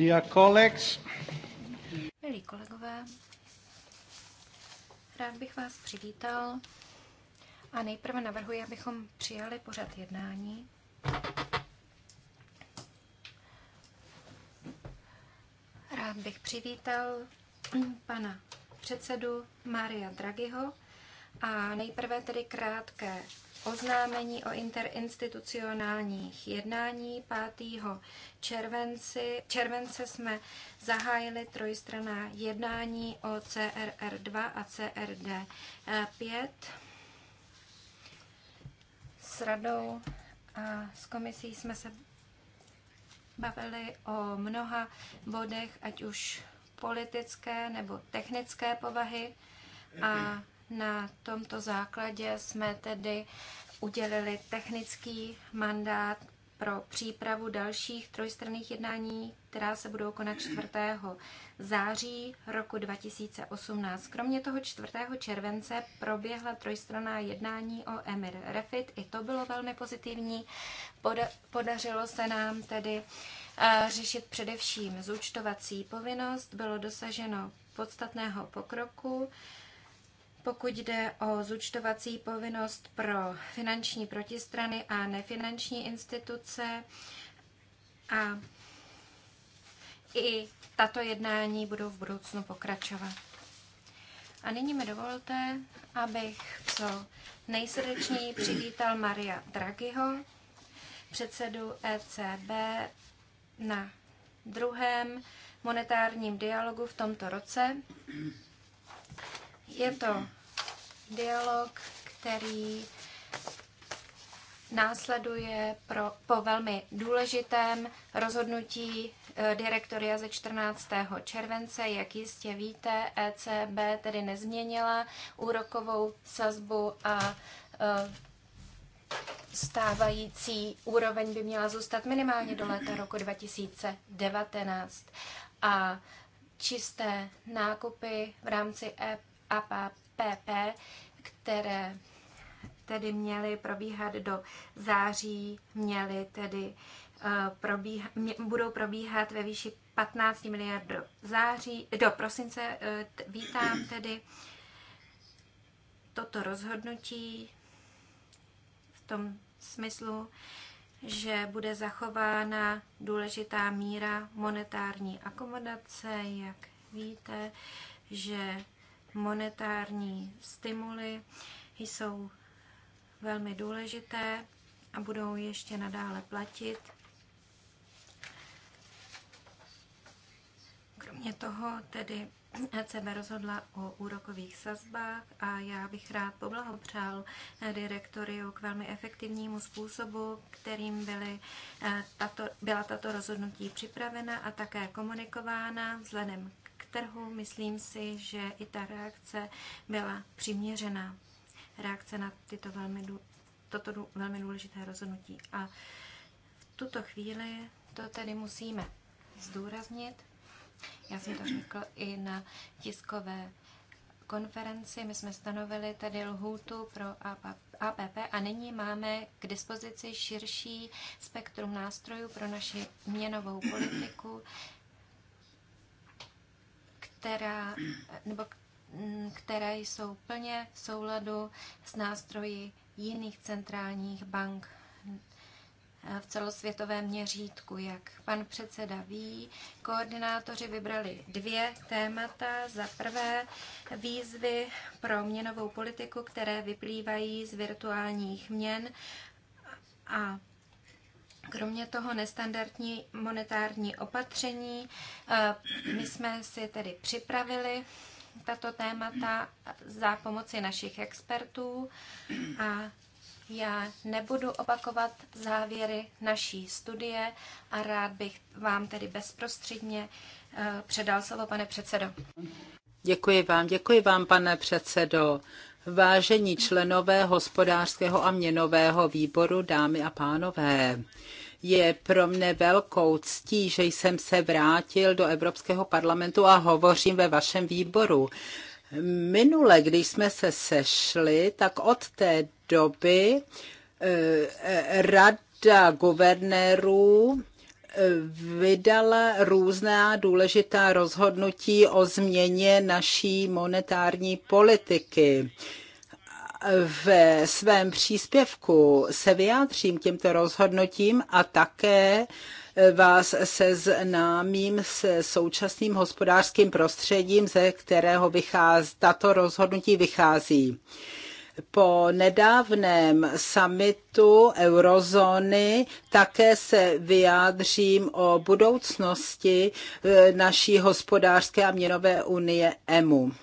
Dear colleagues. Milí kolegové, rád bych vás přivítal a nejprve navrhuji, abychom přijali pořad jednání. Rád bych přivítal pana předsedu Mária Dragiho, a nejprve tedy krátké oznámení o interinstitucionálních jednání 5. Červenci, července jsme zahájili trojstraná jednání o CRR2 a CRD5 s radou a s komisí jsme se bavili o mnoha bodech, ať už politické nebo technické povahy a na tomto základě jsme tedy udělili technický mandát pro přípravu dalších trojstranných jednání, která se budou konat 4. září roku 2018. Kromě toho 4. července proběhla trojstranná jednání o Emir Refit. I to bylo velmi pozitivní. podařilo se nám tedy eh, řešit především zúčtovací povinnost. Bylo dosaženo podstatného pokroku. Pokud jde o zúčtovací povinnost pro finanční protistrany a nefinanční instituce, a i tato jednání budou v budoucnu pokračovat. A nyní mi dovolte, abych co nejsrdečněji přivítal Maria Draghiho, předsedu ECB na druhém monetárním dialogu v tomto roce. Je to dialog, který následuje pro, po velmi důležitém rozhodnutí eh, direktoria ze 14. července. Jak jistě víte, ECB tedy nezměnila úrokovou sazbu a eh, stávající úroveň by měla zůstat minimálně do léta roku 2019. A čisté nákupy v rámci EP a PP, které tedy měly probíhat do září, měly tedy eh, probíhat, mě, budou probíhat ve výši 15 miliard do září, do prosince. Eh, vítám tedy toto rozhodnutí v tom smyslu, že bude zachována důležitá míra monetární akomodace, jak víte, že monetární stimuly jsou velmi důležité a budou ještě nadále platit. Kromě toho tedy ECB rozhodla o úrokových sazbách a já bych rád poblahopřál eh, direktoriu k velmi efektivnímu způsobu, kterým byly eh, tato, byla tato rozhodnutí připravena a také komunikována vzhledem trhu. Myslím si, že i ta reakce byla přiměřená. Reakce na tyto velmi, toto velmi důležité rozhodnutí. A v tuto chvíli to tedy musíme zdůraznit. Já jsem to řekl i na tiskové konferenci. My jsme stanovili tedy lhůtu pro APP a nyní máme k dispozici širší spektrum nástrojů pro naši měnovou politiku která, nebo mm, které jsou plně v souladu s nástroji jiných centrálních bank v celosvětovém měřítku. Jak pan předseda ví, koordinátoři vybrali dvě témata. Za prvé výzvy pro měnovou politiku, které vyplývají z virtuálních měn a Kromě toho nestandardní monetární opatření. Eh, my jsme si tedy připravili tato témata za pomoci našich expertů a já nebudu opakovat závěry naší studie a rád bych vám tedy bezprostředně eh, předal slovo, pane předsedo. Děkuji vám, děkuji vám, pane předsedo. Vážení členové hospodářského a měnového výboru, dámy a pánové, je pro mne velkou ctí, že jsem se vrátil do Evropského parlamentu a hovořím ve vašem výboru. Minule, když jsme se sešli, tak od té doby eh, rada guvernérů eh, vydala různá důležitá rozhodnutí o změně naší monetární politiky ve svém příspěvku se vyjádřím těmto rozhodnutím a také vás seznámím s současným hospodářským prostředím, ze kterého vychází, tato rozhodnutí vychází. Po nedávném summitu eurozóny také se vyjádřím o budoucnosti e, naší hospodářské a měnové unie EMU e,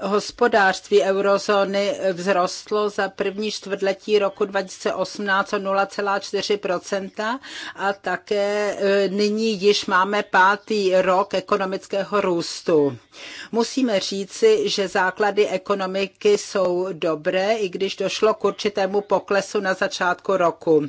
hospodářství eurozóny vzrostlo za první čtvrtletí roku 2018 o 0,4 a také e, nyní již máme pátý rok ekonomického růstu. Musíme říci, že základy ekonomiky jsou dobré, i když došlo k určitému poklesu na začátku roku.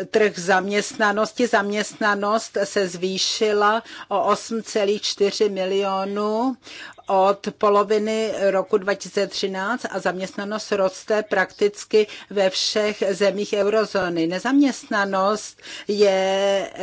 E, trh zaměstnanosti, zaměstnanost se zvýšila o 8,4 milionů od poloviny roku 2013 a zaměstnanost roste prakticky ve všech zemích eurozóny. Nezaměstnanost je eh,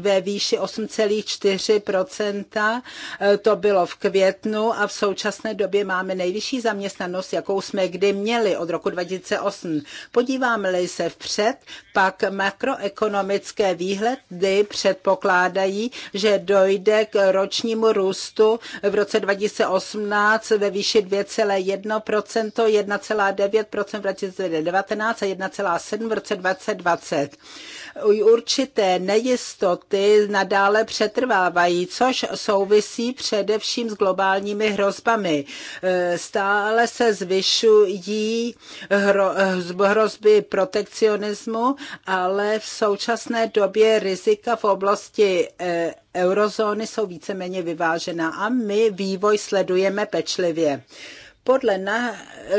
ve výši 8,4%, eh, to bylo v květnu a v současné době máme nejvyšší zaměstnanost, jakou jsme kdy měli od roku 2008. Podíváme-li se vpřed, pak makroekonomické výhledy předpokládají, že dojde k ročnímu růstu v roce 2020 2018 ve výši 2,1%, 1,9% v roce 2019 a 1,7% v roce 2020 určité nejistoty nadále přetrvávají, což souvisí především s globálními hrozbami. E, stále se zvyšují hrozby protekcionismu, ale v současné době rizika v oblasti e, eurozóny jsou víceméně vyvážená a my vývoj sledujeme pečlivě. Podle na, eh,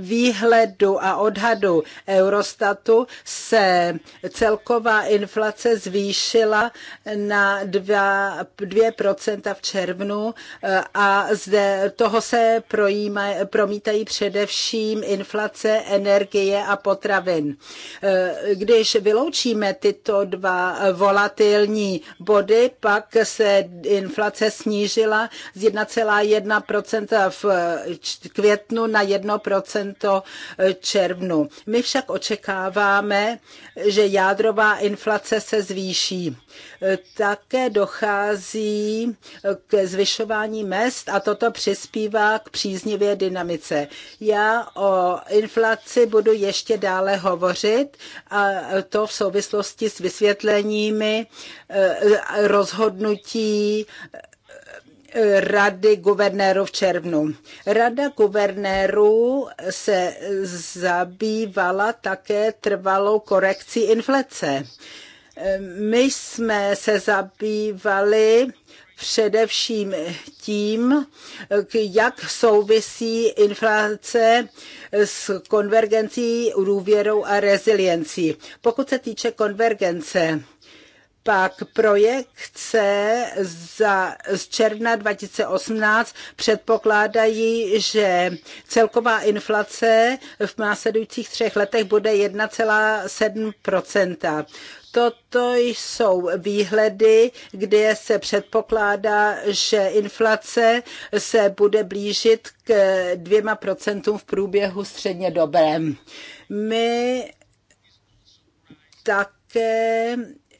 výhledu a odhadu Eurostatu se celková inflace zvýšila na 2, 2% v červnu eh, a zde toho se projíma, promítají především inflace energie a potravin. Eh, když vyloučíme tyto dva volatilní body, pak se inflace snížila z 1,1% v květnu na 1% červnu. My však očekáváme, že jádrová inflace se zvýší. Také dochází k zvyšování mest a toto přispívá k příznivé dynamice. Já o inflaci budu ještě dále hovořit a to v souvislosti s vysvětleními eh, rozhodnutí Rady guvernérů v červnu. Rada guvernérů se zabývala také trvalou korekcí inflace. My jsme se zabývali především tím, jak souvisí inflace s konvergencí, důvěrou a reziliencí. Pokud se týče konvergence, pak projekce za, z června 2018 předpokládají, že celková inflace v následujících třech letech bude 1,7 Toto jsou výhledy, kde se předpokládá, že inflace se bude blížit k dvěma procentům v průběhu středně dobrém. My také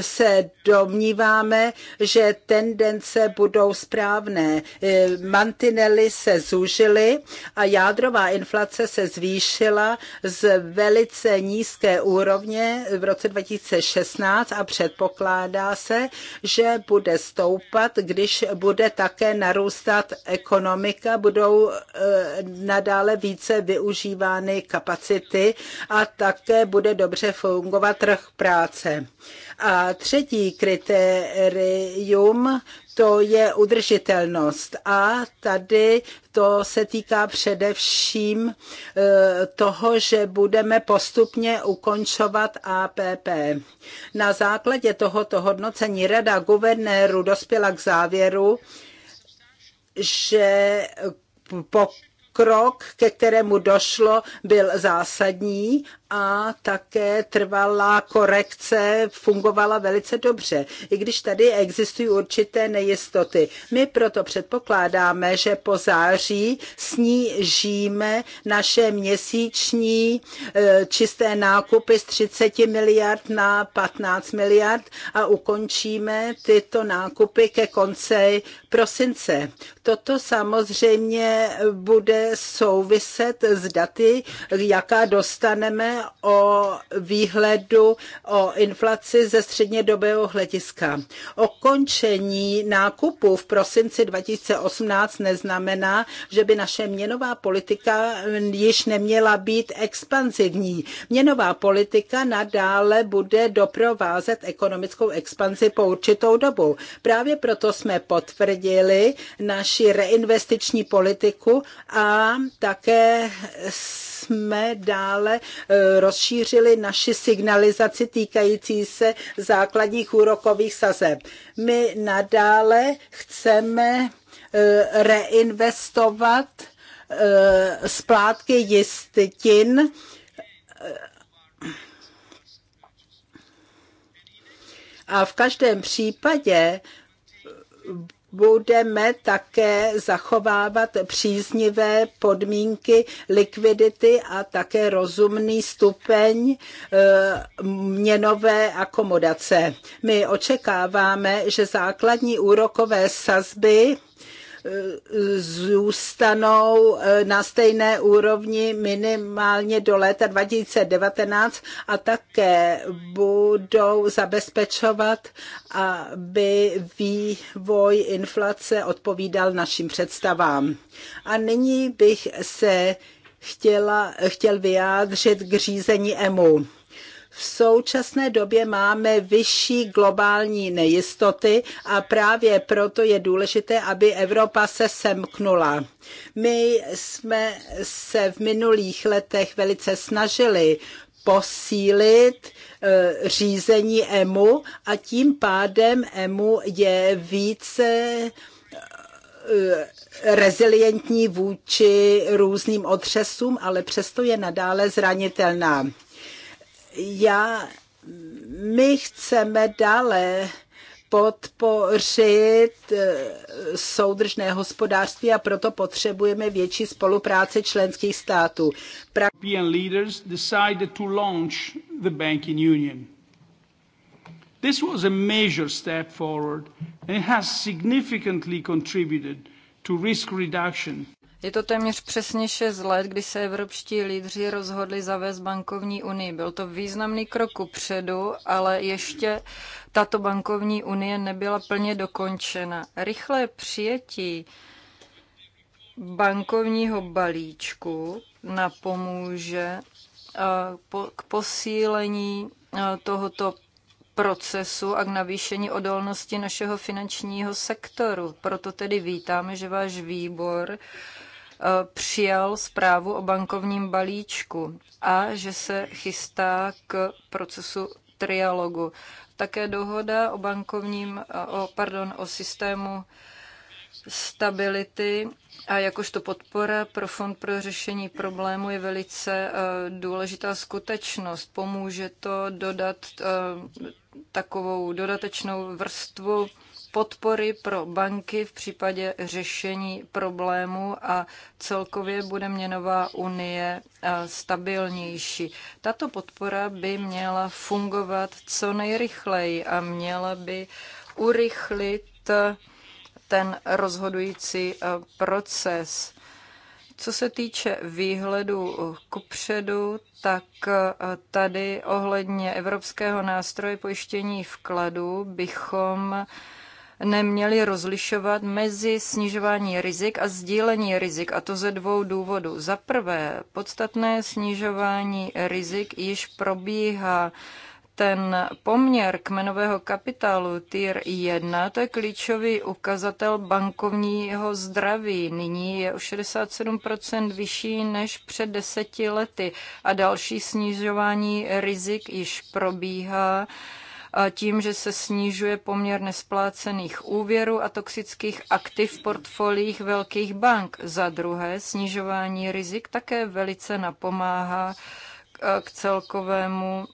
se domníváme, že tendence budou správné. Eh, mantinely se zúžily a jádrová inflace se zvýšila z velice nízké úrovně v roce 2016 a předpokládá se, že bude stoupat, když bude také narůstat ekonomika, budou eh, nadále více využívány kapacity a také bude dobře fungovat trh práce. A třetí kritérium to je udržitelnost. A tady to se týká především eh, toho, že budeme postupně ukončovat APP. Na základě tohoto hodnocení Rada guvernéru dospěla k závěru, že pokrok, ke kterému došlo, byl zásadní a také trvalá korekce fungovala velice dobře, i když tady existují určité nejistoty. My proto předpokládáme, že po září snížíme naše měsíční e, čisté nákupy z 30 miliard na 15 miliard a ukončíme tyto nákupy ke konci prosince. Toto samozřejmě bude souviset s daty, jaká dostaneme o výhledu o inflaci ze střednědobého hlediska. Okončení nákupu v prosinci 2018 neznamená, že by naše měnová politika již neměla být expanzivní. Měnová politika nadále bude doprovázet ekonomickou expanzi po určitou dobu. Právě proto jsme potvrdili naši reinvestiční politiku a také s jsme dále e, rozšířili naši signalizaci týkající se základních úrokových sazeb. My nadále chceme e, reinvestovat e, splátky jistin a v každém případě budeme také zachovávat příznivé podmínky likvidity a také rozumný stupeň e, měnové akomodace. My očekáváme, že základní úrokové sazby zůstanou eh, na stejné úrovni minimálně do léta 2019 a také budou zabezpečovat, aby vývoj inflace odpovídal našim představám. A nyní bych se chtěla, chtěl vyjádřit k řízení EMU v současné době máme vyšší globální nejistoty a právě proto je důležité, aby Evropa se semknula. My jsme se v minulých letech velice snažili posílit e, řízení EMU a tím pádem EMU je více e, rezilientní vůči různým otřesům, ale přesto je nadále zranitelná já, my chceme dále podpořit eh, soudržné hospodářství a proto potřebujeme větší spolupráce členských států. Pra... leaders decided to launch the banking union. This was a major step forward and it has significantly contributed to risk reduction. Je to téměř přesně 6 let, kdy se evropští lídři rozhodli zavést bankovní unii. Byl to významný krok upředu, ale ještě tato bankovní unie nebyla plně dokončena. Rychlé přijetí bankovního balíčku napomůže eh, k posílení eh, tohoto procesu a k navýšení odolnosti našeho finančního sektoru. Proto tedy vítáme, že váš výbor uh, přijal zprávu o bankovním balíčku a že se chystá k procesu trialogu. Také dohoda o bankovním, o, pardon, o systému stability a jakožto podpora pro Fond pro řešení problému je velice e, důležitá skutečnost. Pomůže to dodat e, takovou dodatečnou vrstvu podpory pro banky v případě řešení problémů a celkově bude měnová unie eh, stabilnější. Tato podpora by měla fungovat co nejrychleji a měla by urychlit eh, ten rozhodující eh, proces. Co se týče výhledu kupředu, tak tady ohledně Evropského nástroje pojištění vkladů bychom neměli rozlišovat mezi snižování rizik a sdílení rizik, a to ze dvou důvodů. Za prvé, podstatné snižování rizik již probíhá ten poměr kmenového kapitálu TIR 1, to je klíčový ukazatel bankovního zdraví. Nyní je o 67% vyšší než před deseti lety a další snižování rizik již probíhá tím, že se snižuje poměr nesplácených úvěrů a toxických aktiv v portfoliích velkých bank. Za druhé, snižování rizik také velice napomáhá k celkovému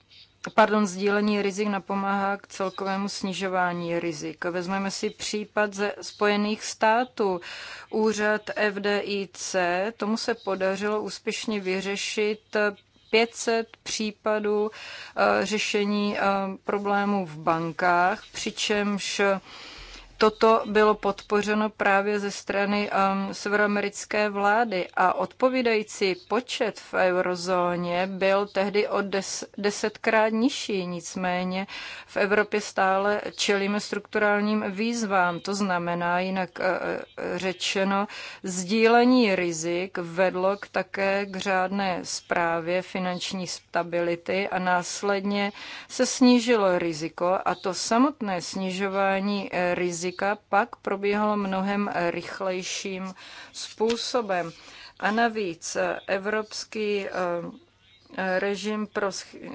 Pardon, sdílení rizik napomáhá k celkovému snižování rizik. Vezmeme si případ ze Spojených států. Úřad FDIC, tomu se podařilo úspěšně vyřešit 500 případů eh, řešení eh, problémů v bankách, přičemž toto bylo podpořeno právě ze strany um, severoamerické vlády a odpovídající počet v eurozóně byl tehdy o des, desetkrát nižší. Nicméně v Evropě stále čelíme strukturálním výzvám. To znamená, jinak uh, uh řečeno, sdílení rizik vedlo k také k řádné zprávě finanční stability a následně se snížilo riziko a to samotné snižování eh, rizik jazyka pak probíhalo mnohem rychlejším způsobem. A navíc eh, evropský eh, režim pro eh,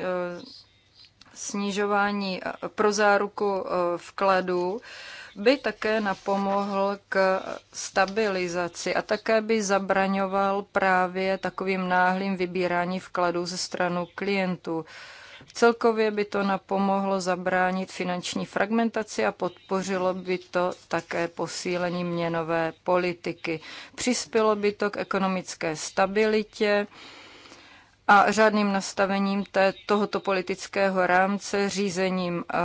snižování pro záruku vkladů by také napomohl k stabilizaci a také by zabraňoval právě takovým náhlým vybírání vkladů ze stranu klientů. Celkově by to napomohlo zabránit finanční fragmentaci a podpořilo by to také posílení měnové politiky. Přispělo by to k ekonomické stabilitě a řádným nastavením té, tohoto politického rámce, řízením eh,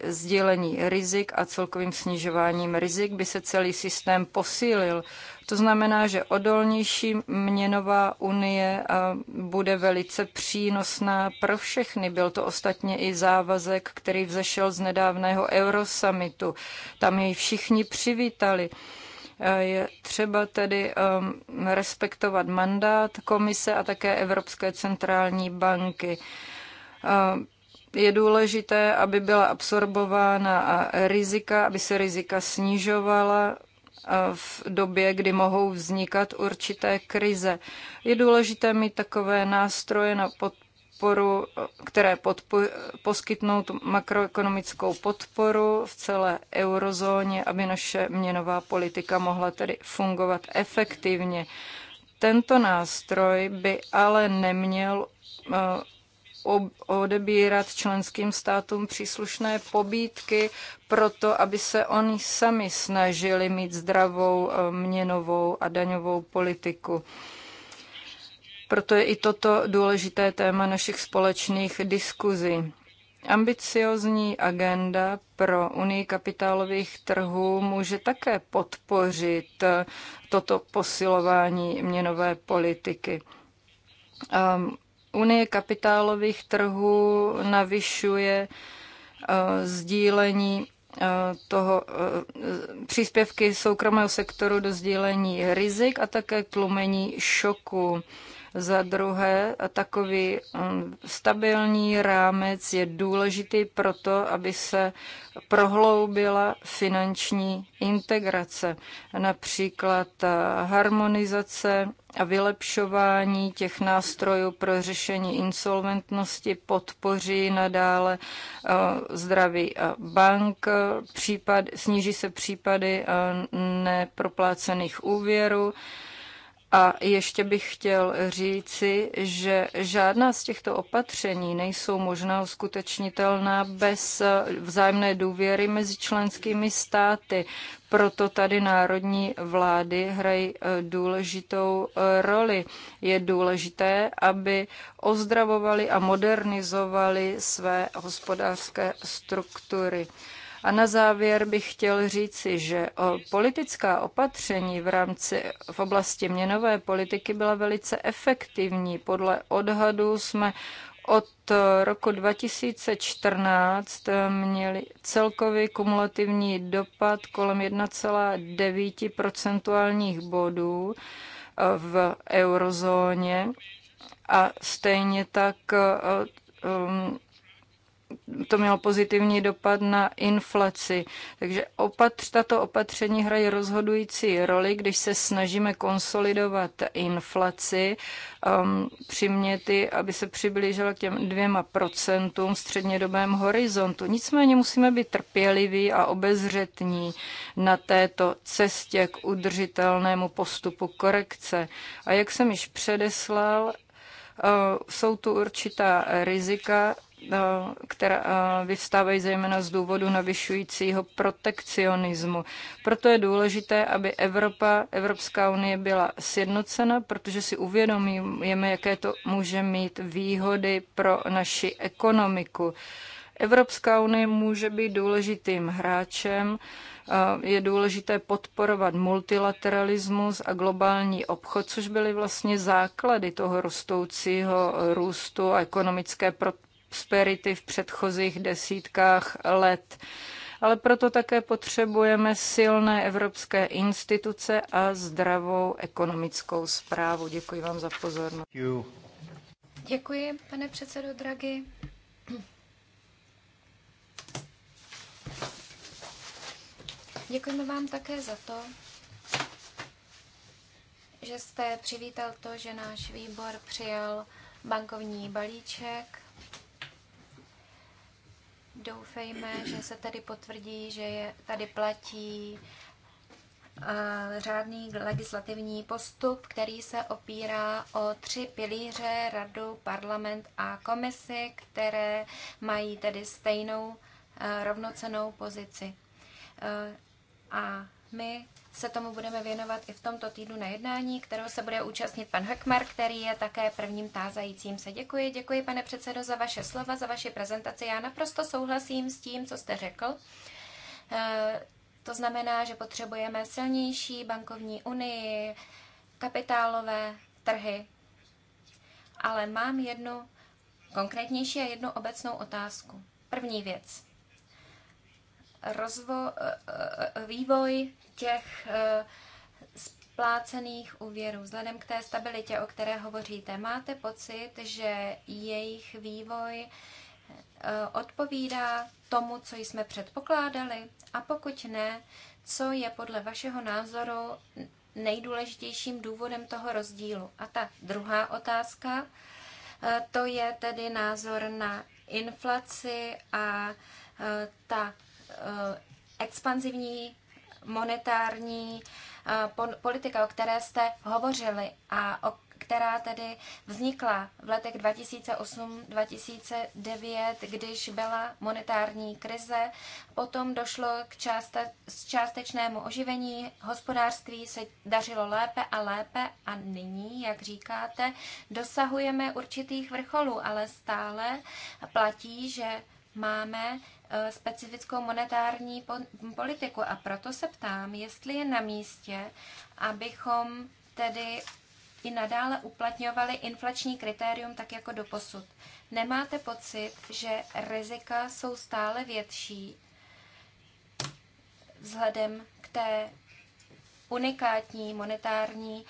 eh, sdílení rizik a celkovým snižováním rizik by se celý systém posílil. To znamená, že odolnější měnová unie bude velice přínosná pro všechny. Byl to ostatně i závazek, který vzešel z nedávného Eurosummitu. Tam jej všichni přivítali. Je třeba tedy um, respektovat mandát komise a také Evropské centrální banky je důležité, aby byla absorbována a rizika, aby se rizika snižovala v době, kdy mohou vznikat určité krize. Je důležité mít takové nástroje na podporu, které podpo, poskytnou tu makroekonomickou podporu v celé eurozóně, aby naše měnová politika mohla tedy fungovat efektivně. Tento nástroj by ale neměl eh, odebírat členským státům příslušné pobídky pro to, aby se oni sami snažili mít zdravou eh, měnovou a daňovou politiku. Proto je i toto důležité téma našich společných diskuzí. Ambiciozní agenda pro Unii kapitálových trhů může také podpořit eh, toto posilování měnové politiky. Ehm, Unie kapitálových trhů navyšuje eh, sdílení eh, toho eh, příspěvky soukromého sektoru do sdílení rizik a také tlumení šoku. Za druhé, takový mm, stabilní rámec je důležitý proto, aby se prohloubila finanční integrace, například eh, harmonizace a vylepšování těch nástrojů pro řešení insolventnosti podpoří nadále eh, zdraví bank, případ, sníží se případy eh, neproplácených úvěrů, a ještě bych chtěl říci, že žádná z těchto opatření nejsou možná uskutečnitelná bez eh, vzájemné důvěry mezi členskými státy. Proto tady národní vlády hrají eh, důležitou eh, roli. Je důležité, aby ozdravovali a modernizovali své hospodářské struktury. A na závěr bych chtěl říci, že o politická opatření v rámci v oblasti měnové politiky byla velice efektivní. Podle odhadů jsme od roku 2014 měli celkový kumulativní dopad kolem 1,9 procentuálních bodů v eurozóně a stejně tak um, to mělo pozitivní dopad na inflaci. Takže opatř, tato opatření hrají rozhodující roli, když se snažíme konsolidovat inflaci, um, přiměty, aby se přiblížila k těm dvěma procentům střednědobém horizontu. Nicméně musíme být trpěliví a obezřetní na této cestě k udržitelnému postupu korekce. A jak jsem již předeslal, Eh, jsou tu určitá rizika, eh, která eh, vyvstávají zejména z důvodu navyšujícího protekcionismu. Proto je důležité, aby Evropa, Evropská unie byla sjednocena, protože si uvědomíme, jaké to může mít výhody pro naši ekonomiku. Evropská unie může být důležitým hráčem, je důležité podporovat multilateralismus a globální obchod, což byly vlastně základy toho rostoucího růstu a ekonomické prosperity v předchozích desítkách let ale proto také potřebujeme silné evropské instituce a zdravou ekonomickou zprávu. Děkuji vám za pozornost. Děkuji, pane předsedo Draghi. Děkujeme vám také za to, že jste přivítal to, že náš výbor přijal bankovní balíček. Doufejme, že se tady potvrdí, že je, tady platí řádný legislativní postup, který se opírá o tři pilíře radu, parlament a komisi, které mají tedy stejnou rovnocenou pozici a my se tomu budeme věnovat i v tomto týdnu na jednání, kterého se bude účastnit pan Hökmar, který je také prvním tázajícím se. Děkuji, děkuji pane předsedo za vaše slova, za vaši prezentaci. Já naprosto souhlasím s tím, co jste řekl. E, to znamená, že potřebujeme silnější bankovní unii, kapitálové trhy. Ale mám jednu konkrétnější a jednu obecnou otázku. První věc rozvo- eh, eh, eh, vývoj těch splácených úvěrů. Vzhledem k té stabilitě, o které hovoříte, máte pocit, že jejich vývoj odpovídá tomu, co jsme předpokládali? A pokud ne, co je podle vašeho názoru nejdůležitějším důvodem toho rozdílu? A ta druhá otázka, to je tedy názor na inflaci a ta Eh, expanzivní monetární eh, politika, o které jste hovořili a o která tedy vznikla v letech 2008-2009, když byla monetární krize. Potom došlo k částe, částečnému oživení, hospodářství se dařilo lépe a lépe a nyní, jak říkáte, dosahujeme určitých vrcholů, ale stále platí, že máme eh, specifickou monetární politiku a proto se ptám, jestli je na místě, abychom tedy i nadále uplatňovali inflační kritérium tak jako do posud. Nemáte pocit, že rizika jsou stále větší vzhledem k té unikátní monetární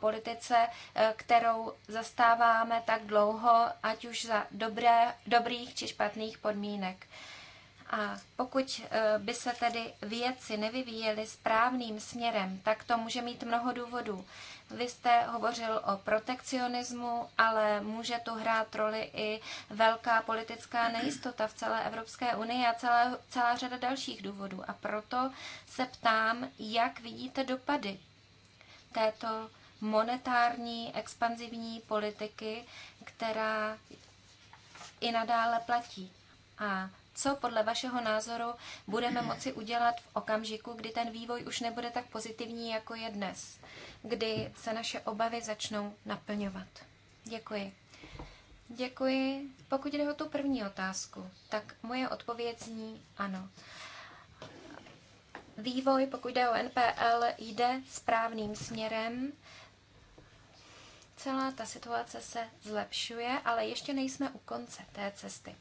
politice, eh, kterou zastáváme tak dlouho, ať už za dobré, dobrých či špatných podmínek. A pokud eh, by se tedy věci nevyvíjely správným směrem, tak to může mít mnoho důvodů. Vy jste hovořil o protekcionismu, ale může tu hrát roli i velká politická nejistota v celé Evropské unii a celé, celá řada dalších důvodů. A proto se ptám, jak vidíte dopady této monetární expanzivní politiky, která i nadále platí. A co podle vašeho názoru budeme moci udělat v okamžiku, kdy ten vývoj už nebude tak pozitivní, jako je dnes? kdy se naše obavy začnou naplňovat. Děkuji. Děkuji. Pokud jde o tu první otázku, tak moje odpověď zní ano. Vývoj, pokud jde o NPL, jde správným směrem. Celá ta situace se zlepšuje, ale ještě nejsme u konce té cesty.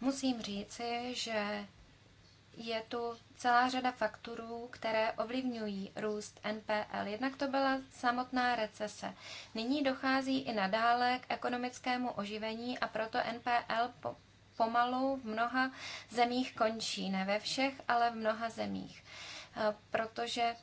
Musím říci, že je tu celá řada faktorů, které ovlivňují růst NPL. Jednak to byla samotná recese. Nyní dochází i nadále k ekonomickému oživení a proto NPL po pomalu v mnoha zemích končí. Ne ve všech, ale v mnoha zemích. E, protože e,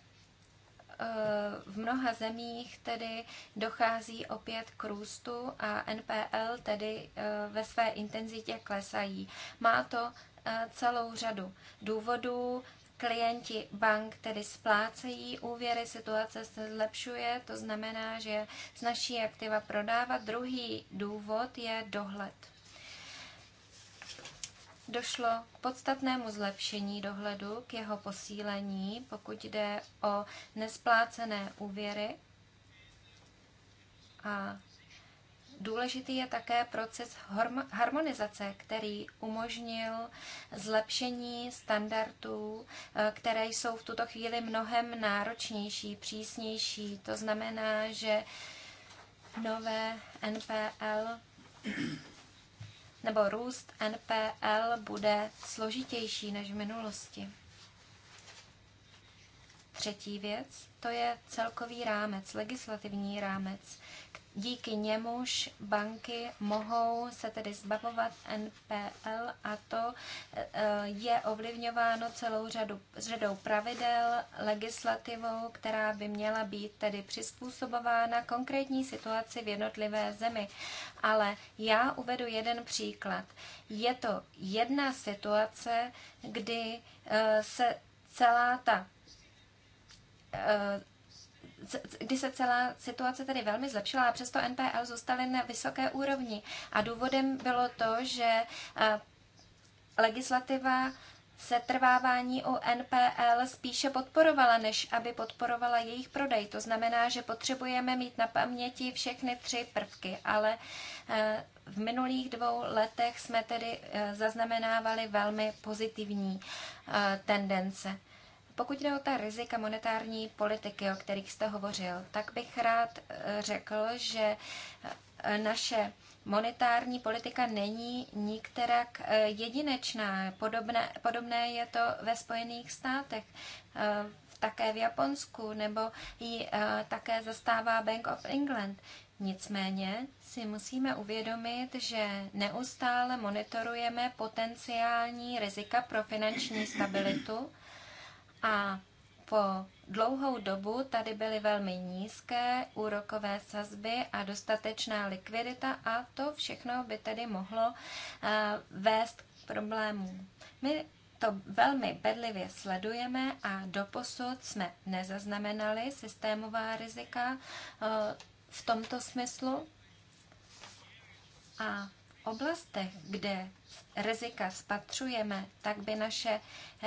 v mnoha zemích tedy dochází opět k růstu a NPL tedy e, ve své intenzitě klesají. Má to E, celou řadu důvodů. Klienti bank tedy splácejí úvěry, situace se zlepšuje, to znamená, že je snaží aktiva prodávat. Druhý důvod je dohled. Došlo k podstatnému zlepšení dohledu, k jeho posílení, pokud jde o nesplácené úvěry. A Důležitý je také proces harmonizace, který umožnil zlepšení standardů, eh, které jsou v tuto chvíli mnohem náročnější, přísnější. To znamená, že nové NPL nebo růst NPL bude složitější než v minulosti. Třetí věc, to je celkový rámec, legislativní rámec. Díky němuž banky mohou se tedy zbavovat NPL a to e, e, je ovlivňováno celou řadu, řadou pravidel, legislativou, která by měla být tedy přizpůsobována konkrétní situaci v jednotlivé zemi. Ale já uvedu jeden příklad. Je to jedna situace, kdy e, se celá ta kdy se celá situace tedy velmi zlepšila a přesto NPL zůstaly na vysoké úrovni. A důvodem bylo to, že eh, legislativa se trvávání u NPL spíše podporovala, než aby podporovala jejich prodej. To znamená, že potřebujeme mít na paměti všechny tři prvky, ale eh, v minulých dvou letech jsme tedy eh, zaznamenávali velmi pozitivní tendence. Pokud jde o ta rizika monetární politiky, o kterých jste hovořil, tak bych rád eh, řekl, že eh, naše monetární politika není nikterak eh, jedinečná. Podobné, podobné je to ve Spojených státech, také v Japonsku, nebo ji také zastává Bank of England. Nicméně si musíme uvědomit, že neustále monitorujeme potenciální rizika pro finanční stabilitu a po dlouhou dobu tady byly velmi nízké úrokové sazby a dostatečná likvidita a to všechno by tedy mohlo eh, vést k problémům. My to velmi bedlivě sledujeme a doposud jsme nezaznamenali systémová rizika eh, v tomto smyslu. A oblastech, kde rizika spatřujeme, tak by naše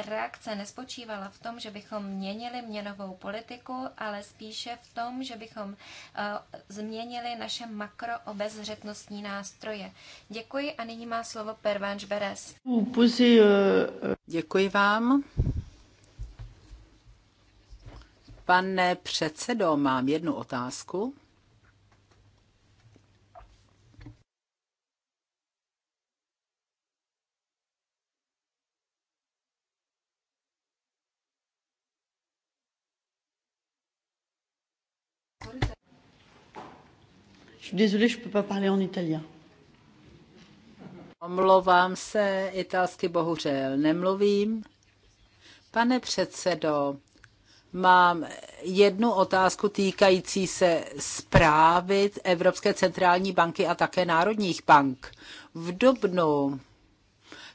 reakce nespočívala v tom, že bychom měnili měnovou politiku, ale spíše v tom, že bychom uh, změnili naše makroobezřetnostní nástroje. Děkuji a nyní má slovo Pervanš Beres. Děkuji vám. Pane předsedo, mám jednu otázku. Je suis désolée, je ne peux pas parler en italien. Omlouvám se, italsky bohužel nemluvím. Pane předsedo, mám jednu otázku týkající se zprávy Evropské centrální banky a také národních bank. V Dubnu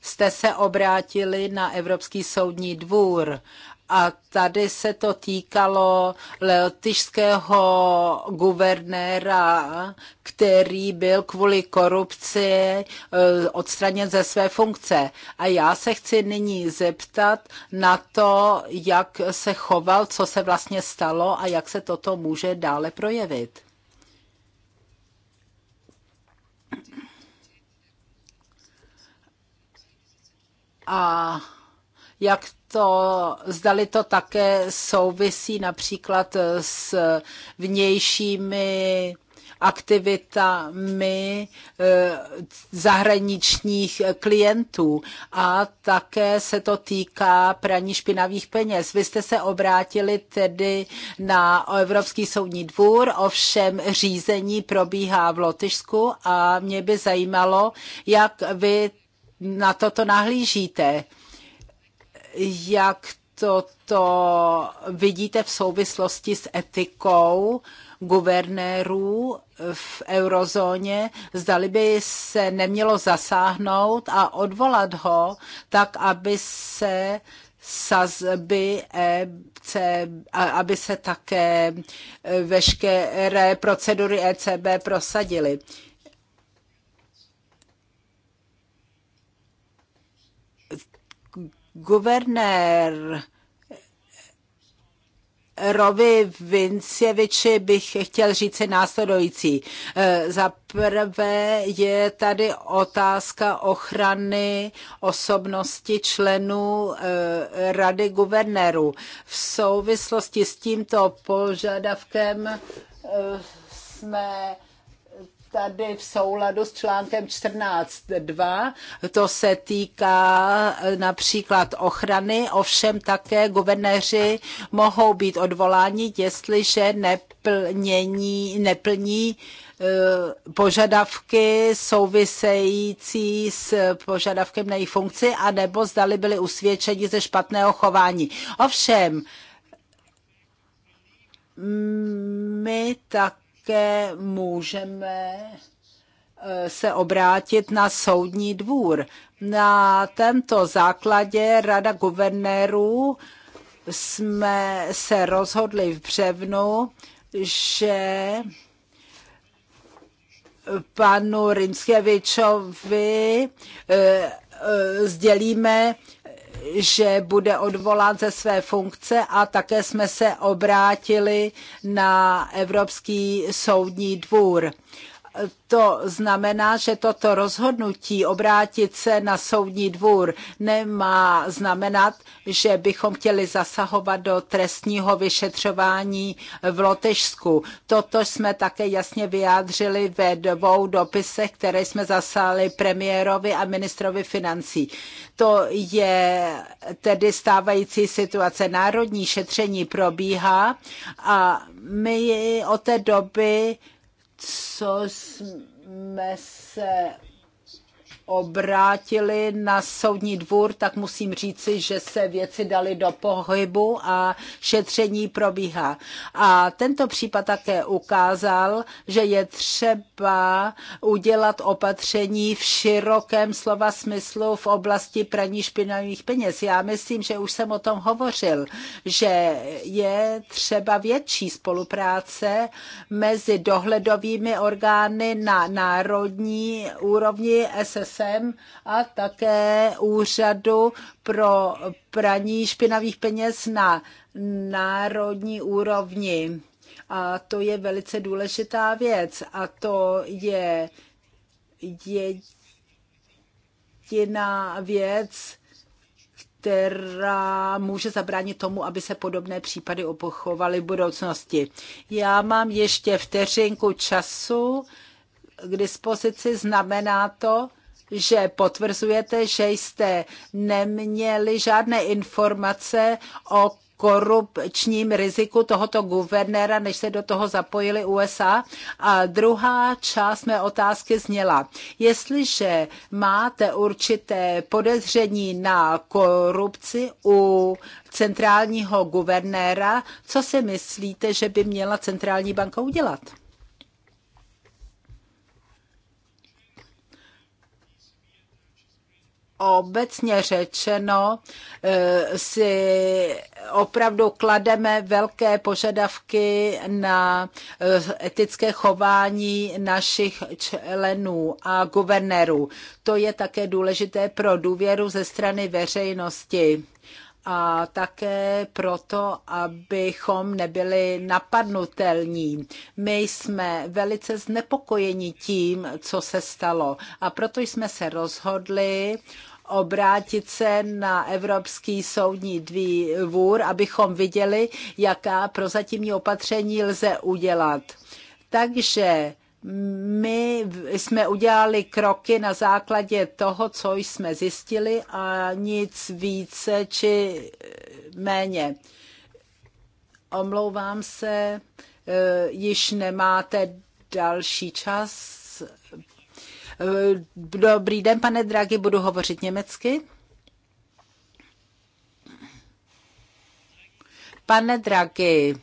jste se obrátili na Evropský soudní dvůr a tady se to týkalo letyšského guvernéra, který byl kvůli korupci eh, odstraněn ze své funkce. A já se chci nyní zeptat na to, jak se choval, co se vlastně stalo a jak se toto může dále projevit. A jak to, zdali to také souvisí například s vnějšími aktivitami eh, zahraničních klientů a také se to týká praní špinavých peněz. Vy jste se obrátili tedy na Evropský soudní dvůr, ovšem řízení probíhá v Lotyšsku a mě by zajímalo, jak vy na toto nahlížíte jak toto vidíte v souvislosti s etikou guvernérů v eurozóně, zdali by se nemělo zasáhnout a odvolat ho tak, aby se sazby ECB, aby se také veškeré procedury ECB prosadily. Guvernér Rovi Vincěviči bych chtěl říct následující. Eh, za prvé je tady otázka ochrany osobnosti členů eh, Rady guvernérů. V souvislosti s tímto požadavkem eh, jsme tady v souladu s článkem 14.2. To se týká e, například ochrany, ovšem také guvernéři mohou být odvoláni, jestliže neplnění, neplní e, požadavky související s požadavkem na jejich funkci, anebo zdali byli usvědčeni ze špatného chování. Ovšem, my tak také můžeme eh, se obrátit na soudní dvůr. Na tento základě Rada guvernérů jsme se rozhodli v břevnu, že panu Rinskevičovi eh, eh, sdělíme, že bude odvolán ze své funkce a také jsme se obrátili na Evropský soudní dvůr to znamená, že toto rozhodnutí obrátit se na soudní dvůr nemá znamenat, že bychom chtěli zasahovat do trestního vyšetřování v Lotyšsku. Toto jsme také jasně vyjádřili ve dvou dopisech, které jsme zaslali premiérovi a ministrovi financí. To je tedy stávající situace. Národní šetření probíhá a my od té doby co jsme se obrátili na soudní dvůr, tak musím říci, že se věci dali do pohybu a šetření probíhá. A tento případ také ukázal, že je třeba udělat opatření v širokém slova smyslu v oblasti praní špinavých peněz. Já myslím, že už jsem o tom hovořil, že je třeba větší spolupráce mezi dohledovými orgány na národní úrovni SS sem a také úřadu pro praní špinavých peněz na národní úrovni. A to je velice důležitá věc a to je jediná věc, která může zabránit tomu, aby se podobné případy opochovaly v budoucnosti. Já mám ještě vteřinku času k dispozici, znamená to, že potvrzujete, že jste neměli žádné informace o korupčním riziku tohoto guvernéra, než se do toho zapojili USA. A druhá část mé otázky zněla, jestliže máte určité podezření na korupci u centrálního guvernéra, co si myslíte, že by měla centrální banka udělat? obecně řečeno eh, si opravdu klademe velké požadavky na eh, etické chování našich členů a guvernérů. To je také důležité pro důvěru ze strany veřejnosti a také proto, abychom nebyli napadnutelní. My jsme velice znepokojeni tím, co se stalo a proto jsme se rozhodli obrátit se na Evropský soudní dvůr, abychom viděli, jaká prozatímní opatření lze udělat. Takže my jsme udělali kroky na základě toho, co jsme zjistili a nic více či méně. Omlouvám se, eh, již nemáte další čas. Eh, dobrý den, pane Draghi, budu hovořit německy. Pane Draghi,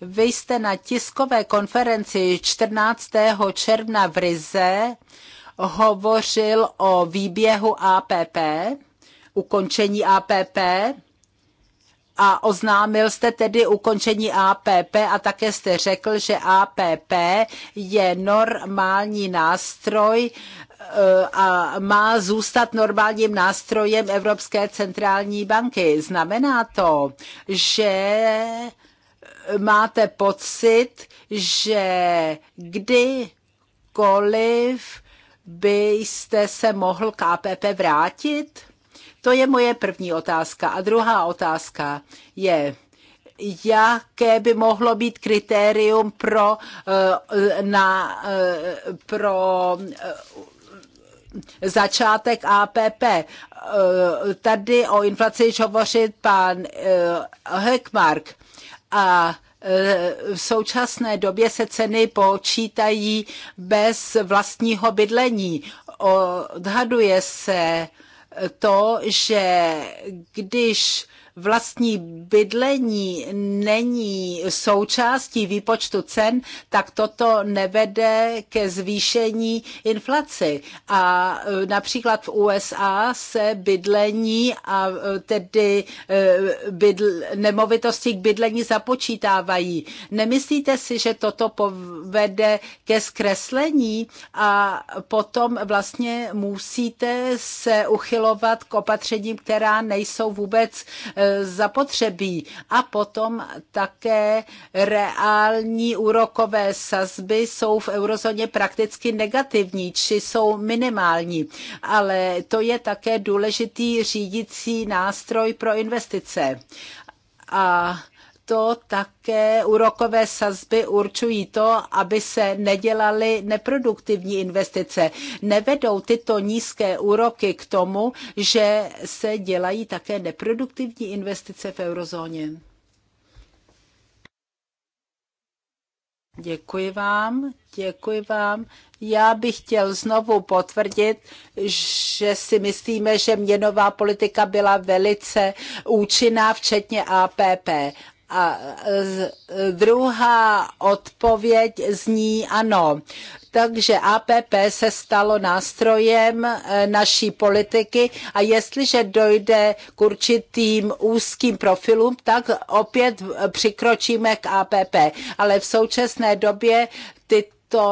vy jste na tiskové konferenci 14. června v Rize hovořil o výběhu APP, ukončení APP a oznámil jste tedy ukončení APP a také jste řekl, že APP je normální nástroj e, a má zůstat normálním nástrojem Evropské centrální banky. Znamená to, že máte pocit, že kdykoliv byste se mohl k APP vrátit? To je moje první otázka. A druhá otázka je, jaké by mohlo být kritérium pro, eh, na, eh, pro eh, začátek APP. Tady o inflaci již hovořit pan Heckmark. A v současné době se ceny počítají bez vlastního bydlení. Odhaduje se, to, že když vlastní bydlení není součástí výpočtu cen, tak toto nevede ke zvýšení inflaci. A e, například v USA se bydlení a e, tedy e, bydl, nemovitosti k bydlení započítávají. Nemyslíte si, že toto povede ke zkreslení a potom vlastně musíte se uchylovat k opatřením, která nejsou vůbec zapotřebí. A potom také reální úrokové sazby jsou v eurozóně prakticky negativní, či jsou minimální. Ale to je také důležitý řídící nástroj pro investice. A to také úrokové sazby určují to, aby se nedělaly neproduktivní investice. Nevedou tyto nízké úroky k tomu, že se dělají také neproduktivní investice v eurozóně. Děkuji vám, děkuji vám. Já bych chtěl znovu potvrdit, že si myslíme, že měnová politika byla velice účinná, včetně APP. A druhá odpověď zní ano. Takže APP se stalo nástrojem e, naší politiky a jestliže dojde k určitým úzkým profilům, tak opět přikročíme k APP. Ale v současné době tyto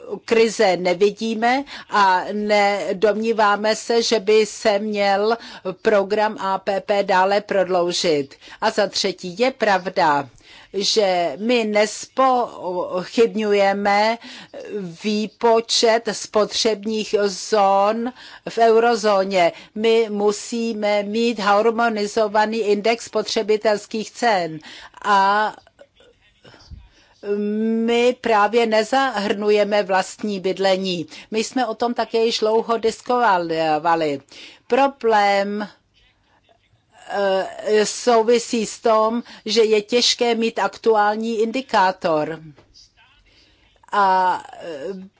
e, krize nevidíme a nedomníváme se, že by se měl program APP dále prodloužit. A za třetí je pravda, že my nespochybňujeme výpočet spotřebních zón v eurozóně. My musíme mít harmonizovaný index spotřebitelských cen a my právě nezahrnujeme vlastní bydlení. My jsme o tom také již dlouho diskovali. Problém eh, souvisí s tom, že je těžké mít aktuální indikátor a eh,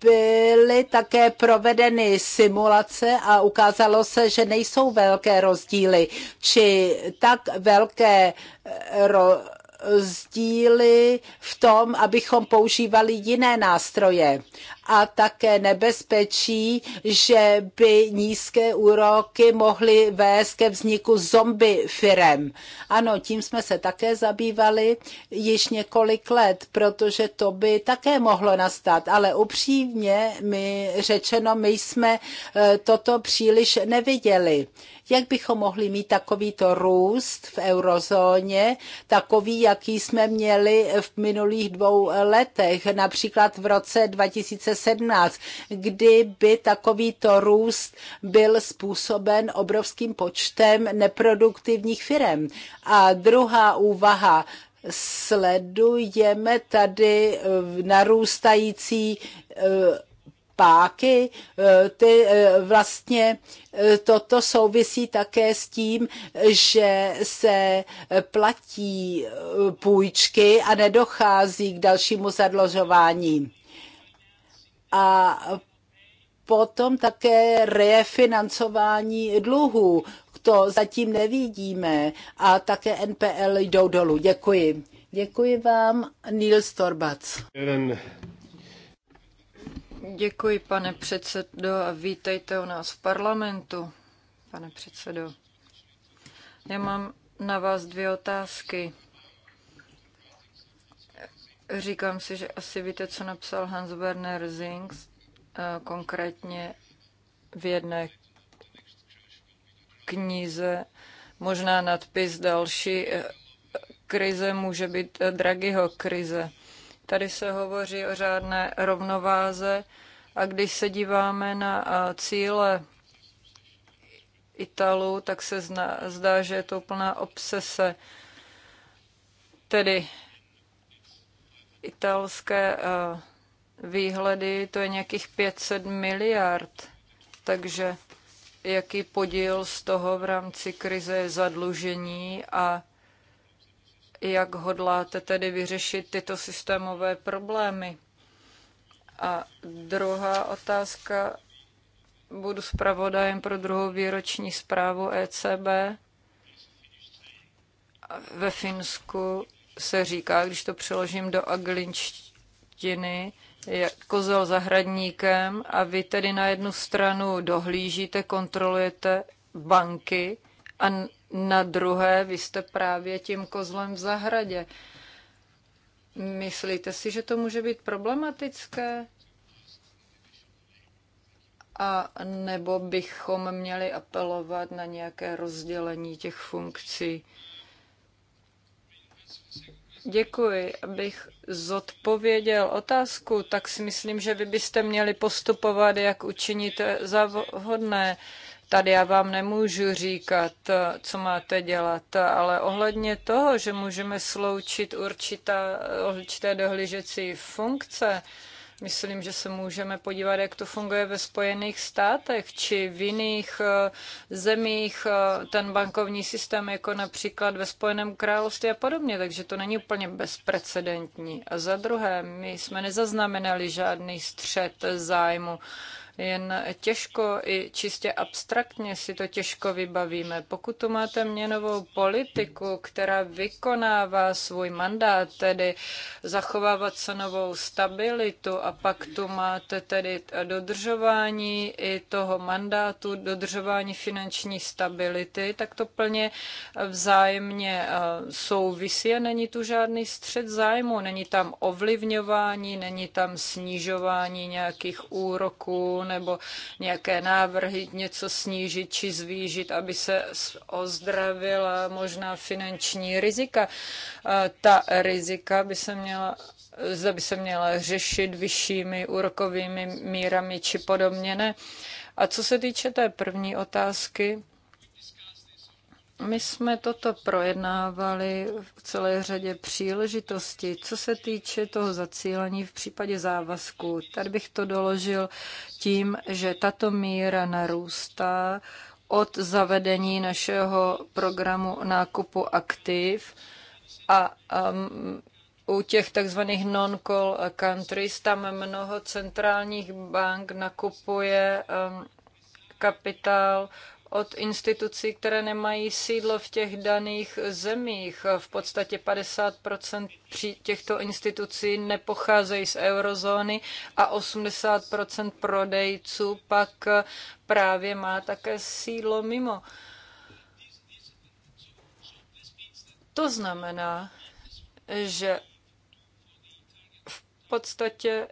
byly také provedeny simulace a ukázalo se, že nejsou velké rozdíly, či tak velké eh, rozdíly, rozdíly v tom, abychom používali jiné nástroje a také nebezpečí, že by nízké úroky mohly vést ke vzniku zombie firem. Ano, tím jsme se také zabývali již několik let, protože to by také mohlo nastat, ale upřímně mi řečeno, my jsme e, toto příliš neviděli. Jak bychom mohli mít takovýto růst v eurozóně, takový, jaký jsme měli v minulých dvou letech, například v roce 2000 2017, kdyby takovýto růst byl způsoben obrovským počtem neproduktivních firm. A druhá úvaha, sledujeme tady eh, narůstající eh, páky, eh, ty vlastně toto souvisí také s tím, že se platí půjčky a nedochází k dalšímu zadlužování a potom také refinancování dluhů. To zatím nevidíme a také NPL jdou dolů. Děkuji. Děkuji vám, Neil Storbac. Děkuji, pane předsedo, a vítejte u nás v parlamentu, pane předsedo. Já mám na vás dvě otázky. Říkám si, že asi víte, co napsal Hans Werner Zings, eh, konkrétně v jedné knize, možná nadpis další eh, krize může být eh, Draghiho krize. Tady se hovoří o řádné rovnováze a když se díváme na cíle Italu, tak se zna, zdá, že je to plná obsese. Tedy italské eh, výhledy, to je nějakých 500 miliard. Takže jaký podíl z toho v rámci krize je zadlužení a jak hodláte tedy vyřešit tyto systémové problémy. A druhá otázka, budu zpravodajem pro druhou výroční zprávu ECB ve Finsku se říká, když to přeložím do aglinštiny, je kozel zahradníkem a vy tedy na jednu stranu dohlížíte, kontrolujete banky a na druhé vy jste právě tím kozlem v zahradě. Myslíte si, že to může být problematické? A nebo bychom měli apelovat na nějaké rozdělení těch funkcí? Děkuji. Abych zodpověděl otázku, tak si myslím, že vy byste měli postupovat, jak učiníte za vhodné. Tady já vám nemůžu říkat, co máte dělat, ale ohledně toho, že můžeme sloučit určitá, určité dohlížecí funkce, Myslím, že se můžeme podívat, jak to funguje ve Spojených státech či v jiných eh, zemích, eh, ten bankovní systém, jako například ve Spojeném království a podobně, takže to není úplně bezprecedentní. A za druhé, my jsme nezaznamenali žádný střet zájmu jen těžko i čistě abstraktně si to těžko vybavíme. Pokud tu máte měnovou politiku, která vykonává svůj mandát, tedy zachovávat cenovou stabilitu a pak tu máte tedy dodržování i toho mandátu, dodržování finanční stability, tak to plně vzájemně eh, souvisí a není tu žádný střed zájmu, není tam ovlivňování, není tam snižování nějakých úroků, nebo nějaké návrhy něco snížit či zvýšit, aby se ozdravila možná finanční rizika. Ta rizika by se měla zda by se měla řešit vyššími úrokovými mírami či podobně ne. A co se týče té první otázky, my jsme toto projednávali v celé řadě příležitostí. Co se týče toho zacílení v případě závazku, tady bych to doložil tím, že tato míra narůstá od zavedení našeho programu nákupu aktiv a um, u těch takzvaných non-call countries tam mnoho centrálních bank nakupuje um, kapitál od institucí, které nemají sídlo v těch daných zemích. V podstatě 50 při těchto institucí nepocházejí z eurozóny a 80 prodejců pak právě má také sídlo mimo. To znamená, že v podstatě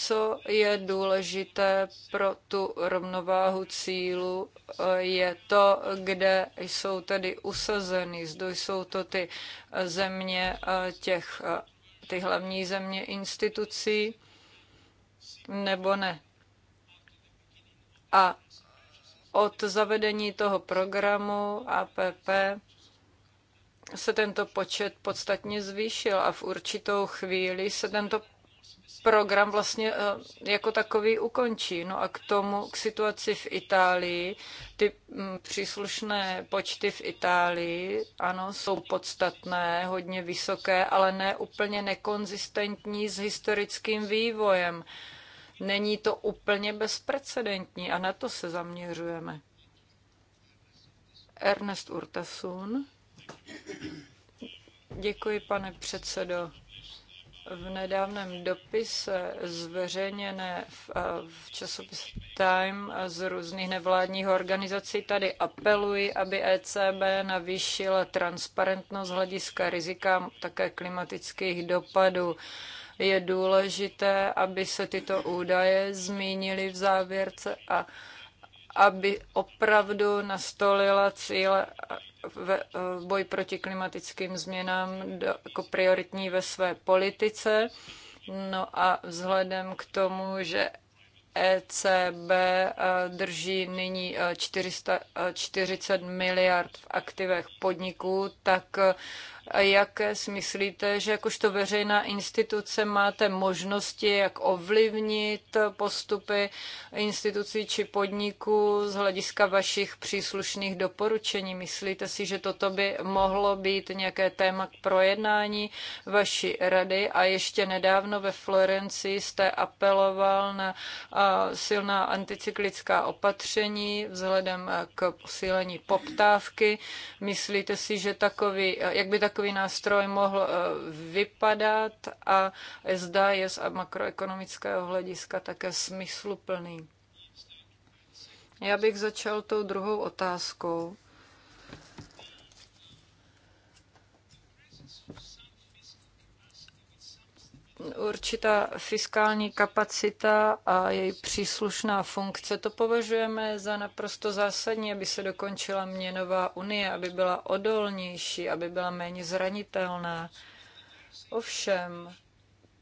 co je důležité pro tu rovnováhu cílu, je to, kde jsou tedy usazeny, zde jsou to ty země těch, ty hlavní země institucí, nebo ne. A od zavedení toho programu APP se tento počet podstatně zvýšil a v určitou chvíli se tento program vlastně eh, jako takový ukončí. No a k tomu, k situaci v Itálii, ty mm, příslušné počty v Itálii, ano, jsou podstatné, hodně vysoké, ale ne úplně nekonzistentní s historickým vývojem. Není to úplně bezprecedentní a na to se zaměřujeme. Ernest Urtasun. Děkuji, pane předsedo v nedávném dopise zveřejněné v, eh, v časopise Time z různých nevládních organizací tady apeluji, aby ECB navýšila transparentnost hlediska rizika také klimatických dopadů. Je důležité, aby se tyto údaje zmínily v závěrce a aby opravdu nastolila cíle v, v eh, boj proti klimatickým změnám jako prioritní ve své politice. No a vzhledem k tomu, že ECB eh, drží nyní 440 eh, miliard v aktivech podniků, tak jaké si myslíte, že jakožto veřejná instituce máte možnosti, jak ovlivnit postupy institucí či podniků z hlediska vašich příslušných doporučení. Myslíte si, že toto by mohlo být nějaké téma k projednání vaší rady? A ještě nedávno ve Florencii jste apeloval na silná anticyklická opatření vzhledem k posílení poptávky. Myslíte si, že takový, jak by tak takový nástroj mohl eh, vypadat a zda je z makroekonomického hlediska také smysluplný. Já bych začal tou druhou otázkou. určitá fiskální kapacita a její příslušná funkce. To považujeme za naprosto zásadní, aby se dokončila měnová unie, aby byla odolnější, aby byla méně zranitelná. Ovšem,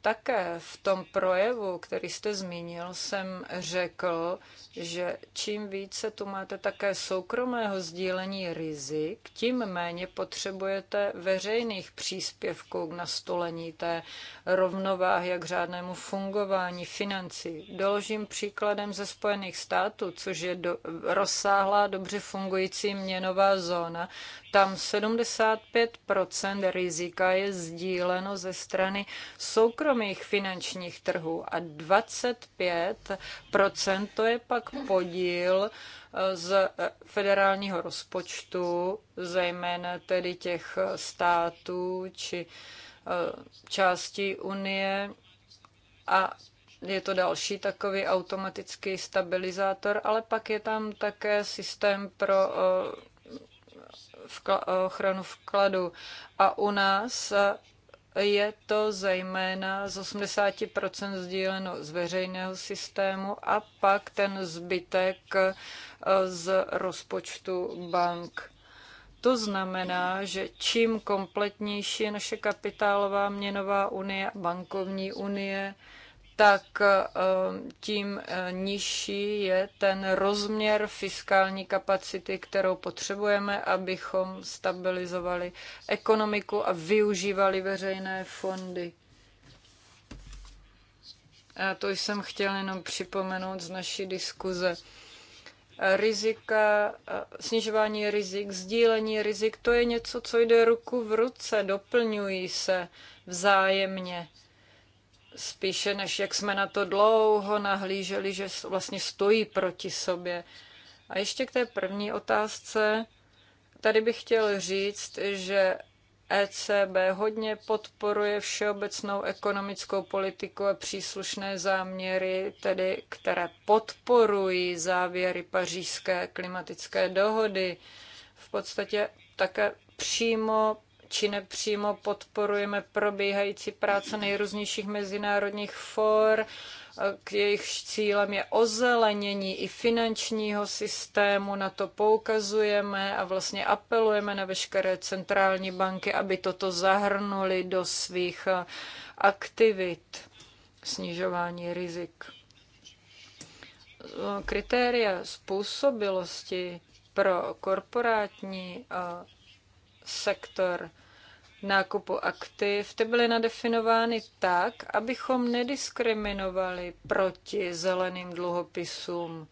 také v tom projevu, který jste zmínil, jsem řekl, že čím více tu máte také soukromého sdílení rizik, tím méně potřebujete veřejných příspěvků k nastolení té rovnováhy a k řádnému fungování financí. Doložím příkladem ze Spojených států, což je do, rozsáhlá, dobře fungující měnová zóna. Tam 75 rizika je sdíleno ze strany soukromého soukromých finančních trhů a 25 to je pak podíl eh, z eh, federálního rozpočtu, zejména tedy těch eh, států či částí Unie a je to další takový automatický stabilizátor, ale pak je tam také systém pro ochranu vkladu. A u nás je to zejména z 80% sdíleno z veřejného systému a pak ten zbytek eh, z rozpočtu bank. To znamená, že čím kompletnější je naše kapitálová měnová unie, bankovní unie, tak ehm, tím eh, nižší je ten rozměr fiskální kapacity, kterou potřebujeme, abychom stabilizovali ekonomiku a využívali veřejné fondy. A to jsem chtěl jenom připomenout z naší diskuze. Eh, rizika, eh, snižování rizik, sdílení rizik, to je něco, co jde ruku v ruce, doplňují se vzájemně spíše než jak jsme na to dlouho nahlíželi, že vlastně stojí proti sobě. A ještě k té první otázce. Tady bych chtěl říct, že ECB hodně podporuje všeobecnou ekonomickou politiku a příslušné záměry, tedy které podporují závěry pařížské klimatické dohody. V podstatě také přímo či nepřímo podporujeme probíhající práce nejrůznějších mezinárodních for, k jejich cílem je ozelenění i finančního systému, na to poukazujeme a vlastně apelujeme na veškeré centrální banky, aby toto zahrnuli do svých aktivit snižování rizik. Kritéria způsobilosti pro korporátní sektor nákupu aktiv, ty byly nadefinovány tak, abychom nediskriminovali proti zeleným dluhopisům.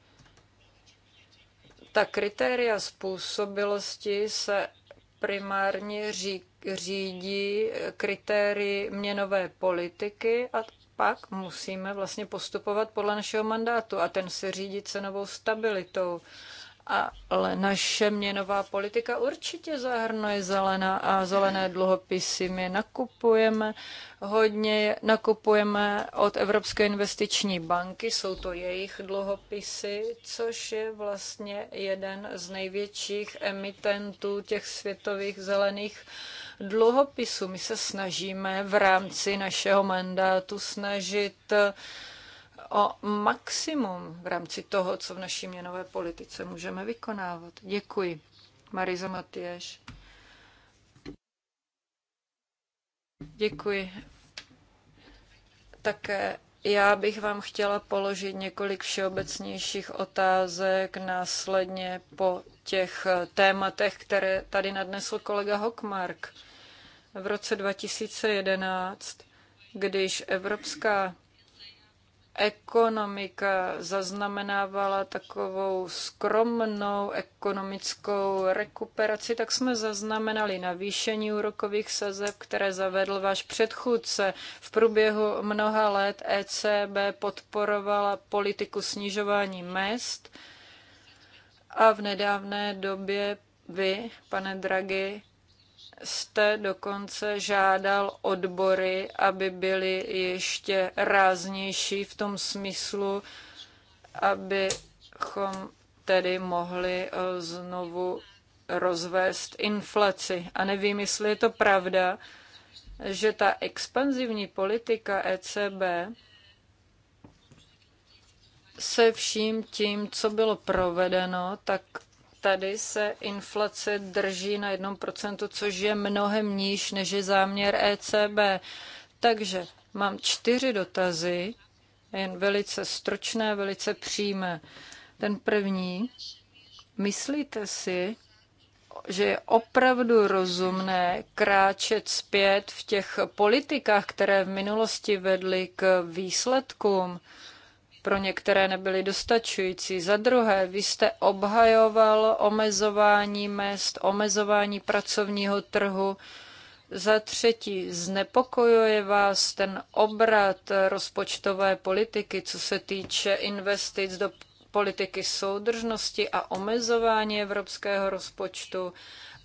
Ta kritéria způsobilosti se primárně ří, řídí kritérii měnové politiky a pak musíme vlastně postupovat podle našeho mandátu a ten se řídí cenovou stabilitou. Ale naše měnová politika určitě zahrnuje zelená a zelené dluhopisy. My nakupujeme hodně, nakupujeme od Evropské investiční banky, jsou to jejich dluhopisy, což je vlastně jeden z největších emitentů těch světových zelených dluhopisů. My se snažíme v rámci našeho mandátu snažit o maximum v rámci toho, co v naší měnové politice můžeme vykonávat. Děkuji. Marizo Matěš. Děkuji. Také já bych vám chtěla položit několik všeobecnějších otázek následně po těch tématech, které tady nadnesl kolega Hockmark. V roce 2011, když Evropská ekonomika zaznamenávala takovou skromnou ekonomickou rekuperaci, tak jsme zaznamenali navýšení úrokových sazeb, které zavedl váš předchůdce. V průběhu mnoha let ECB podporovala politiku snižování mest a v nedávné době vy, pane Draghi, jste dokonce žádal odbory, aby byly ještě ráznější v tom smyslu, abychom tedy mohli eh, znovu rozvést inflaci. A nevím, jestli je to pravda, že ta expanzivní politika ECB se vším tím, co bylo provedeno, tak tady se inflace drží na 1%, což je mnohem níž než je záměr ECB. Takže mám čtyři dotazy, jen velice stročné, velice přímé. Ten první, myslíte si, že je opravdu rozumné kráčet zpět v těch politikách, které v minulosti vedly k výsledkům? pro některé nebyly dostačující. Za druhé, vy jste obhajoval omezování mest, omezování pracovního trhu. Za třetí, znepokojuje vás ten obrat rozpočtové politiky, co se týče investic do politiky soudržnosti a omezování evropského rozpočtu.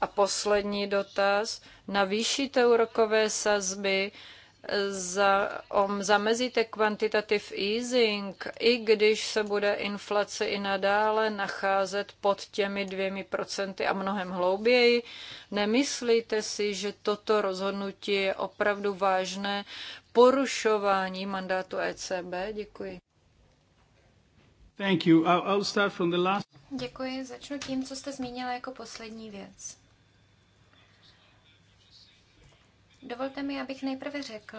A poslední dotaz, navýšíte úrokové sazby, za, om zamezíte quantitative easing, i když se bude inflace i nadále nacházet pod těmi dvěmi procenty a mnohem hlouběji, nemyslíte si, že toto rozhodnutí je opravdu vážné porušování mandátu ECB? Děkuji. Thank you. I'll start from the last... Děkuji. Začnu tím, co jste zmínila jako poslední věc. Dovolte mi, abych nejprve řekl,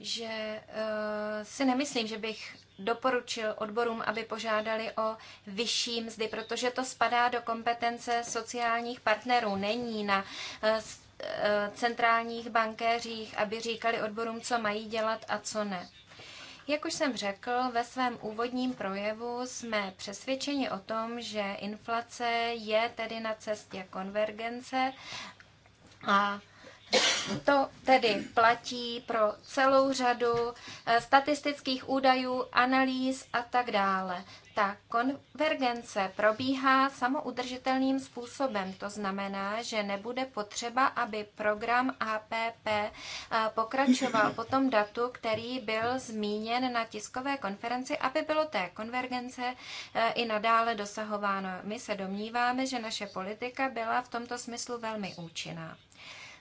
že uh, si nemyslím, že bych doporučil odborům, aby požádali o vyšší mzdy, protože to spadá do kompetence sociálních partnerů. Není na uh, centrálních bankéřích, aby říkali odborům, co mají dělat a co ne. Jak už jsem řekl ve svém úvodním projevu, jsme přesvědčeni o tom, že inflace je tedy na cestě konvergence a to tedy platí pro celou řadu eh, statistických údajů, analýz a tak dále. Ta konvergence probíhá samoudržitelným způsobem. To znamená, že nebude potřeba, aby program APP eh, pokračoval po tom datu, který byl zmíněn na tiskové konferenci, aby bylo té konvergence eh, i nadále dosahováno. My se domníváme, že naše politika byla v tomto smyslu velmi účinná.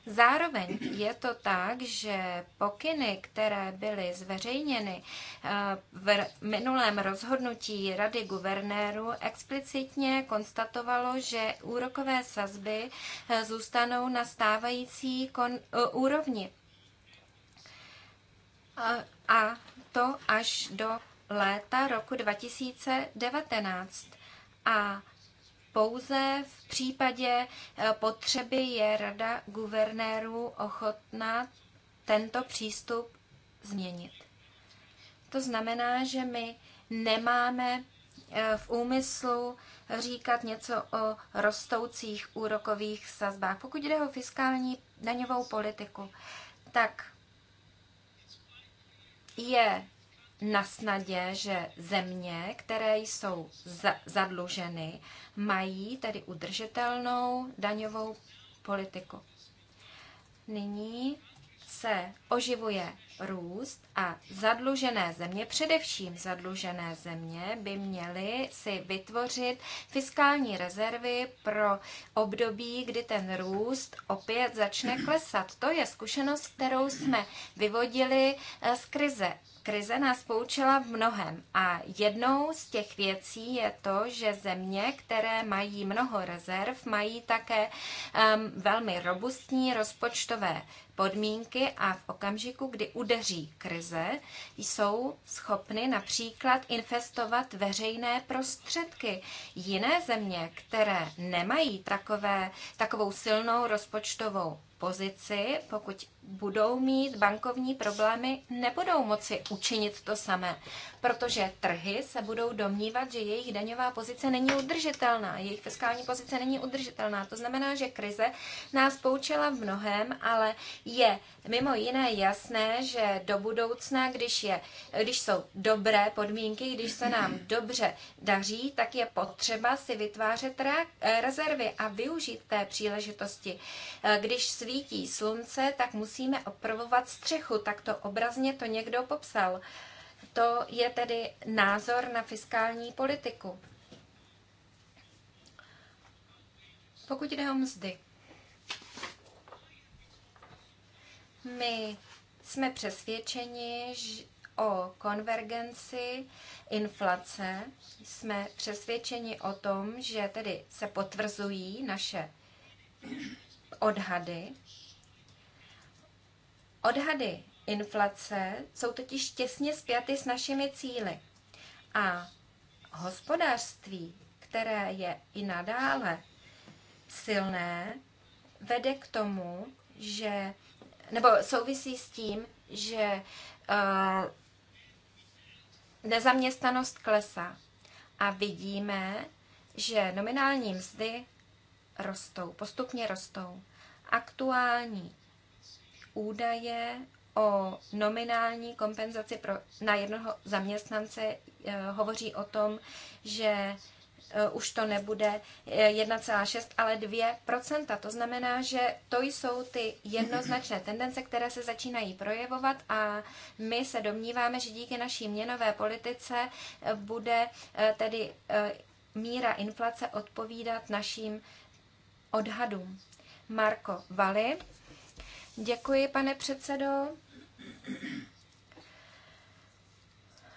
Zároveň je to tak, že pokyny, které byly zveřejněny eh, v minulém rozhodnutí Rady guvernéru, explicitně konstatovalo, že úrokové sazby eh, zůstanou na stávající kon- eh, úrovni. A to až do léta roku 2019. A pouze v případě eh, potřeby je Rada guvernérů ochotná tento přístup změnit. To znamená, že my nemáme eh, v úmyslu říkat něco o rostoucích úrokových sazbách. Pokud jde o fiskální daňovou politiku, tak je na snadě, že země, které jsou za- zadluženy, mají tedy udržitelnou daňovou politiku. Nyní se oživuje růst a zadlužené země, především zadlužené země, by měly si vytvořit fiskální rezervy pro období, kdy ten růst opět začne klesat. To je zkušenost, kterou jsme vyvodili eh, z krize krize nás poučila v mnohem a jednou z těch věcí je to, že země, které mají mnoho rezerv, mají také um, velmi robustní rozpočtové podmínky a v okamžiku, kdy udeří krize, jsou schopny například investovat veřejné prostředky. Jiné země, které nemají takové, takovou silnou rozpočtovou pozici, pokud budou mít bankovní problémy, nebudou moci učinit to samé, protože trhy se budou domnívat, že jejich daňová pozice není udržitelná, jejich fiskální pozice není udržitelná. To znamená, že krize nás poučila v mnohem, ale je mimo jiné jasné, že do budoucna, když, je, když jsou dobré podmínky, když se nám dobře daří, tak je potřeba si vytvářet eh, rezervy a využít té příležitosti. Eh, když svítí slunce, tak musíme opravovat střechu, tak to obrazně to někdo popsal. To je tedy názor na fiskální politiku. Pokud jde o mzdy, My jsme přesvědčeni o konvergenci inflace. Jsme přesvědčeni o tom, že tedy se potvrzují naše odhady. Odhady inflace jsou totiž těsně spjaty s našimi cíly. A hospodářství, které je i nadále silné, vede k tomu, že nebo souvisí s tím, že eh, nezaměstnanost klesá. A vidíme, že nominální mzdy rostou, postupně rostou. Aktuální údaje o nominální kompenzaci pro, na jednoho zaměstnance eh, hovoří o tom, že Eh, už to nebude 1,6, eh, ale 2 To znamená, že to jsou ty jednoznačné tendence, které se začínají projevovat a my se domníváme, že díky naší měnové politice eh, bude tedy míra inflace odpovídat našim odhadům. Marko Vali. Děkuji, pane předsedo.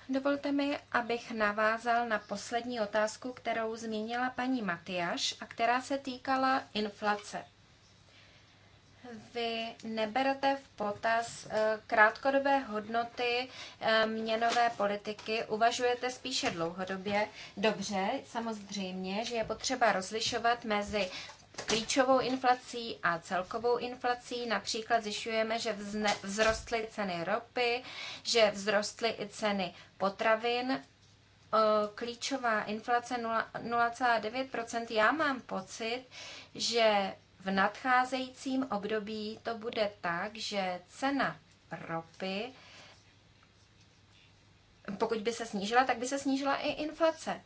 Dovolte mi, abych navázal na poslední otázku, kterou zmínila paní Matyáš a která se týkala inflace. Vy neberete v potaz eh, krátkodobé hodnoty eh, měnové politiky, uvažujete spíše dlouhodobě. Dobře, samozřejmě, že je potřeba rozlišovat mezi klíčovou inflací a celkovou inflací. Například zjišťujeme, že vzrostly ceny ropy, že vzrostly i ceny potravin. Klíčová inflace 0,9 Já mám pocit, že v nadcházejícím období to bude tak, že cena ropy, pokud by se snížila, tak by se snížila i inflace.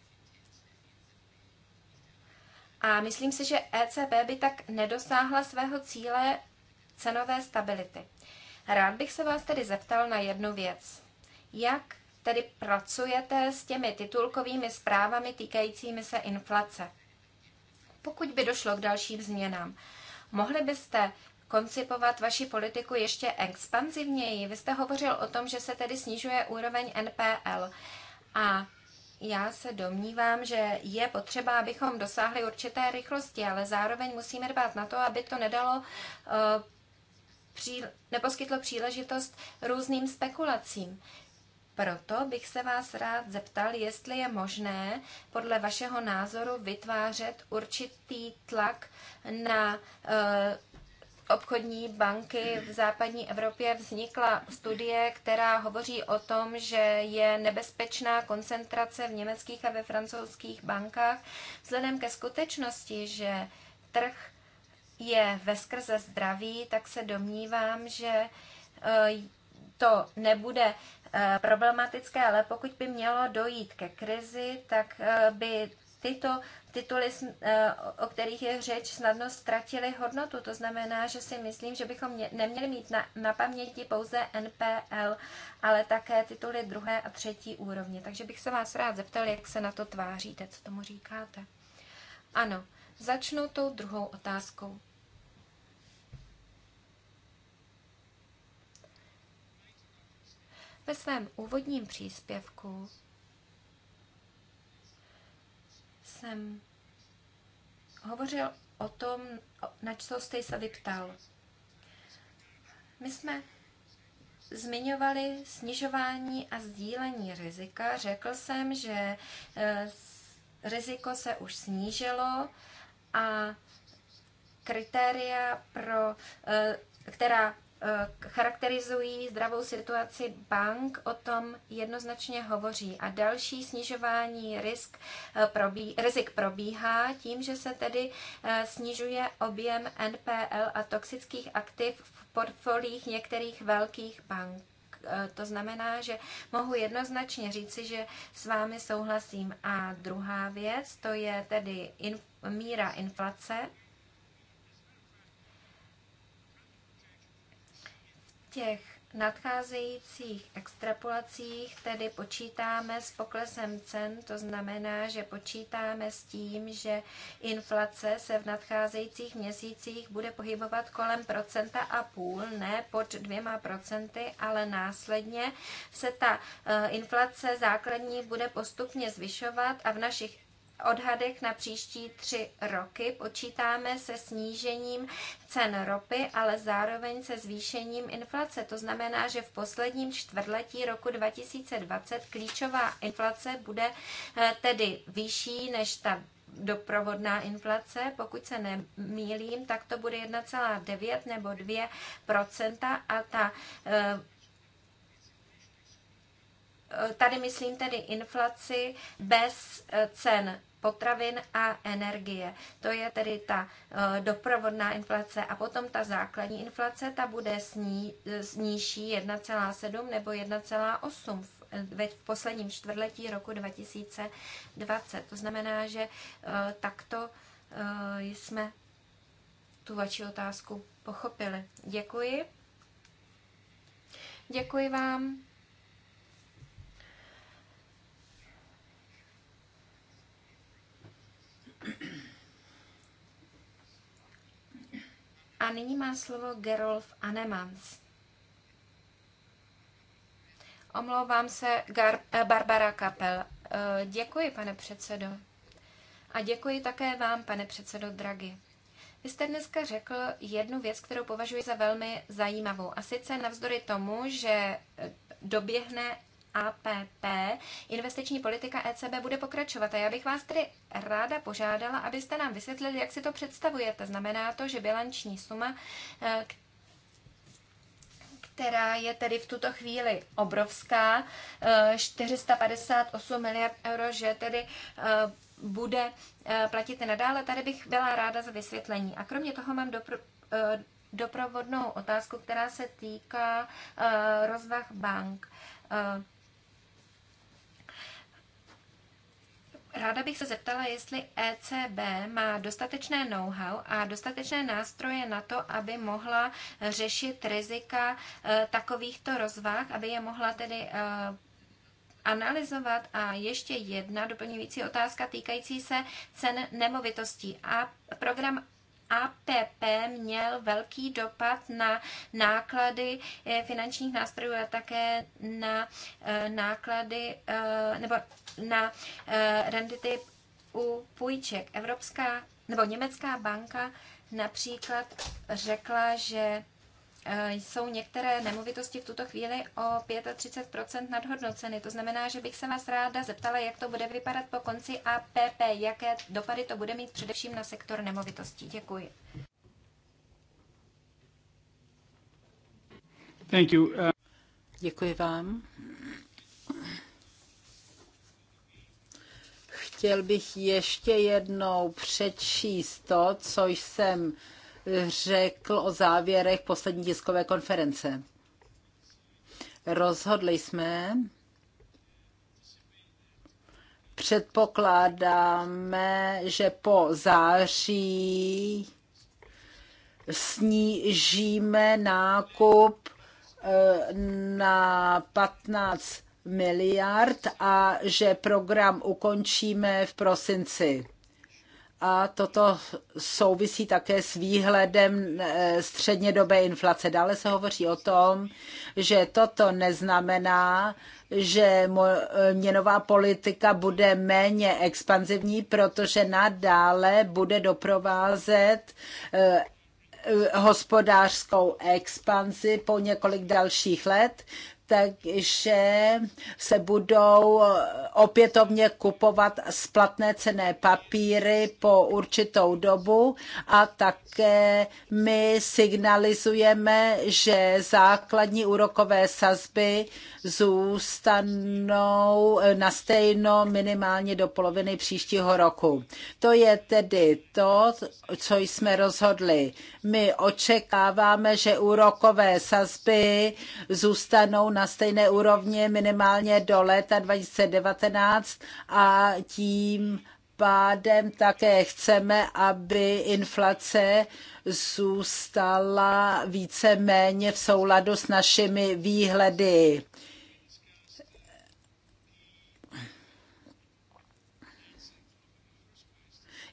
A myslím si, že ECB by tak nedosáhla svého cíle cenové stability. Rád bych se vás tedy zeptal na jednu věc. Jak tedy pracujete s těmi titulkovými zprávami týkajícími se inflace? Pokud by došlo k dalším změnám, mohli byste koncipovat vaši politiku ještě expanzivněji? Vy jste hovořil o tom, že se tedy snižuje úroveň NPL. A já se domnívám, že je potřeba, abychom dosáhli určité rychlosti, ale zároveň musíme dbát na to, aby to nedalo eh, neposkytlo příležitost různým spekulacím. Proto bych se vás rád zeptal, jestli je možné podle vašeho názoru vytvářet určitý tlak na eh, obchodní banky v západní Evropě vznikla studie, která hovoří o tom, že je nebezpečná koncentrace v německých a ve francouzských bankách vzhledem ke skutečnosti, že trh je ve skrze zdraví, tak se domnívám, že eh, to nebude eh, problematické, ale pokud by mělo dojít ke krizi, tak eh, by tyto tituly, eh, o kterých je řeč, snadno ztratily hodnotu. To znamená, že si myslím, že bychom neměli mít na, na paměti pouze NPL, ale také tituly druhé a třetí úrovně. Takže bych se vás rád zeptal, jak se na to tváříte, co tomu říkáte. Ano, začnu tou druhou otázkou. Ve svém úvodním příspěvku jsem hovořil o tom, na co jste se vyptal. My jsme zmiňovali snižování a sdílení rizika. Řekl jsem, že eh, riziko se už snížilo a kritéria, pro, eh, která Eh, charakterizují zdravou situaci bank, o tom jednoznačně hovoří. A další snižování risk eh, probí, rizik probíhá tím, že se tedy eh, snižuje objem NPL a toxických aktiv v portfolích některých velkých bank. To znamená, že mohu jednoznačně říci, že s vámi souhlasím. A druhá věc, to je tedy in, míra inflace. těch nadcházejících extrapolacích tedy počítáme s poklesem cen, to znamená, že počítáme s tím, že inflace se v nadcházejících měsících bude pohybovat kolem procenta a půl, ne pod dvěma procenty, ale následně se ta eh, inflace základní bude postupně zvyšovat a v našich odhadech na příští tři roky. Počítáme se snížením cen ropy, ale zároveň se zvýšením inflace. To znamená, že v posledním čtvrtletí roku 2020 klíčová inflace bude eh, tedy vyšší než ta doprovodná inflace, pokud se nemýlím, tak to bude 1,9 nebo 2 a ta eh, eh, tady myslím tedy inflaci bez cen potravin a energie. To je tedy ta e, doprovodná inflace a potom ta základní inflace, ta bude e, nižší 1,7 nebo 1,8 v ve v posledním čtvrtletí roku 2020. To znamená, že e, takto jsme tu vaši otázku pochopili. Děkuji. Děkuji vám. A nyní má slovo Gerolf Anemans. Omlouvám se, Gar- eh, Barbara Kapel. Eh, děkuji, pane předsedo. A děkuji také vám, pane předsedo Dragi. Vy jste dneska řekl jednu věc, kterou považuji za velmi zajímavou. A sice navzdory tomu, že eh, doběhne APP investiční politika ECB bude pokračovat. A já bych vás tedy ráda požádala, abyste nám vysvětlili, jak si to představujete. Znamená to, že bilanční suma, eh, která je tedy v tuto chvíli obrovská, 458 eh, miliard euro, že tedy eh, bude platit nadále. Tady bych byla ráda za vysvětlení. A kromě toho mám dopr- doprovodnou otázku, která se týká rozvah bank. Ráda bych se zeptala, jestli ECB má dostatečné know-how a dostatečné nástroje na to, aby mohla řešit rizika eh, takovýchto rozvah, aby je mohla tedy eh, analyzovat. A ještě jedna doplňující otázka týkající se cen nemovitostí a program APP měl velký dopad na náklady eh, finančních nástrojů a také na eh, náklady eh, nebo na rendity u půjček. Evropská nebo německá banka například řekla, že Eh, jsou některé nemovitosti v tuto chvíli o 35 nadhodnoceny. To znamená, že bych se vás ráda zeptala, jak to bude vypadat po konci APP, jaké dopady to bude mít především na sektor nemovitostí. Děkuji. Thank you. Uh... Děkuji vám. Chtěl bych ještě jednou přečíst to, co jsem řekl o závěrech poslední tiskové konference. Rozhodli jsme, předpokládáme, že po září snížíme nákup e, na 15 miliard a že program ukončíme v prosinci a toto souvisí také s výhledem eh, střednědobé inflace. Dále se hovoří o tom, že toto neznamená, že eh, měnová politika bude méně expanzivní, protože nadále bude doprovázet eh, hospodářskou expanzi po několik dalších let, takže se budou opětovně kupovat splatné cené papíry po určitou dobu a také my signalizujeme, že základní úrokové sazby zůstanou na stejno minimálně do poloviny příštího roku. To je tedy to, co jsme rozhodli. My očekáváme, že úrokové sazby zůstanou na na stejné úrovni minimálně do léta 2019 a tím pádem také chceme, aby inflace zůstala více méně v souladu s našimi výhledy.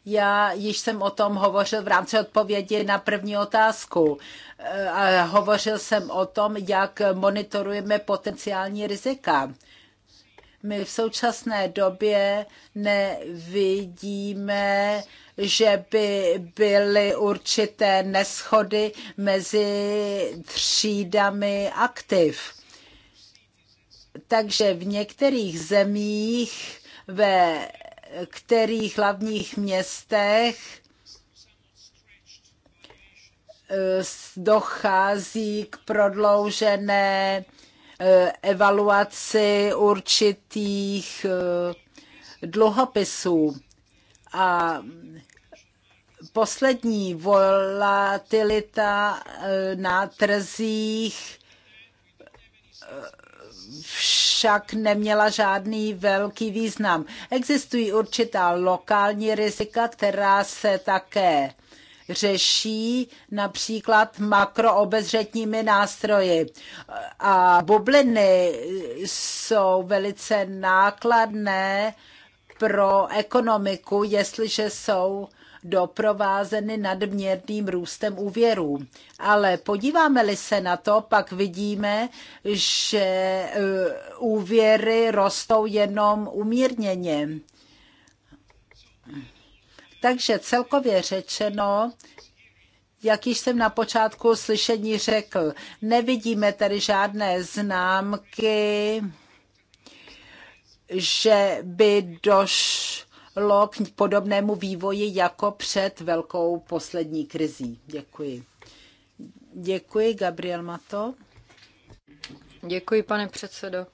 Já již jsem o tom hovořil v rámci odpovědi na první otázku. E, a hovořil jsem o tom, jak monitorujeme potenciální rizika. My v současné době nevidíme, že by byly určité neschody mezi třídami aktiv. Takže v některých zemích ve kterých hlavních městech eh, dochází k prodloužené eh, evaluaci určitých eh, dluhopisů. A poslední volatilita na trzích však neměla žádný velký význam. Existují určitá lokální rizika, která se také řeší například makroobezřetními nástroji. A bubliny jsou velice nákladné pro ekonomiku, jestliže jsou doprovázeny nadměrným růstem úvěrů. Ale podíváme-li se na to, pak vidíme, že eh, úvěry rostou jenom umírněně. Takže celkově řečeno, jak již jsem na počátku slyšení řekl, nevidíme tady žádné známky, že by došlo nedospělo k podobnému vývoji jako před velkou poslední krizí. Děkuji. Děkuji, Gabriel Mato. Děkuji, pane předsedo.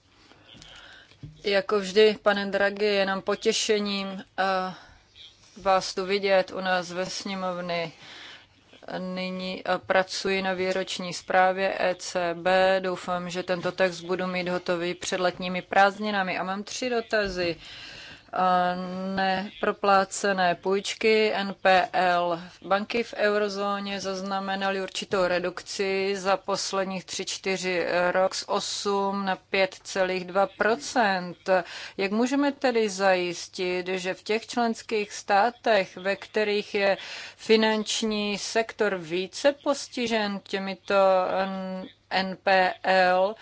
Jako vždy, pane Draghi, je nám potěšením eh, vás tu vidět u nás ve sněmovny. Nyní eh, pracuji na výroční zprávě ECB. Doufám, že tento text budu mít hotový před letními prázdninami. A mám tři dotazy. Uh, neproplácené půjčky NPL. Banky v eurozóně zaznamenaly určitou redukci za posledních 3-4 rok z 8 na 5,2 Jak můžeme tedy zajistit, že v těch členských státech, ve kterých je finanční sektor více postižen těmito NPL,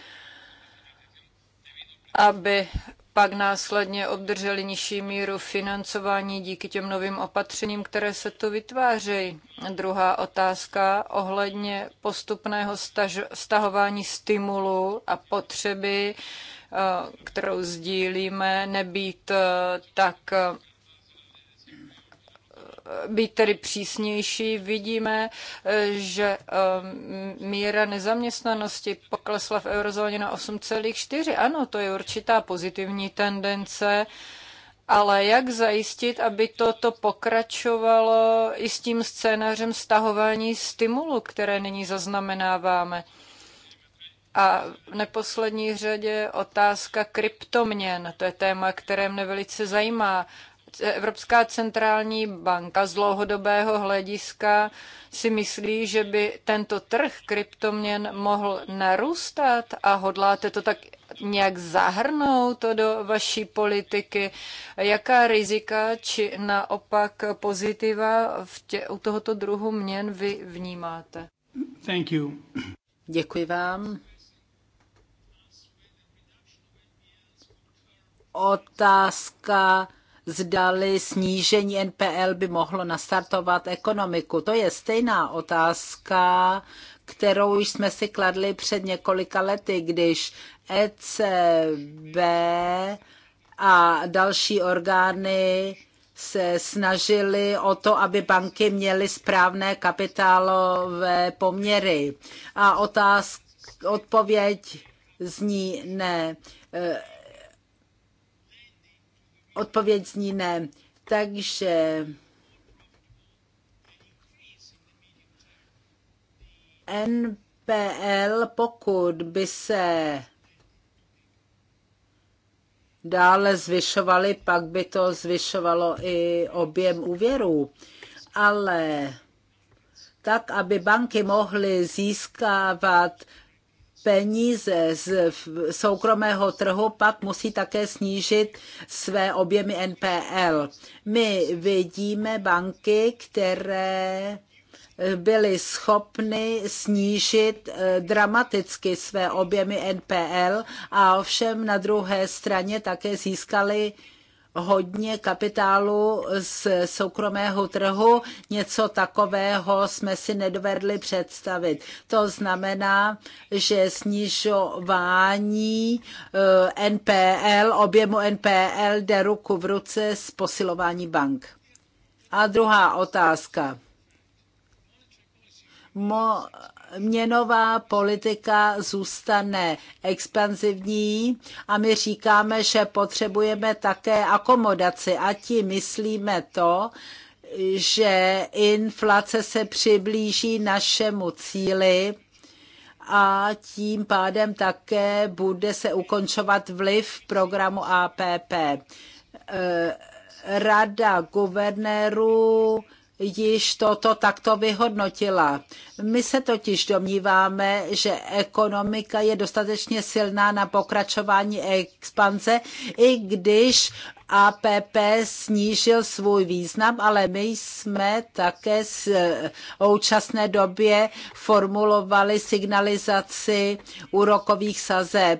aby pak následně obdrželi nižší míru financování díky těm novým opatřením, které se tu vytvářejí. Druhá otázka ohledně postupného stahování stimulu a potřeby, eh, kterou sdílíme, nebýt eh, tak eh, být tedy přísnější. Vidíme, eh, že eh, míra nezaměstnanosti poklesla v eurozóně na 8,4. Ano, to je určitá pozitivní tendence. Ale jak zajistit, aby toto pokračovalo i s tím scénářem stahování stimulu, které nyní zaznamenáváme? A v neposlední řadě otázka kryptoměn. To je téma, které mne velice zajímá. Evropská centrální banka z dlouhodobého hlediska si myslí, že by tento trh kryptoměn mohl narůstat a hodláte to tak nějak zahrnout to do vaší politiky? Jaká rizika či naopak pozitiva v tě, u tohoto druhu měn vy vnímáte? Thank you. Děkuji vám. Otázka zdali snížení NPL by mohlo nastartovat ekonomiku. To je stejná otázka, kterou jsme si kladli před několika lety, když ECB a další orgány se snažili o to, aby banky měly správné kapitálové poměry. A otázka, odpověď zní ne odpověď zní ne. Takže NPL, pokud by se dále zvyšovaly, pak by to zvyšovalo i objem úvěrů. Ale tak, aby banky mohly získávat peníze z soukromého trhu, pak musí také snížit své objemy NPL. My vidíme banky, které eh, byly schopny snížit eh, dramaticky své objemy NPL a ovšem na druhé straně také získali hodně kapitálu z soukromého trhu. Něco takového jsme si nedovedli představit. To znamená, že snižování eh, NPL, objemu NPL jde ruku v ruce s posilování bank. A druhá otázka. Mo- měnová politika zůstane expanzivní a my říkáme, že potřebujeme také akomodaci a tím myslíme to, že inflace se přiblíží našemu cíli a tím pádem také bude se ukončovat vliv programu APP. Eh, Rada guvernérů již toto takto vyhodnotila. My se totiž domníváme, že ekonomika je dostatečně silná na pokračování expanze, i když APP snížil svůj význam, ale my jsme také e, v současné době formulovali signalizaci úrokových sazeb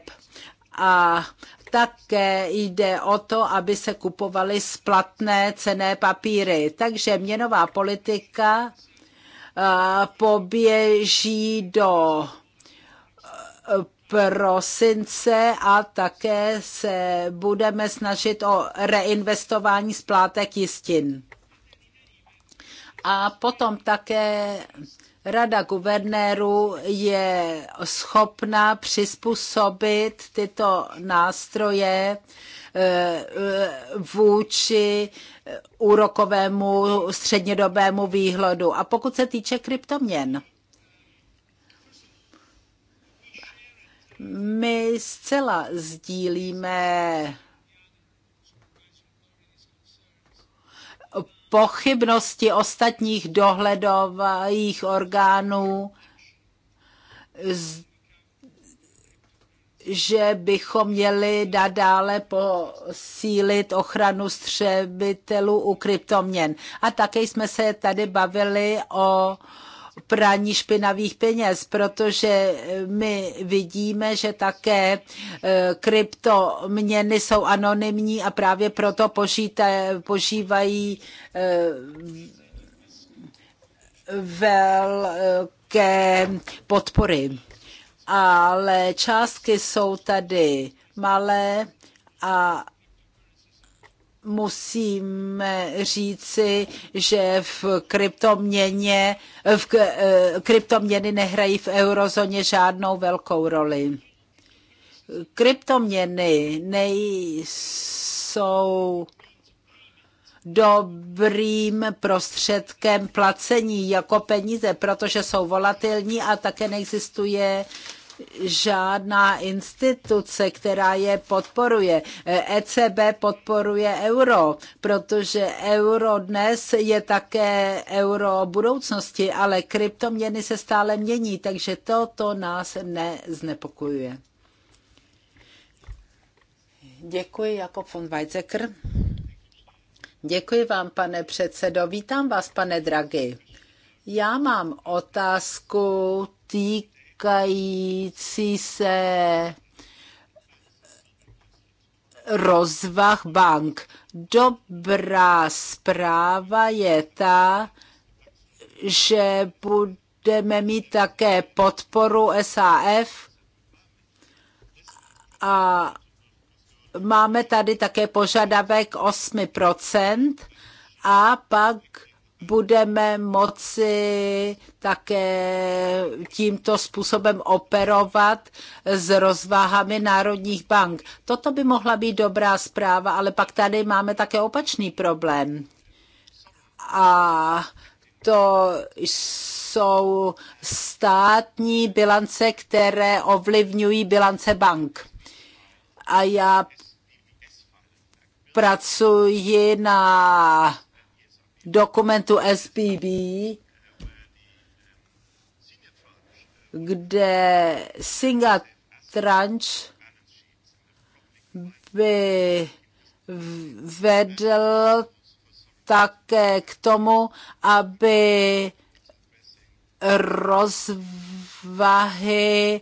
a také jde o to, aby se kupovaly splatné cené papíry. Takže měnová politika eh, poběží do eh, prosince a také se budeme snažit o reinvestování splátek jistin. A potom také Rada guvernérů je schopna přizpůsobit tyto nástroje e, e, vůči úrokovému střednědobému výhledu. A pokud se týče kryptoměn, my zcela sdílíme pochybnosti ostatních dohledových orgánů, že bychom měli nadále posílit ochranu střebitelů u kryptoměn. A také jsme se tady bavili o praní špinavých peněz, protože my vidíme, že také e, kryptoměny jsou anonymní a právě proto požíte, požívají e, velké podpory. Ale částky jsou tady malé a musíme říci, že v kryptoměně, v eh, kryptoměny nehrají v eurozóně žádnou velkou roli. Kryptoměny nejsou dobrým prostředkem placení jako peníze, protože jsou volatilní a také neexistuje žádná instituce, která je podporuje. ECB podporuje euro, protože euro dnes je také euro budoucnosti, ale kryptoměny se stále mění, takže toto nás neznepokojuje. Děkuji, Jakob von Weizsäcker. Děkuji vám, pane předsedo. Vítám vás, pane Draghi. Já mám otázku týk týkající se rozvah bank. Dobrá zpráva je ta, že budeme mít také podporu SAF a máme tady také požadavek 8% a pak budeme moci také tímto způsobem operovat s rozváhami národních bank. Toto by mohla být dobrá zpráva, ale pak tady máme také opačný problém. A to jsou státní bilance, které ovlivňují bilance bank. A já pracuji na dokumentu SPB, kde Singa Tranč by vedl také k tomu, aby rozvahy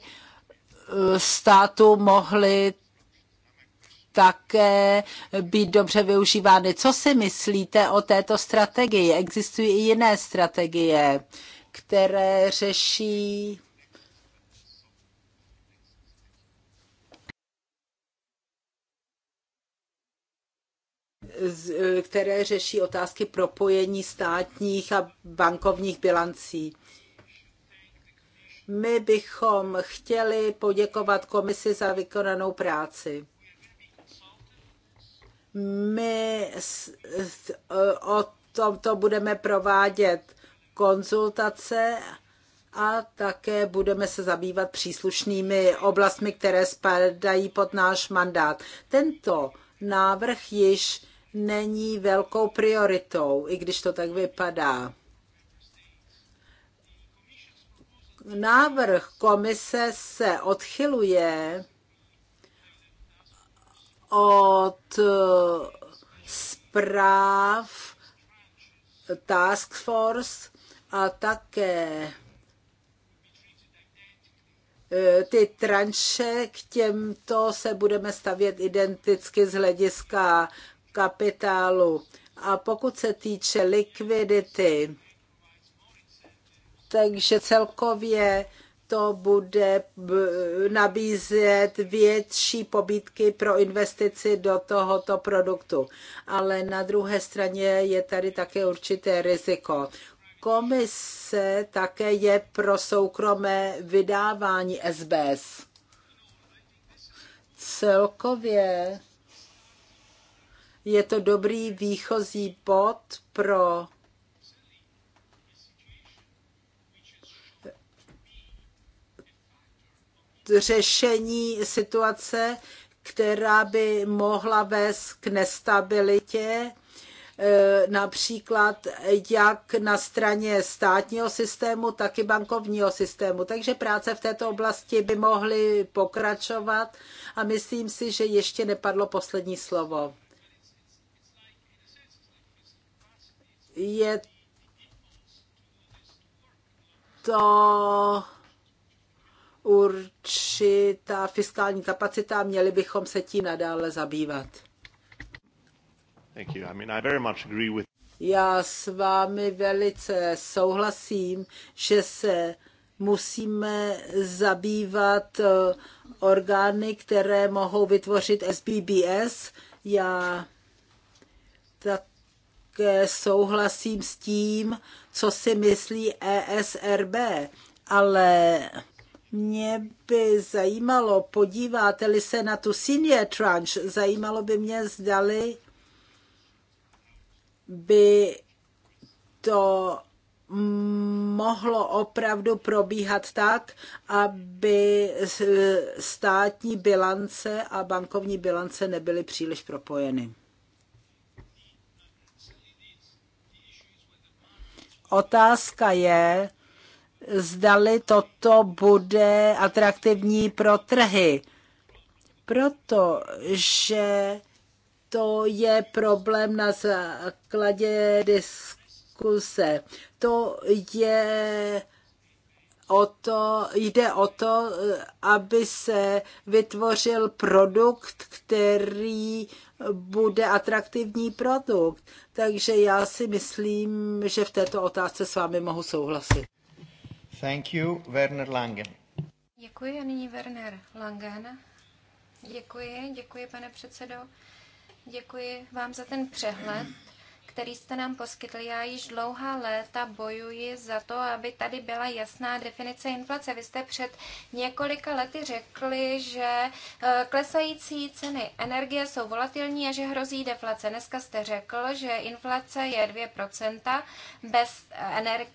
státu mohly také být dobře využívány. Co si myslíte o této strategii? Existují i jiné strategie, které řeší které řeší otázky propojení státních a bankovních bilancí. My bychom chtěli poděkovat komisi za vykonanou práci. My o tomto budeme provádět konzultace a také budeme se zabývat příslušnými oblastmi, které spadají pod náš mandát. Tento návrh již není velkou prioritou, i když to tak vypadá. Návrh komise se odchyluje od eh, zpráv Task Force a také eh, ty tranše k těmto se budeme stavět identicky z hlediska kapitálu. A pokud se týče likvidity, takže celkově to bude nabízet větší pobídky pro investici do tohoto produktu. Ale na druhé straně je tady také určité riziko. Komise také je pro soukromé vydávání SBS. Celkově je to dobrý výchozí bod pro řešení situace, která by mohla vést k nestabilitě, e, například jak na straně státního systému, tak i bankovního systému. Takže práce v této oblasti by mohly pokračovat a myslím si, že ještě nepadlo poslední slovo. Je to určitá fiskální kapacita a měli bychom se tím nadále zabývat. Thank you. I mean, I very much agree with... Já s vámi velice souhlasím, že se musíme zabývat eh, orgány, které mohou vytvořit SBBS. Já také souhlasím s tím, co si myslí ESRB, ale mě by zajímalo, podíváte-li se na tu senior tranche, zajímalo by mě, zdali by to mohlo opravdu probíhat tak, aby státní bilance a bankovní bilance nebyly příliš propojeny. Otázka je, zdali toto bude atraktivní pro trhy, protože to je problém na základě diskuse. To je o to, jde o to, aby se vytvořil produkt, který bude atraktivní produkt. Takže já si myslím, že v této otázce s vámi mohu souhlasit. Thank you, Werner Langen. Děkuji a nyní Werner Langen. Děkuji, děkuji pane předsedo. Děkuji vám za ten přehled který jste nám poskytli. Já již dlouhá léta bojuji za to, aby tady byla jasná definice inflace. Vy jste před několika lety řekli, že eh, klesající ceny energie jsou volatilní a že hrozí deflace. Dneska jste řekl, že inflace je 2% bez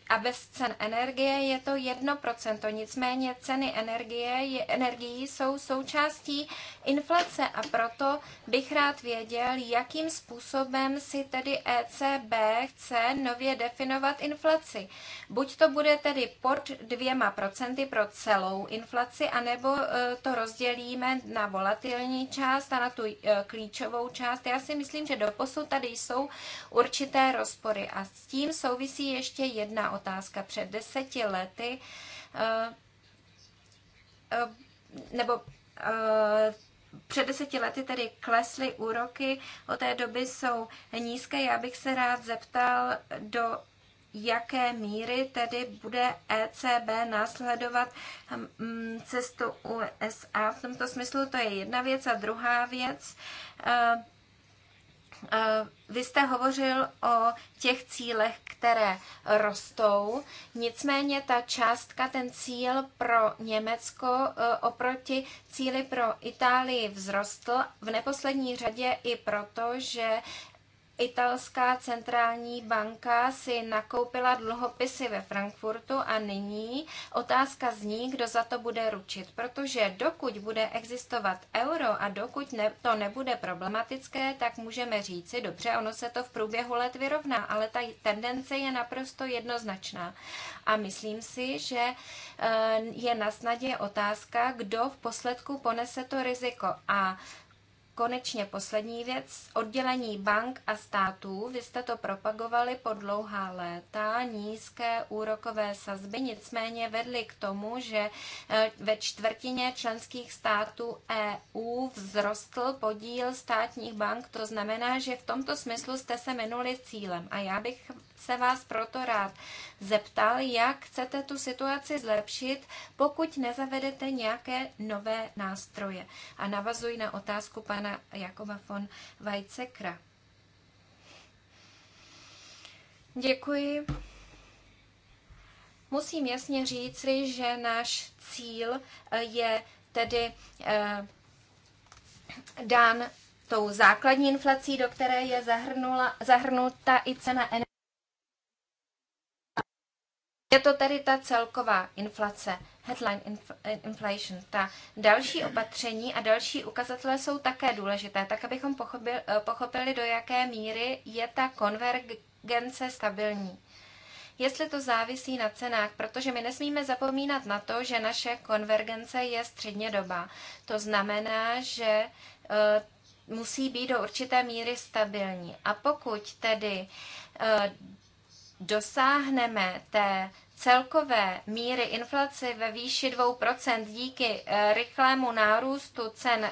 a bez cen energie je to 1%. Nicméně ceny energie je, energií jsou součástí inflace a proto bych rád věděl, jakým způsobem si tedy e ECB chce nově definovat inflaci. Buď to bude tedy pod dvěma procenty pro celou inflaci, anebo e, to rozdělíme na volatilní část a na tu e, klíčovou část. Já si myslím, že doposud tady jsou určité rozpory. A s tím souvisí ještě jedna otázka. Před deseti lety e, nebo před deseti lety tedy klesly úroky, od té doby jsou nízké. Já bych se rád zeptal, do jaké míry tedy bude ECB následovat hm, cestu USA. V tomto smyslu to je jedna věc. A druhá věc, eh, Eh, vy jste hovořil o těch cílech, které rostou, nicméně ta částka, ten cíl pro Německo eh, oproti cíli pro Itálii vzrostl v neposlední řadě i proto, že italská centrální banka si nakoupila dluhopisy ve Frankfurtu a nyní otázka zní, kdo za to bude ručit, protože dokud bude existovat euro a dokud ne, to nebude problematické, tak můžeme říci, dobře, ono se to v průběhu let vyrovná, ale ta tendence je naprosto jednoznačná. A myslím si, že eh, je na snadě otázka, kdo v posledku ponese to riziko. A konečně poslední věc, oddělení bank a států. Vy jste to propagovali po dlouhá léta, nízké úrokové sazby, nicméně vedly k tomu, že eh, ve čtvrtině členských států EU vzrostl podíl státních bank. To znamená, že v tomto smyslu jste se minuli cílem. A já bych se vás proto rád zeptal, jak chcete tu situaci zlepšit, pokud nezavedete nějaké nové nástroje. A navazuji na otázku pana Jakova von Weizsäckera. Děkuji. Musím jasně říct, že náš cíl eh, je tedy eh, dán tou základní inflací, do které je zahrnula, zahrnuta i cena energie. Je to tedy ta celková inflace, headline inf- inflation. Ta další opatření a další ukazatele jsou také důležité, tak abychom pochopili, eh, pochopili, do jaké míry je ta konvergence stabilní. Jestli to závisí na cenách, protože my nesmíme zapomínat na to, že naše konvergence je středně doba. To znamená, že e, musí být do určité míry stabilní. A pokud tedy e, dosáhneme té celkové míry inflace ve výši 2% díky eh, rychlému nárůstu cen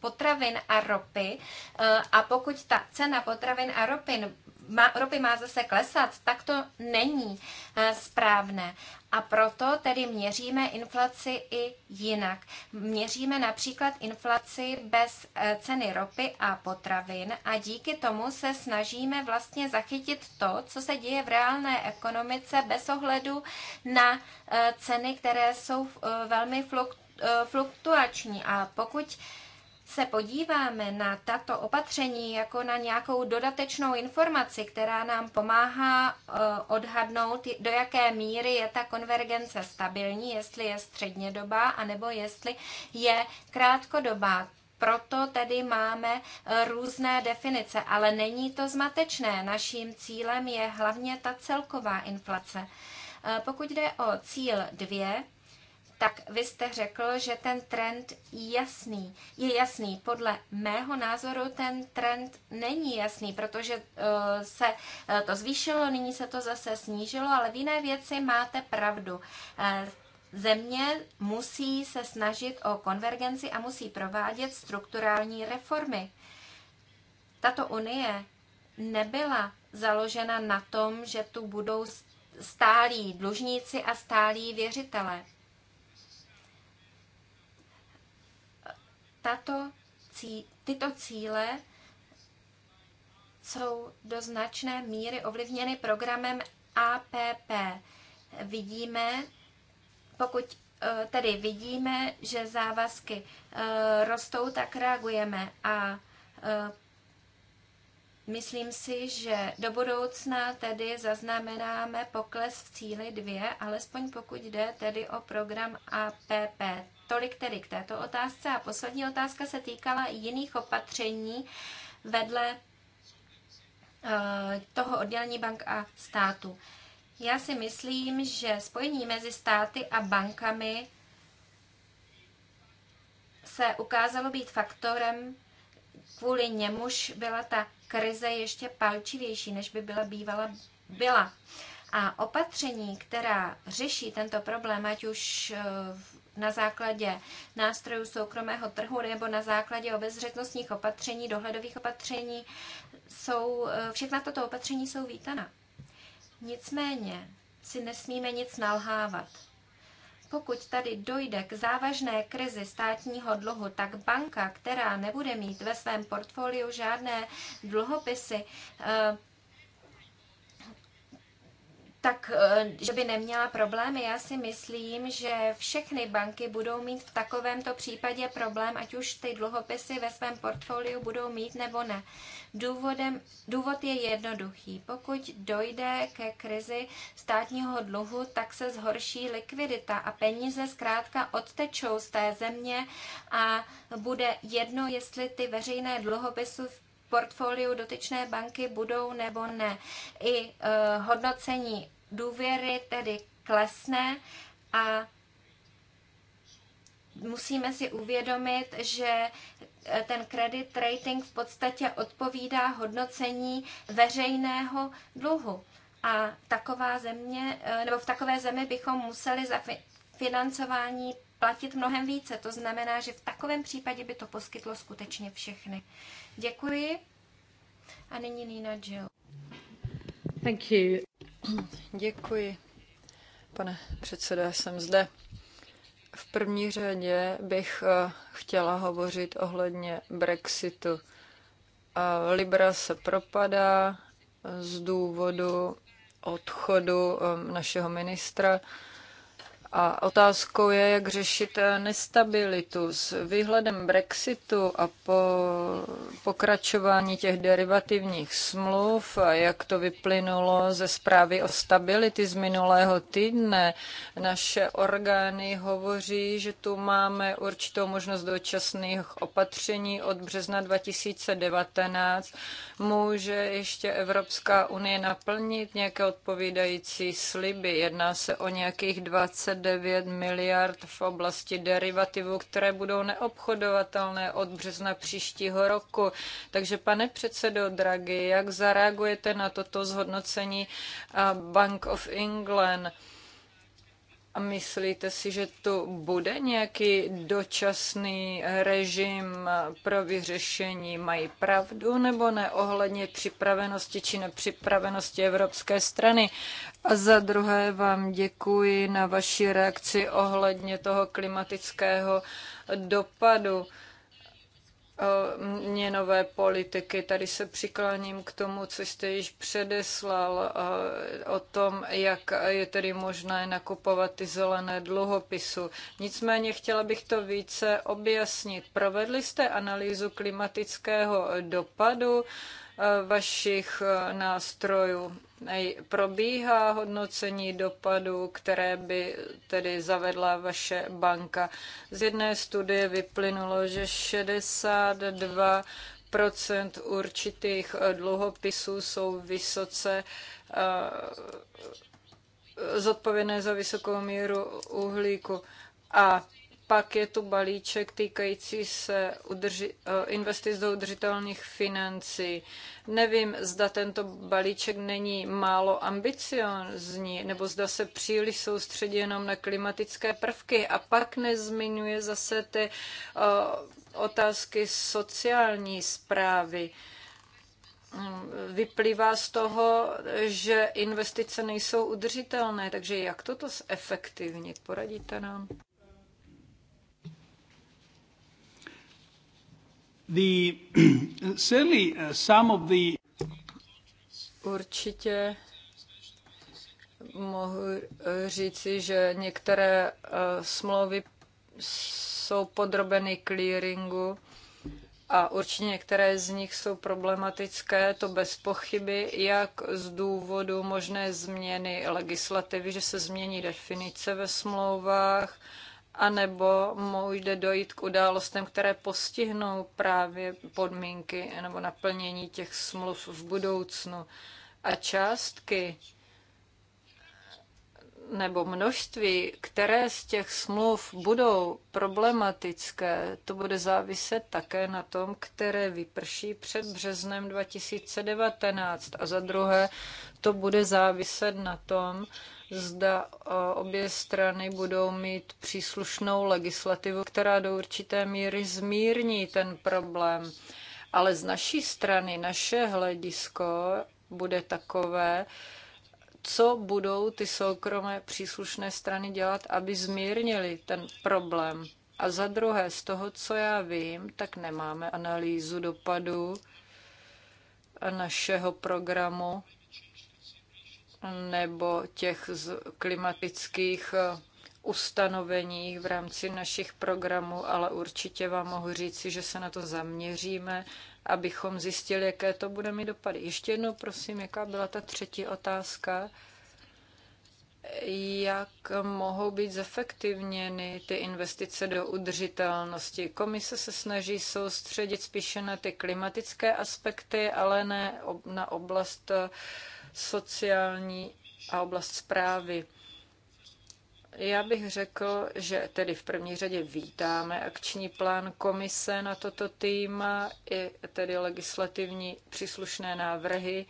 potravin a ropy. Eh, a pokud ta cena potravin a ropy má, ropy má zase klesat, tak to není eh, správné. A proto tedy měříme inflaci i jinak. Měříme například inflaci bez eh, ceny ropy a potravin a díky tomu se snažíme vlastně zachytit to, co se děje v reálné ekonomice bez ohledu na eh, ceny, které jsou velmi fluktuační. A pokud se podíváme na tato opatření jako na nějakou dodatečnou informaci, která nám pomáhá eh, odhadnout, do jaké míry je ta konvergence stabilní, jestli je střednědobá, anebo jestli je krátkodobá. Proto tedy máme eh, různé definice, ale není to zmatečné. Naším cílem je hlavně ta celková inflace. Eh, pokud jde o cíl 2, tak vy jste řekl, že ten trend jasný, je jasný. Podle mého názoru ten trend není jasný, protože uh, se uh, to zvýšilo, nyní se to zase snížilo, ale v jiné věci máte pravdu. Uh, země musí se snažit o konvergenci a musí provádět strukturální reformy. Tato unie nebyla založena na tom, že tu budou stálí dlužníci a stálí věřitelé. tato, cí, tyto cíle jsou do značné míry ovlivněny programem APP. Vidíme, pokud e, tedy vidíme, že závazky e, rostou, tak reagujeme a e, Myslím si, že do budoucna tedy zaznamenáme pokles v cíli 2, alespoň pokud jde tedy o program APP. Tolik tedy k této otázce. A poslední otázka se týkala jiných opatření vedle eh, toho oddělení bank a státu. Já si myslím, že spojení mezi státy a bankami se ukázalo být faktorem, kvůli němuž byla ta krize ještě palčivější, než by byla bývala byla. A opatření, která řeší tento problém, ať už v eh, na základě nástrojů soukromého trhu nebo na základě obezřetnostních opatření, dohledových opatření, jsou, eh, všechna tato opatření jsou vítana. Nicméně si nesmíme nic nalhávat. Pokud tady dojde k závažné krizi státního dluhu, tak banka, která nebude mít ve svém portfoliu žádné dluhopisy, eh, tak eh, že by neměla problémy. Já si myslím, že všechny banky budou mít v takovémto případě problém, ať už ty dluhopisy ve svém portfoliu budou mít nebo ne. Důvodem, důvod je jednoduchý. Pokud dojde ke krizi státního dluhu, tak se zhorší likvidita a peníze zkrátka odtečou z té země a bude jedno, jestli ty veřejné dluhopisy portfoliu dotyčné banky budou nebo ne. I eh, hodnocení důvěry tedy klesne a musíme si uvědomit, že eh, ten kredit rating v podstatě odpovídá hodnocení veřejného dluhu. A taková země, eh, nebo v takové zemi bychom museli za financování platit mnohem více. To znamená, že v takovém případě by to poskytlo skutečně všechny Děkuji. A nyní Nina Jill. Thank you. Děkuji. Pane předsedo, jsem zde. V první řadě bych eh, chtěla hovořit ohledně Brexitu. Eh, Libra se propadá z důvodu odchodu eh, našeho ministra a otázkou je, jak řešit eh, nestabilitu. S výhledem Brexitu a po pokračování těch derivativních smluv, jak to vyplynulo ze zprávy o stability z minulého týdne, naše orgány hovoří, že tu máme určitou možnost dočasných opatření od března 2019. Může ještě Evropská unie naplnit nějaké odpovídající sliby? Jedná se o nějakých 20 9 miliard v oblasti derivativů, které budou neobchodovatelné od března příštího roku. Takže pane předsedo Draghi, jak zareagujete na toto zhodnocení eh, Bank of England? A myslíte si, že tu bude nějaký dočasný režim pro vyřešení? Mají pravdu nebo ne ohledně připravenosti či nepřipravenosti evropské strany? A za druhé vám děkuji na vaši reakci ohledně toho klimatického dopadu měnové politiky. Tady se přikláním k tomu, co jste již předeslal o tom, jak je tedy možné nakupovat ty zelené dluhopisu. Nicméně chtěla bych to více objasnit. Provedli jste analýzu klimatického dopadu Eh, vašich eh, nástrojů. Probíhá hodnocení dopadů, které by tedy zavedla vaše banka. Z jedné studie vyplynulo, že 62 procent určitých eh, dluhopisů jsou vysoce zodpovědné za vysokou míru uhlíku. A pak je tu balíček týkající se udrži- eh, investic do udržitelných financí. Nevím, zda tento balíček není málo ambiciozní, nebo zda se příliš soustředí jenom na klimatické prvky a pak nezmiňuje zase ty uh, otázky sociální zprávy vyplývá z toho, že investice nejsou udržitelné. Takže jak toto zefektivnit? Poradíte nám? The, certainly uh, some of the... Určitě mohu říci, že některé uh, smlouvy jsou podrobeny clearingu a určitě některé z nich jsou problematické, to bez pochyby, jak z důvodu možné změny legislativy, že se změní definice ve smlouvách, anebo mu jde dojít k událostem, které postihnou právě podmínky nebo naplnění těch smluv v budoucnu. A částky nebo množství, které z těch smluv budou problematické, to bude záviset také na tom, které vyprší před březnem 2019. A za druhé, to bude záviset na tom, zda e, obě strany budou mít příslušnou legislativu, která do určité míry zmírní ten problém. Ale z naší strany, naše hledisko bude takové, co budou ty soukromé příslušné strany dělat, aby zmírnili ten problém. A za druhé, z toho, co já vím, tak nemáme analýzu dopadu našeho programu nebo těch z klimatických eh, ustanovení v rámci našich programů, ale určitě vám mohu říci, že se na to zaměříme, abychom zjistili, jaké to bude mít dopady. Ještě jednou prosím, jaká byla ta třetí otázka? Jak mohou být zefektivněny ty investice do udržitelnosti? Komise se snaží soustředit spíše na ty klimatické aspekty, ale ne na oblast uh, sociální a oblast zprávy. Já bych řekl, že tedy v první řadě vítáme akční plán komise na toto téma i tedy legislativní příslušné návrhy.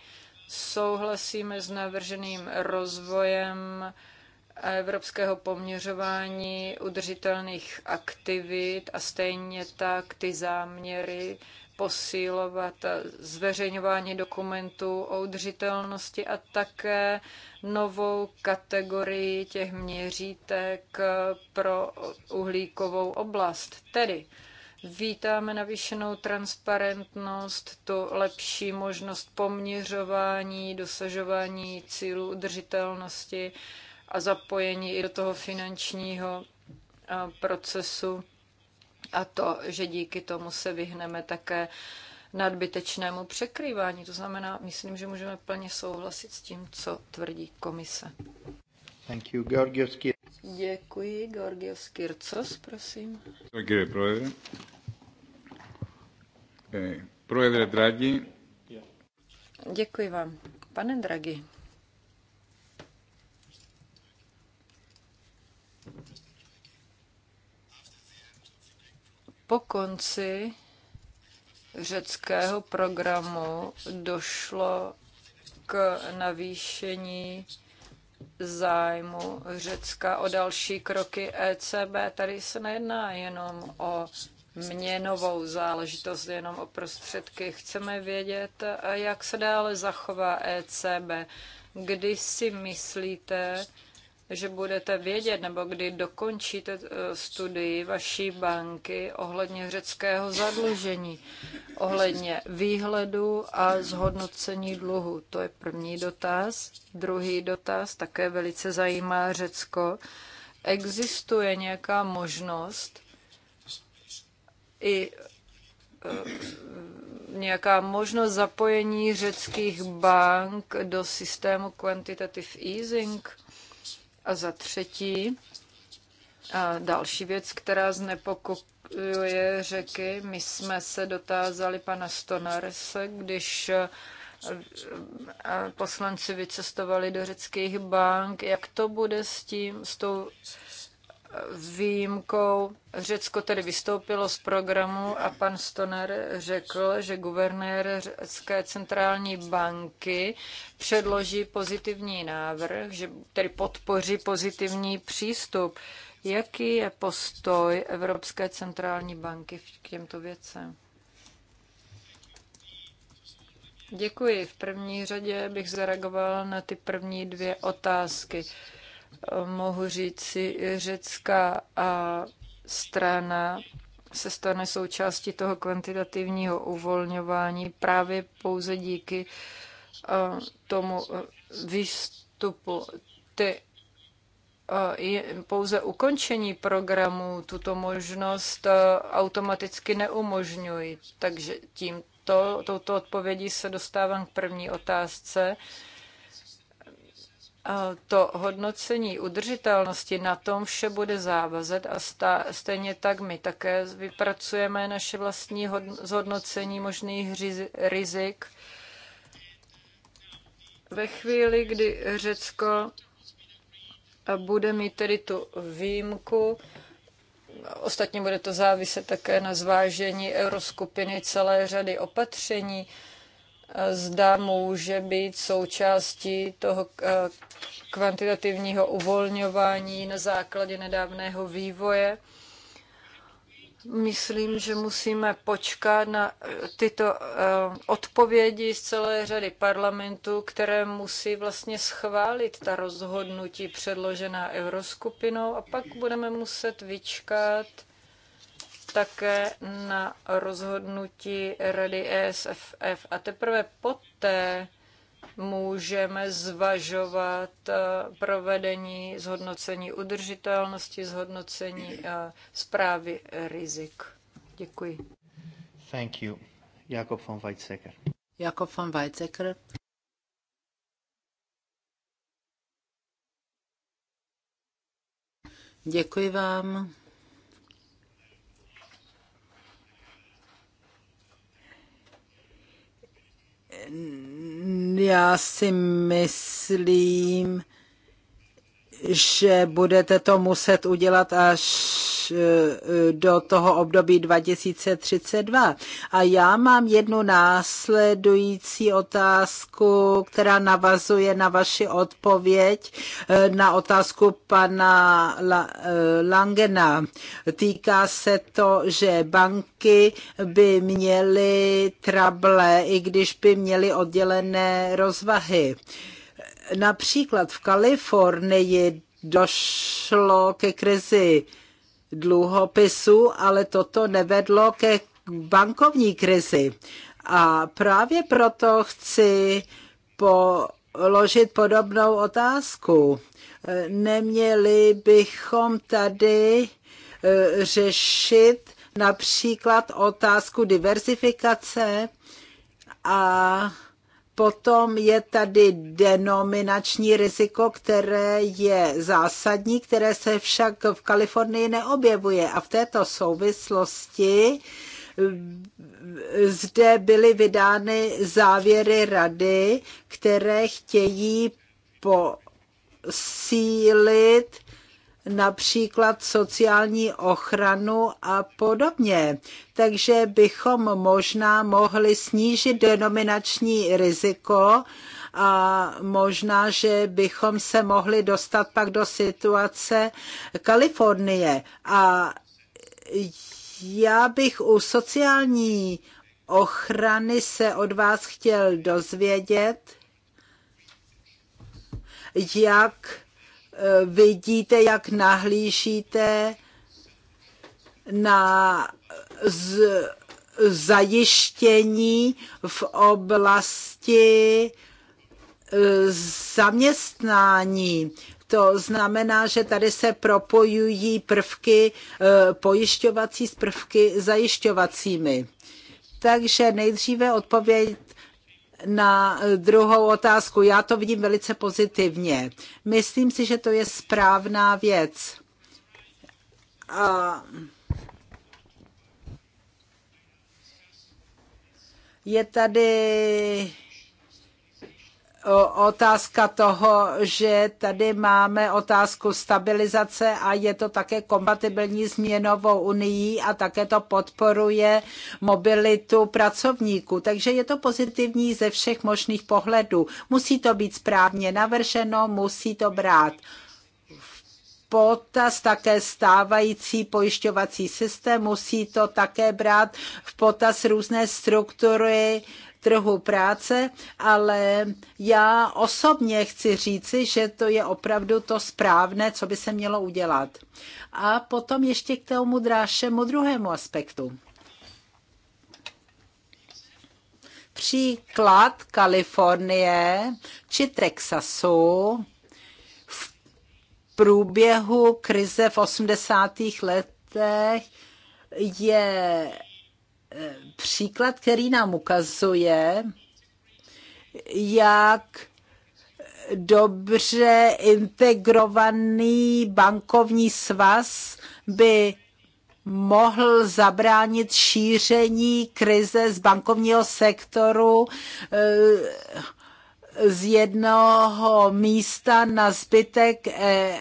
Souhlasíme s navrženým rozvojem evropského poměřování udržitelných aktivit a stejně tak ty záměry posílovat zveřejňování dokumentů o udržitelnosti a také novou kategorii těch měřítek pro uhlíkovou oblast. Tedy Vítáme navýšenou transparentnost, to lepší možnost poměřování, dosažování cílů udržitelnosti a zapojení i do toho finančního procesu a to, že díky tomu se vyhneme také nadbytečnému překrývání. To znamená, myslím, že můžeme plně souhlasit s tím, co tvrdí komise. Thank you, Georgios Děkuji, Georgios Kircos, prosím. Děkuji, projevě. Projevě Děkuji vám. Pane Draghi, po konci řeckého programu došlo k navýšení zájmu Řecka o další kroky ECB. Tady se nejedná jenom o měnovou záležitost, jenom o prostředky. Chceme vědět, jak se dále zachová ECB. Kdy si myslíte, že budete vědět, nebo kdy dokončíte eh, studii vaší banky ohledně řeckého zadlužení, ohledně výhledu a zhodnocení dluhu. To je první dotaz. Druhý dotaz také velice zajímá Řecko. Existuje nějaká možnost i eh, nějaká možnost zapojení řeckých bank do systému quantitative easing? A za třetí, a další věc, která znepokojuje řeky, my jsme se dotázali pana Stonarese, když poslanci vycestovali do řeckých bank, jak to bude s tím, s tou výjimkou Řecko tedy vystoupilo z programu a pan Stoner řekl, že guvernér Řecké centrální banky předloží pozitivní návrh, že tedy podpoří pozitivní přístup. Jaký je postoj Evropské centrální banky k těmto věcem? Děkuji. V první řadě bych zareagoval na ty první dvě otázky mohu říci, řecká strana se stane součástí toho kvantitativního uvolňování právě pouze díky eh, tomu eh, výstupu. Ty eh, pouze ukončení programu tuto možnost automaticky neumožňují. Takže tímto, touto odpovědí se dostávám k první otázce to hodnocení udržitelnosti, na tom vše bude závazet a stá, stejně tak my také vypracujeme naše vlastní hod, zhodnocení možných rizik. Ve chvíli, kdy Řecko bude mít tedy tu výjimku, ostatně bude to záviset také na zvážení euroskupiny celé řady opatření, zda může být součástí toho eh, kvantitativního uvolňování na základě nedávného vývoje. Myslím, že musíme počkat na eh, tyto eh, odpovědi z celé řady parlamentů, které musí vlastně schválit ta rozhodnutí předložená euroskupinou a pak budeme muset vyčkat také na rozhodnutí Rady ESFF. A teprve poté můžeme zvažovat eh, provedení zhodnocení udržitelnosti, zhodnocení zprávy eh, rizik. Děkuji. Thank you. Jakob von Weizsäcker. Jakob von Weizsäcker. Děkuji vám. já si myslím, že budete to muset udělat až eh, do toho období 2032. A já mám jednu následující otázku, která navazuje na vaši odpověď eh, na otázku pana eh, Langena. Týká se to, že banky by měly trable, i když by měly oddělené rozvahy. Například v Kalifornii došlo ke krizi dluhopisů, ale toto nevedlo ke bankovní krizi. A právě proto chci položit podobnou otázku. Neměli bychom tady eh, řešit například otázku diversifikace a Potom je tady denominační riziko, které je zásadní, které se však v Kalifornii neobjevuje. A v této souvislosti eh, zde byly vydány závěry rady, které chtějí posílit například sociální ochranu a podobně. Takže bychom možná mohli snížit denominační riziko a možná, že bychom se mohli dostat pak do situace Kalifornie. A já bych u sociální ochrany se od vás chtěl dozvědět, jak Eh, vidíte, jak nahlížíte na z, zajištění v oblasti eh, zaměstnání. To znamená, že tady se propojují prvky eh, pojišťovací s prvky zajišťovacími. Takže nejdříve odpověď na druhou otázku. Já to vidím velice pozitivně. Myslím si, že to je správná věc. A je tady otázka toho, že tady máme otázku stabilizace a je to také kompatibilní s měnovou unii a také to podporuje mobilitu pracovníků. Takže je to pozitivní ze všech možných pohledů. Musí to být správně navrženo, musí to brát potaz také stávající pojišťovací systém, musí to také brát v potaz různé struktury trhu práce, ale já osobně chci říci, že to je opravdu to správné, co by se mělo udělat. A potom ještě k tomu drášemu druhému aspektu. Příklad Kalifornie či Texasu v průběhu krize v 80. letech je příklad, který nám ukazuje, jak dobře integrovaný bankovní svaz by mohl zabránit šíření krize z bankovního sektoru eh, z jednoho místa na zbytek eh, eh,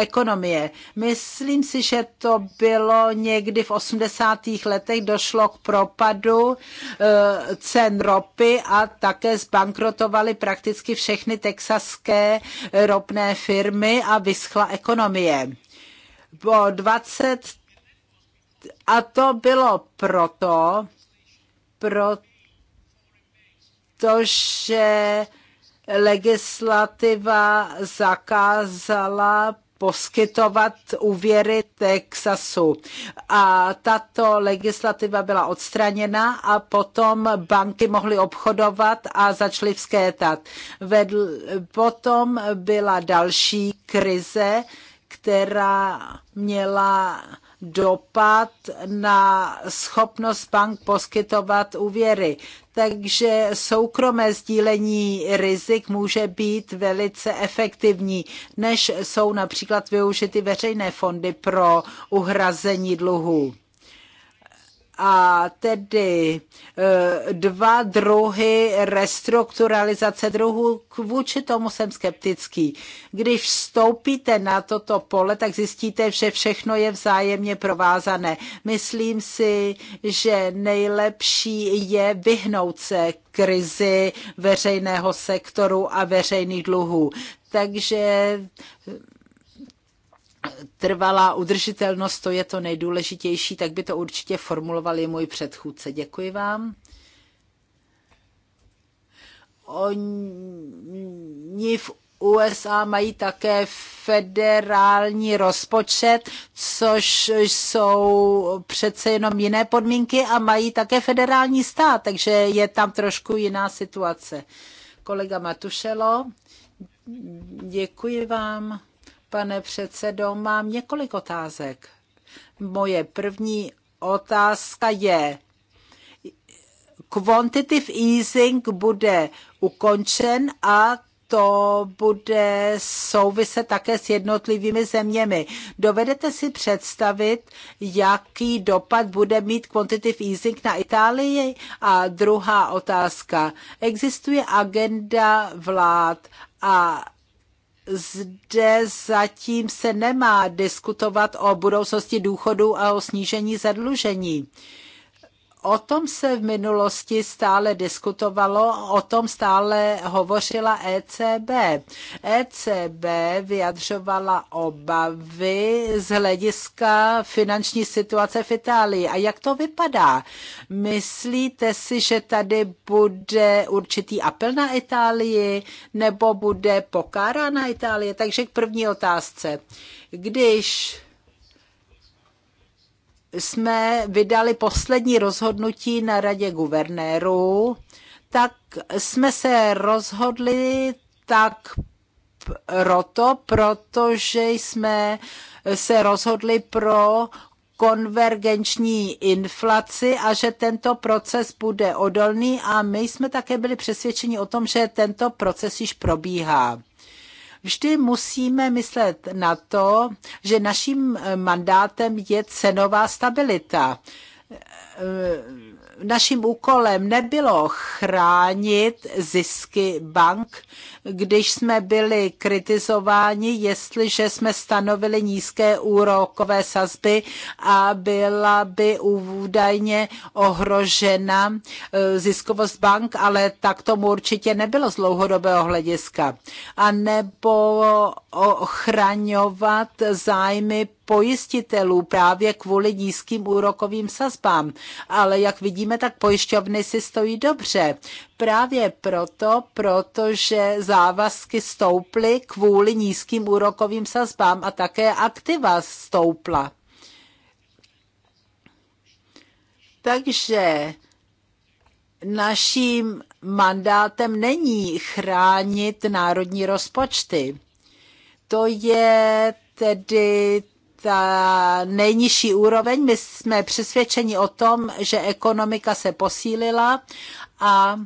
ekonomie. Myslím si, že to bylo někdy v 80. letech, došlo k propadu eh, cen ropy a také zbankrotovaly prakticky všechny texaské ropné firmy a vyschla ekonomie. Po 20 a to bylo proto, proto to, že legislativa zakázala poskytovat úvěry Texasu. A tato legislativa byla odstraněna a potom banky mohly obchodovat a začaly vzkétat. Vedl, potom byla další krize, která měla dopad na schopnost bank poskytovat úvěry. Takže soukromé sdílení rizik může být velice efektivní, než jsou například využity veřejné fondy pro uhrazení dluhů a tedy e, dva druhy restrukturalizace druhů. Vůči tomu jsem skeptický. Když vstoupíte na toto pole, tak zjistíte, že všechno je vzájemně provázané. Myslím si, že nejlepší je vyhnout se krizi veřejného sektoru a veřejných dluhů. Takže trvalá udržitelnost, to je to nejdůležitější, tak by to určitě formuloval i můj předchůdce. Děkuji vám. Oni v USA mají také federální rozpočet, což jsou přece jenom jiné podmínky a mají také federální stát, takže je tam trošku jiná situace. Kolega Matušelo, děkuji vám pane předsedo. Mám několik otázek. Moje první otázka je, quantitative easing bude ukončen a to bude souviset také s jednotlivými zeměmi. Dovedete si představit, jaký dopad bude mít quantitative easing na Itálii? A druhá otázka. Existuje agenda vlád a zde zatím se nemá diskutovat o budoucnosti důchodu a o snížení zadlužení. O tom se v minulosti stále diskutovalo, o tom stále hovořila ECB. ECB vyjadřovala obavy z hlediska finanční situace v Itálii. A jak to vypadá? Myslíte si, že tady bude určitý apel na Itálii nebo bude pokárána Itálie? Takže k první otázce. Když jsme vydali poslední rozhodnutí na radě guvernérů, tak jsme se rozhodli tak proto, protože jsme se rozhodli pro konvergenční inflaci a že tento proces bude odolný a my jsme také byli přesvědčeni o tom, že tento proces již probíhá. Vždy musíme myslet na to, že naším eh, mandátem je cenová stabilita eh, naším úkolem nebylo chránit zisky bank, když jsme byli kritizováni, jestliže jsme stanovili nízké úrokové sazby a byla by údajně ohrožena eh, ziskovost bank, ale tak tomu určitě nebylo z dlouhodobého hlediska. A nebo ochraňovat zájmy pojistitelů právě kvůli nízkým úrokovým sazbám. Ale jak vidíme, tak pojišťovny si stojí dobře. Právě proto, protože závazky stouply kvůli nízkým úrokovým sazbám a také aktiva stoupla. Takže naším mandátem není chránit národní rozpočty. To je tedy ta nejnižší úroveň. My jsme přesvědčeni o tom, že ekonomika se posílila a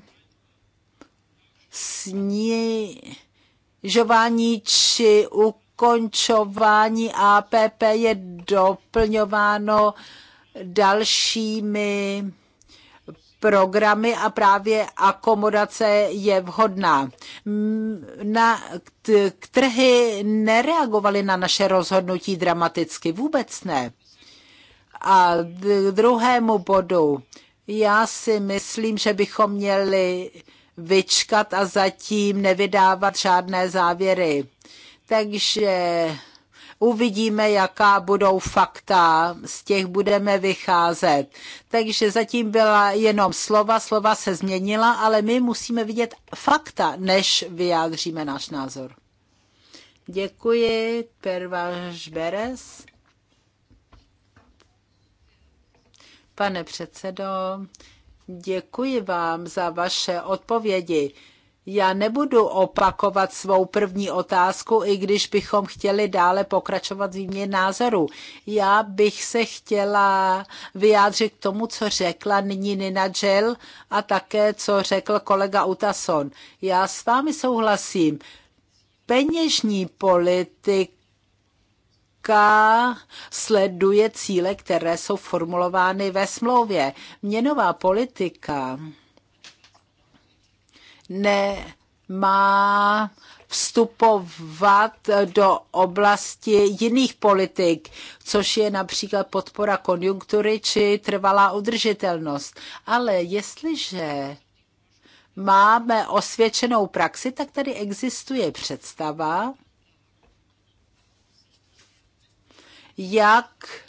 snižování či ukončování APP je doplňováno dalšími programy a právě akomodace je vhodná. Na, k, trhy nereagovaly na naše rozhodnutí dramaticky, vůbec ne. A k druhému bodu, já si myslím, že bychom měli vyčkat a zatím nevydávat žádné závěry. Takže uvidíme, jaká budou fakta, z těch budeme vycházet. Takže zatím byla jenom slova, slova se změnila, ale my musíme vidět fakta, než vyjádříme náš názor. Děkuji, Pervaš Beres. Pane předsedo, Děkuji vám za vaše odpovědi. Já nebudu opakovat svou první otázku, i když bychom chtěli dále pokračovat výměně názoru. Já bych se chtěla vyjádřit k tomu, co řekla nyní Nina Gel a také, co řekl kolega Utason. Já s vámi souhlasím. Peněžní politik politika sleduje cíle, které jsou formulovány ve smlouvě. Měnová politika nemá vstupovat do oblasti jiných politik, což je například podpora konjunktury či trvalá udržitelnost. Ale jestliže máme osvědčenou praxi, tak tady existuje představa, jak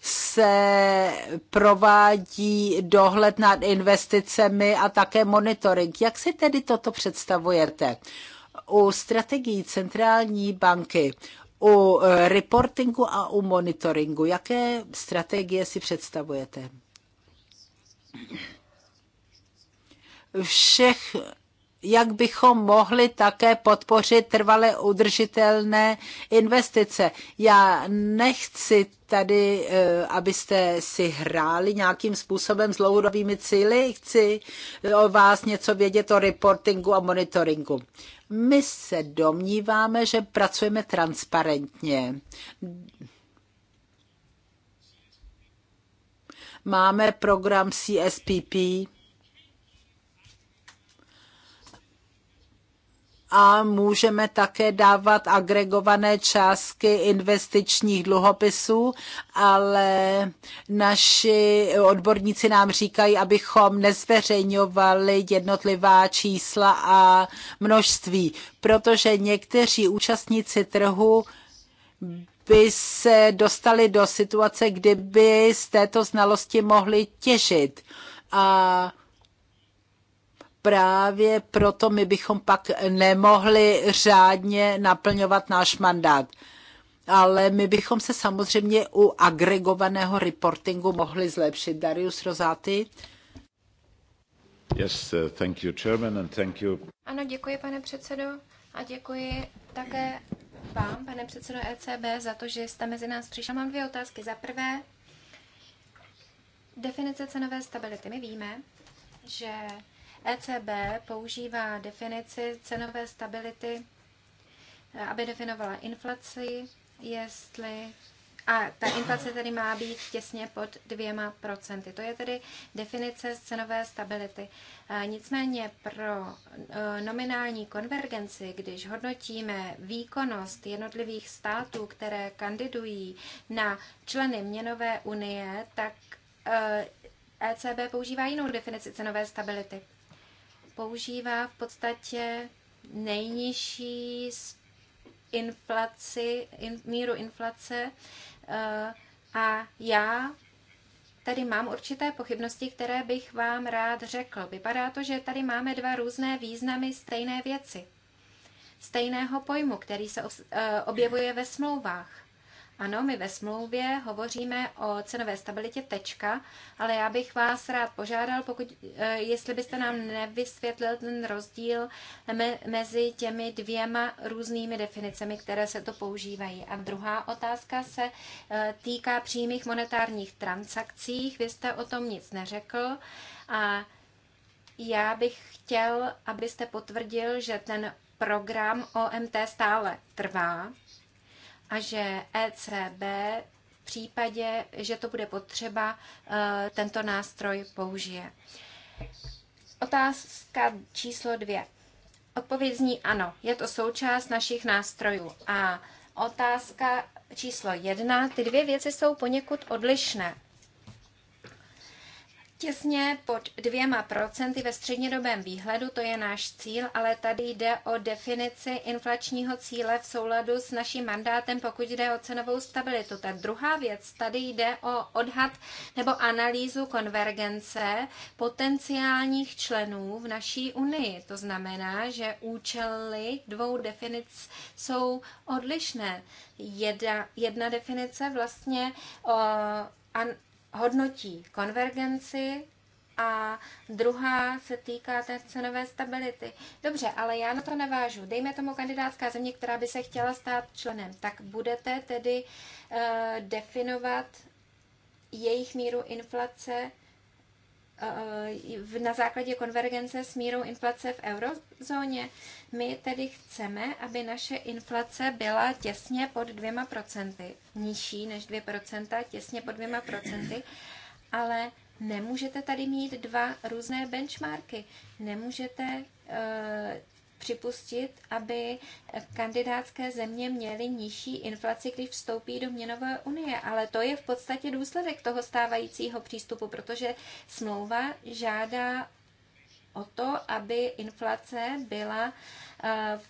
se provádí dohled nad investicemi a také monitoring. Jak si tedy toto představujete? U strategií centrální banky, u eh, reportingu a u monitoringu, jaké strategie si představujete? Všech jak bychom mohli také podpořit trvale udržitelné investice. Já nechci tady, eh, abyste si hráli nějakým způsobem s dlouhodobými cíly, chci eh, o vás něco vědět o reportingu a monitoringu. My se domníváme, že pracujeme transparentně. Máme program CSPP, a můžeme také dávat agregované částky investičních dluhopisů, ale naši odborníci nám říkají, abychom nezveřejňovali jednotlivá čísla a množství, protože někteří účastníci trhu by se dostali do situace, kdyby z této znalosti mohli těžit. A právě proto my bychom pak nemohli řádně naplňovat náš mandát. Ale my bychom se samozřejmě u agregovaného reportingu mohli zlepšit. Darius Rozáty. Yes, uh, thank you, Chairman, and thank you. Ano, děkuji, pane předsedo, a děkuji také vám, pane předsedo ECB, za to, že jste mezi nás přišel. Mám dvě otázky. Za prvé, definice cenové stability. My víme, že ECB používá definici cenové stability, aby definovala inflaci, jestli a ta inflace tedy má být těsně pod dvěma procenty. To je tedy definice cenové stability. E, nicméně pro e, nominální konvergenci, když hodnotíme výkonnost jednotlivých států, které kandidují na členy měnové unie, tak ECB e používá jinou definici cenové stability používá v podstatě nejnižší inflaci, in, míru inflace eh, a já tady mám určité pochybnosti, které bych vám rád řekl. Vypadá to, že tady máme dva různé významy stejné věci, stejného pojmu, který se eh, objevuje ve smlouvách. Ano, my ve smlouvě hovoříme o cenové stabilitě tečka, ale já bych vás rád požádal, pokud, eh, jestli byste nám nevysvětlil ten rozdíl mezi těmi dvěma různými definicemi, které se to používají. A druhá otázka se eh, týká přímých monetárních transakcích. Vy jste o tom nic neřekl a já bych chtěl, abyste potvrdil, že ten program OMT stále trvá, a že ECB v případě, že to bude potřeba, eh, tento nástroj použije. Otázka číslo dvě. Odpověď zní ano, je to součást našich nástrojů. A otázka číslo jedna, ty dvě věci jsou poněkud odlišné těsně pod dvěma procenty ve střednědobém výhledu, to je náš cíl, ale tady jde o definici inflačního cíle v souladu s naším mandátem, pokud jde o cenovou stabilitu. Ta druhá věc, tady jde o odhad nebo analýzu konvergence potenciálních členů v naší unii. To znamená, že účely dvou definic jsou odlišné. Jedna, jedna definice vlastně o, an, hodnotí konvergenci a druhá se týká té cenové stability. Dobře, ale já na to navážu. Dejme tomu kandidátská země, která by se chtěla stát členem, tak budete tedy uh, definovat jejich míru inflace na základě konvergence s mírou inflace v eurozóně. My tedy chceme, aby naše inflace byla těsně pod dvěma procenty, nižší než 2%, těsně pod dvěma procenty, ale nemůžete tady mít dva různé benchmarky. Nemůžete eh, připustit, aby kandidátské země měly nižší inflaci, když vstoupí do měnové unie. Ale to je v podstatě důsledek toho stávajícího přístupu, protože smlouva žádá o to, aby inflace byla eh,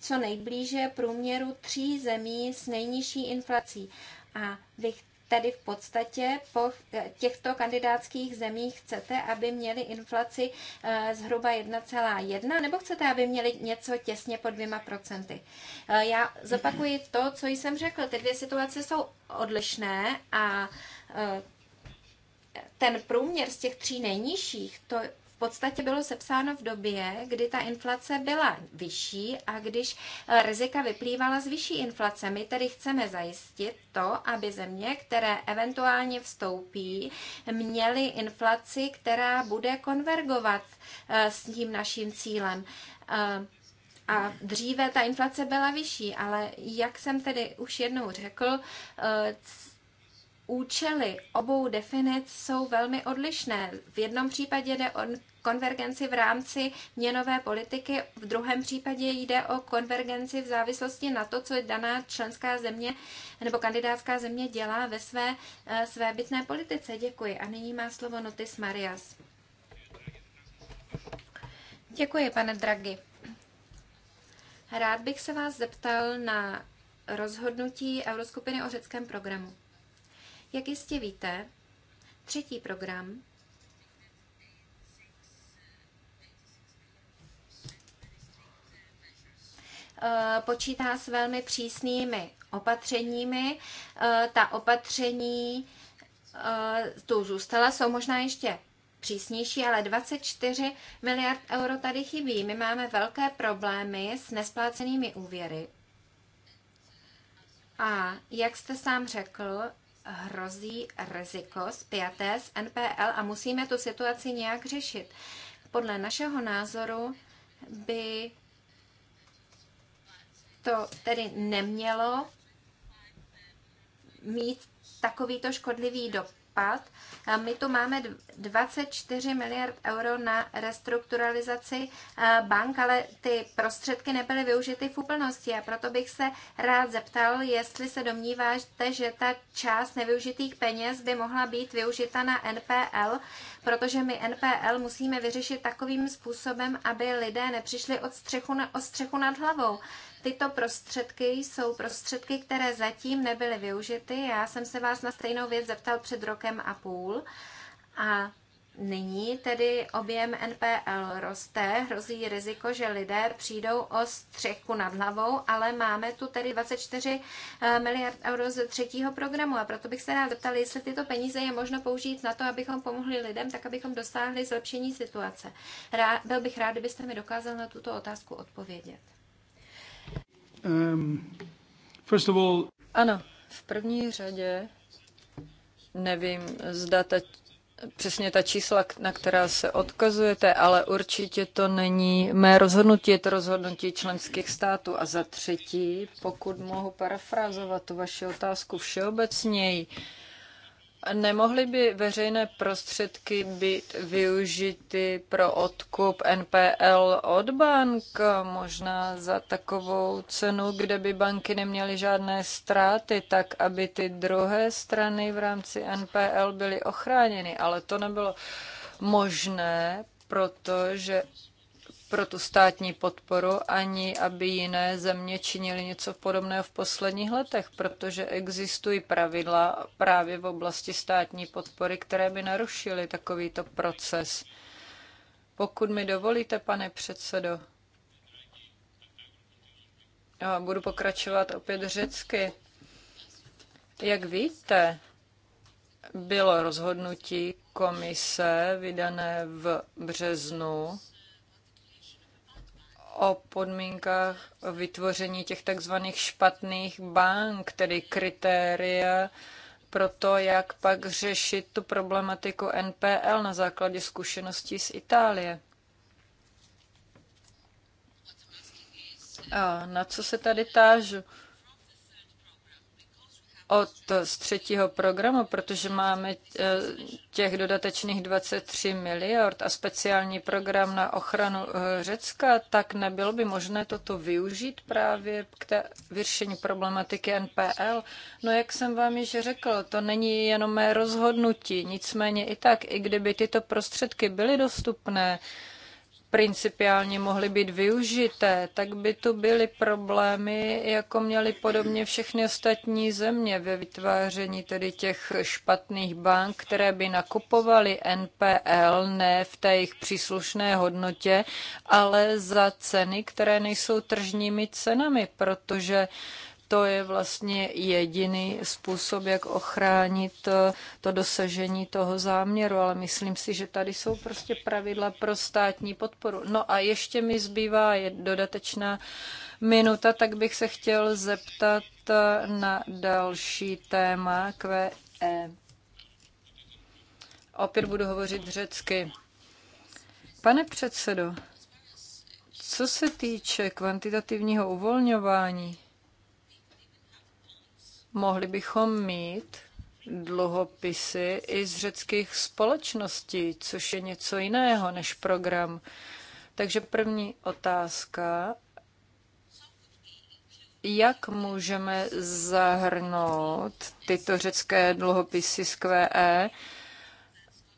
co nejblíže průměru tří zemí s nejnižší inflací. A vy Tedy v podstatě po eh, těchto kandidátských zemích chcete, aby měli inflaci eh, zhruba 1,1 nebo chcete, aby měli něco těsně pod dvěma procenty. Eh, já zopakuji to, co jsem řekl. Ty dvě situace jsou odlišné a ten průměr z těch tří nejnižších, to v podstatě bylo sepsáno v době, kdy ta inflace byla vyšší a když eh, rizika vyplývala z vyšší inflace. My tedy chceme zajistit to, aby země, které eventuálně vstoupí, měly inflaci, která bude konvergovat eh, s tím naším cílem. Eh, a dříve ta inflace byla vyšší, ale jak jsem tedy už jednou řekl, účely obou definic jsou velmi odlišné. V jednom případě jde o konvergenci v rámci měnové politiky, v druhém případě jde o konvergenci v závislosti na to, co daná členská země nebo kandidátská země dělá ve své, eh, své bytné politice. Děkuji. A nyní má slovo Notis Marias. Děkuji, pane Draghi. Rád bych se vás zeptal na rozhodnutí Euroskupiny o řeckém programu. Jak jistě víte, třetí program eh, počítá s velmi přísnými opatřeními. Eh, ta opatření eh, tu zůstala, jsou možná ještě přísnější, ale 24 miliard euro tady chybí. My máme velké problémy s nesplácenými úvěry. A jak jste sám řekl, hrozí riziko zpěté s NPL a musíme tu situaci nějak řešit. Podle našeho názoru by to tedy nemělo mít takovýto škodlivý dopad odpad. My tu máme 24 miliard euro na restrukturalizaci bank, ale ty prostředky nebyly využity v úplnosti a proto bych se rád zeptal, jestli se domníváte, že ta část nevyužitých peněz by mohla být využita na NPL, protože my NPL musíme vyřešit takovým způsobem, aby lidé nepřišli od střechu na, od střechu nad hlavou tyto prostředky jsou prostředky, které zatím nebyly využity. Já jsem se vás na stejnou věc zeptal před rokem a půl a Nyní tedy objem NPL roste, hrozí riziko, že lidé přijdou o střechu nad hlavou, ale máme tu tedy 24 eh, miliard euro z třetího programu a proto bych se rád zeptal, jestli tyto peníze je možno použít na to, abychom pomohli lidem, tak abychom dosáhli zlepšení situace. Rá, byl bych rád, kdybyste mi dokázal na tuto otázku odpovědět. Um, first of all... Ano, v první řadě nevím, zda ta, přesně ta čísla, na která se odkazujete, ale určitě to není mé rozhodnutí, je to rozhodnutí členských států. A za třetí, pokud mohu parafrázovat tu vaši otázku všeobecněji, Nemohly by veřejné prostředky být využity pro odkup NPL od bank, možná za takovou cenu, kde by banky neměly žádné ztráty, tak aby ty druhé strany v rámci NPL byly ochráněny. Ale to nebylo možné, protože pro tu státní podporu, ani aby jiné země činily něco podobného v posledních letech, protože existují pravidla právě v oblasti státní podpory, které by narušily takovýto proces. Pokud mi dovolíte, pane předsedo, a budu pokračovat opět řecky. Jak víte, bylo rozhodnutí komise vydané v březnu o podmínkách vytvoření těch takzvaných špatných bank, tedy kritéria pro to, jak pak řešit tu problematiku NPL na základě zkušeností z Itálie. A na co se tady tážu? od z třetího programu, protože máme eh, těch dodatečných 23 miliard a speciální program na ochranu eh, Řecka, tak nebylo by možné toto využít právě k té vyřešení problematiky NPL. No jak jsem vám již řekl, to není jenom mé rozhodnutí, nicméně i tak, i kdyby tyto prostředky byly dostupné, principiálně mohly být využité, tak by tu byly problémy, jako měly podobně všechny ostatní země ve vytváření tedy těch špatných bank, které by nakupovaly NPL ne v té jejich příslušné hodnotě, ale za ceny, které nejsou tržními cenami, protože to je vlastně jediný způsob, jak ochránit eh, to dosažení toho záměru, ale myslím si, že tady jsou prostě pravidla pro státní podporu. No a ještě mi zbývá dodatečná minuta, tak bych se chtěl zeptat eh, na další téma QE. Opět budu hovořit řecky. Pane předsedo, co se týče kvantitativního uvolňování, Mohli bychom mít dluhopisy i z řeckých společností, což je něco jiného než program. Takže první otázka. Jak můžeme zahrnout tyto řecké dluhopisy z QE?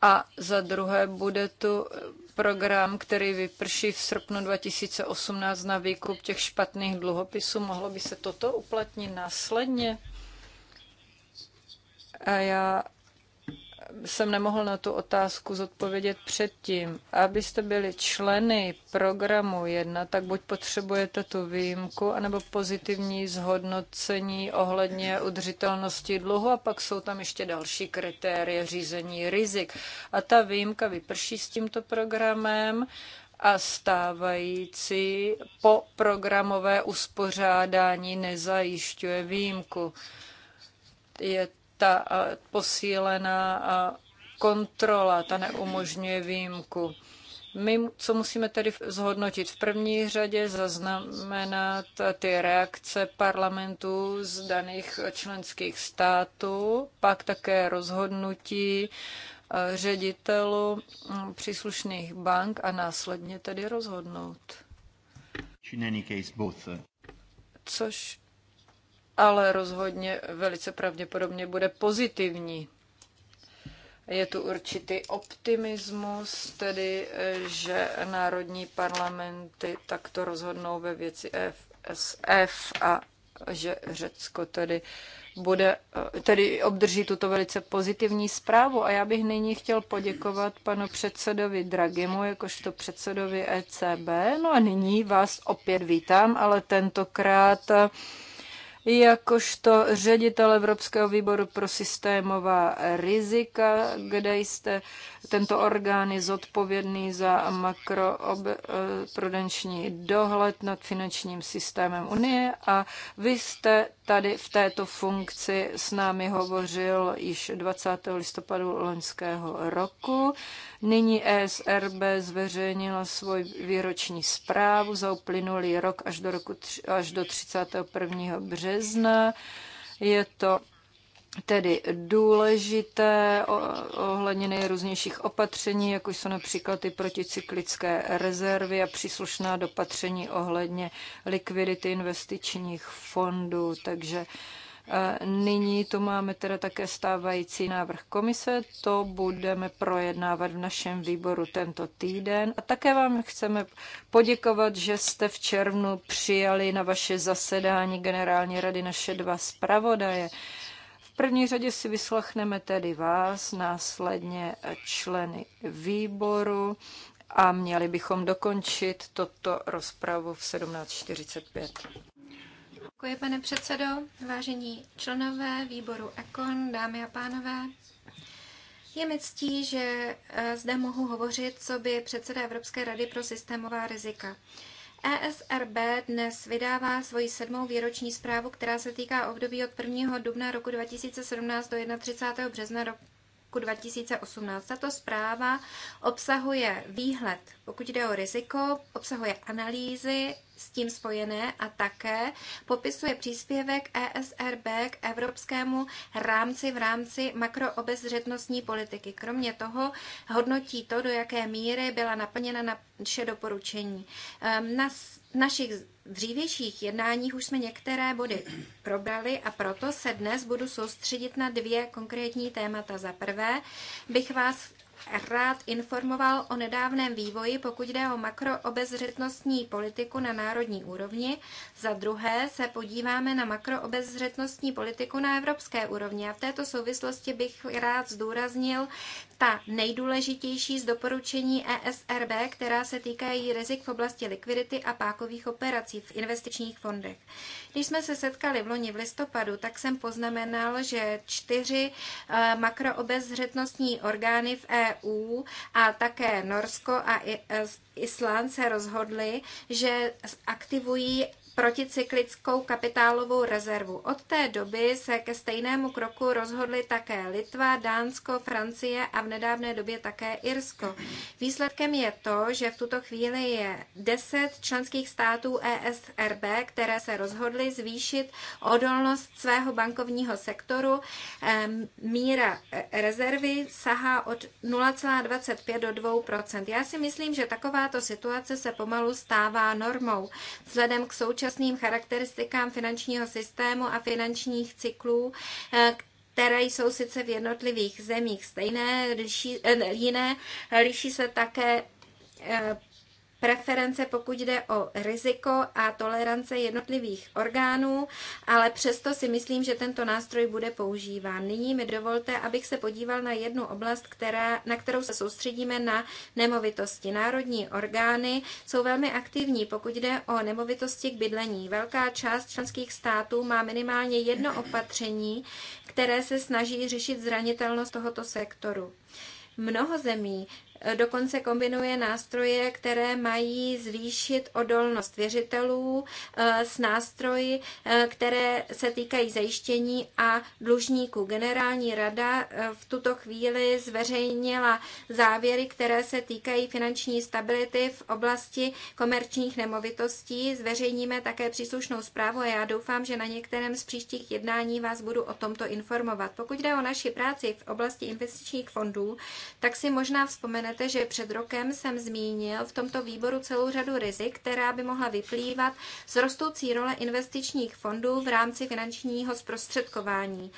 A za druhé bude tu program, který vyprší v srpnu 2018 na výkup těch špatných dluhopisů. Mohlo by se toto uplatnit následně? A já jsem nemohl na tu otázku zodpovědět předtím. Abyste byli členy programu 1, tak buď potřebujete tu výjimku, anebo pozitivní zhodnocení ohledně udržitelnosti dluhu a pak jsou tam ještě další kritérie řízení rizik. A ta výjimka vyprší s tímto programem a stávající po programové uspořádání nezajišťuje výjimku. Je ta posílená kontrola, ta neumožňuje výjimku. My, co musíme tedy zhodnotit? V první řadě zaznamenat ty reakce parlamentů z daných členských států, pak také rozhodnutí ředitelů příslušných bank a následně tedy rozhodnout. Uh, Což ale rozhodně velice pravděpodobně bude pozitivní. Je tu určitý optimismus, tedy, že národní parlamenty takto rozhodnou ve věci FSF a že Řecko tedy bude, tedy obdrží tuto velice pozitivní zprávu. A já bych nyní chtěl poděkovat panu předsedovi Dragimu, jakožto předsedovi ECB. No a nyní vás opět vítám, ale tentokrát jakožto ředitel Evropského výboru pro systémová rizika, kde jste tento orgán je zodpovědný za makroprudenční dohled nad finančním systémem Unie a vy jste tady v této funkci s námi hovořil již 20. listopadu loňského roku. Nyní ESRB zveřejnila svoji výroční zprávu za uplynulý rok až do, roku, až do 31. března. Je to tedy důležité ohledně nejrůznějších opatření, jako jsou například ty proticyklické rezervy a příslušná dopatření ohledně likvidity investičních fondů. Takže eh, Nyní tu máme teda také stávající návrh komise, to budeme projednávat v našem výboru tento týden a také vám chceme poděkovat, že jste v červnu přijali na vaše zasedání Generální rady naše dva zpravodaje první řadě si vyslechneme tedy vás, následně členy výboru a měli bychom dokončit toto rozpravu v 17.45. Děkuji, pane předsedo, vážení členové výboru EKON, dámy a pánové. Je mi ctí, že eh, zde mohu hovořit co by předseda Evropské rady pro systémová rizika. ESRB dnes vydává svoji sedmou výroční zprávu, která se týká období od 1. dubna roku 2017 do 31. března roku 2018. Tato zpráva obsahuje výhled, pokud jde o riziko, obsahuje analýzy s tím spojené a také popisuje příspěvek ESRB k evropskému rámci v rámci makroobezřetnostní politiky. Kromě toho hodnotí to, do jaké míry byla naplněna naše doporučení. Ehm, na našich dřívějších jednáních už jsme některé body probrali a proto se dnes budu soustředit na dvě konkrétní témata. Za prvé bych vás rád informoval o nedávném vývoji, pokud jde o makroobezřetnostní politiku na národní úrovni. Za druhé se podíváme na makroobezřetnostní politiku na evropské úrovni. A v této souvislosti bych rád zdůraznil ta nejdůležitější z doporučení ESRB, která se týkají rizik v oblasti likvidity a pákových operací v investičních fondech. Když jsme se setkali v loni v listopadu, tak jsem poznamenal, že čtyři eh, makroobezřetnostní orgány v EU a také Norsko a eh, Island se rozhodly, že aktivují proticyklickou kapitálovou rezervu. Od té doby se ke stejnému kroku rozhodly také Litva, Dánsko, Francie a v nedávné době také Irsko. Výsledkem je to, že v tuto chvíli je 10 členských států ESRB, které se rozhodly zvýšit odolnost svého bankovního sektoru. Míra e, rezervy sahá od 0,25 do 2 Já si myslím, že takováto situace se pomalu stává normou. Vzhledem k současnosti současným charakteristikám finančního systému a finančních cyklů, eh, které jsou sice v jednotlivých zemích stejné, liší, eh, jiné, liší se také eh, preference, pokud jde o riziko a tolerance jednotlivých orgánů, ale přesto si myslím, že tento nástroj bude používán. Nyní mi dovolte, abych se podíval na jednu oblast, která, na kterou se soustředíme na nemovitosti. Národní orgány jsou velmi aktivní, pokud jde o nemovitosti k bydlení. Velká část členských států má minimálně jedno opatření, které se snaží řešit zranitelnost tohoto sektoru. Mnoho zemí Eh, dokonce kombinuje nástroje, které mají zvýšit odolnost věřitelů eh, s nástroji, eh, které se týkají zajištění a dlužníků. Generální rada v tuto chvíli zveřejnila závěry, které se týkají finanční stability v oblasti komerčních nemovitostí. Zveřejníme také příslušnou zprávu a já doufám, že na některém z příštích jednání vás budu o tomto informovat. Pokud jde o naši práci v oblasti investičních fondů, tak si možná vzpomenete, vzpomenete, že před rokem jsem zmínil v tomto výboru celou řadu rizik, která by mohla vyplývat z rostoucí role investičních fondů v rámci finančního zprostředkování.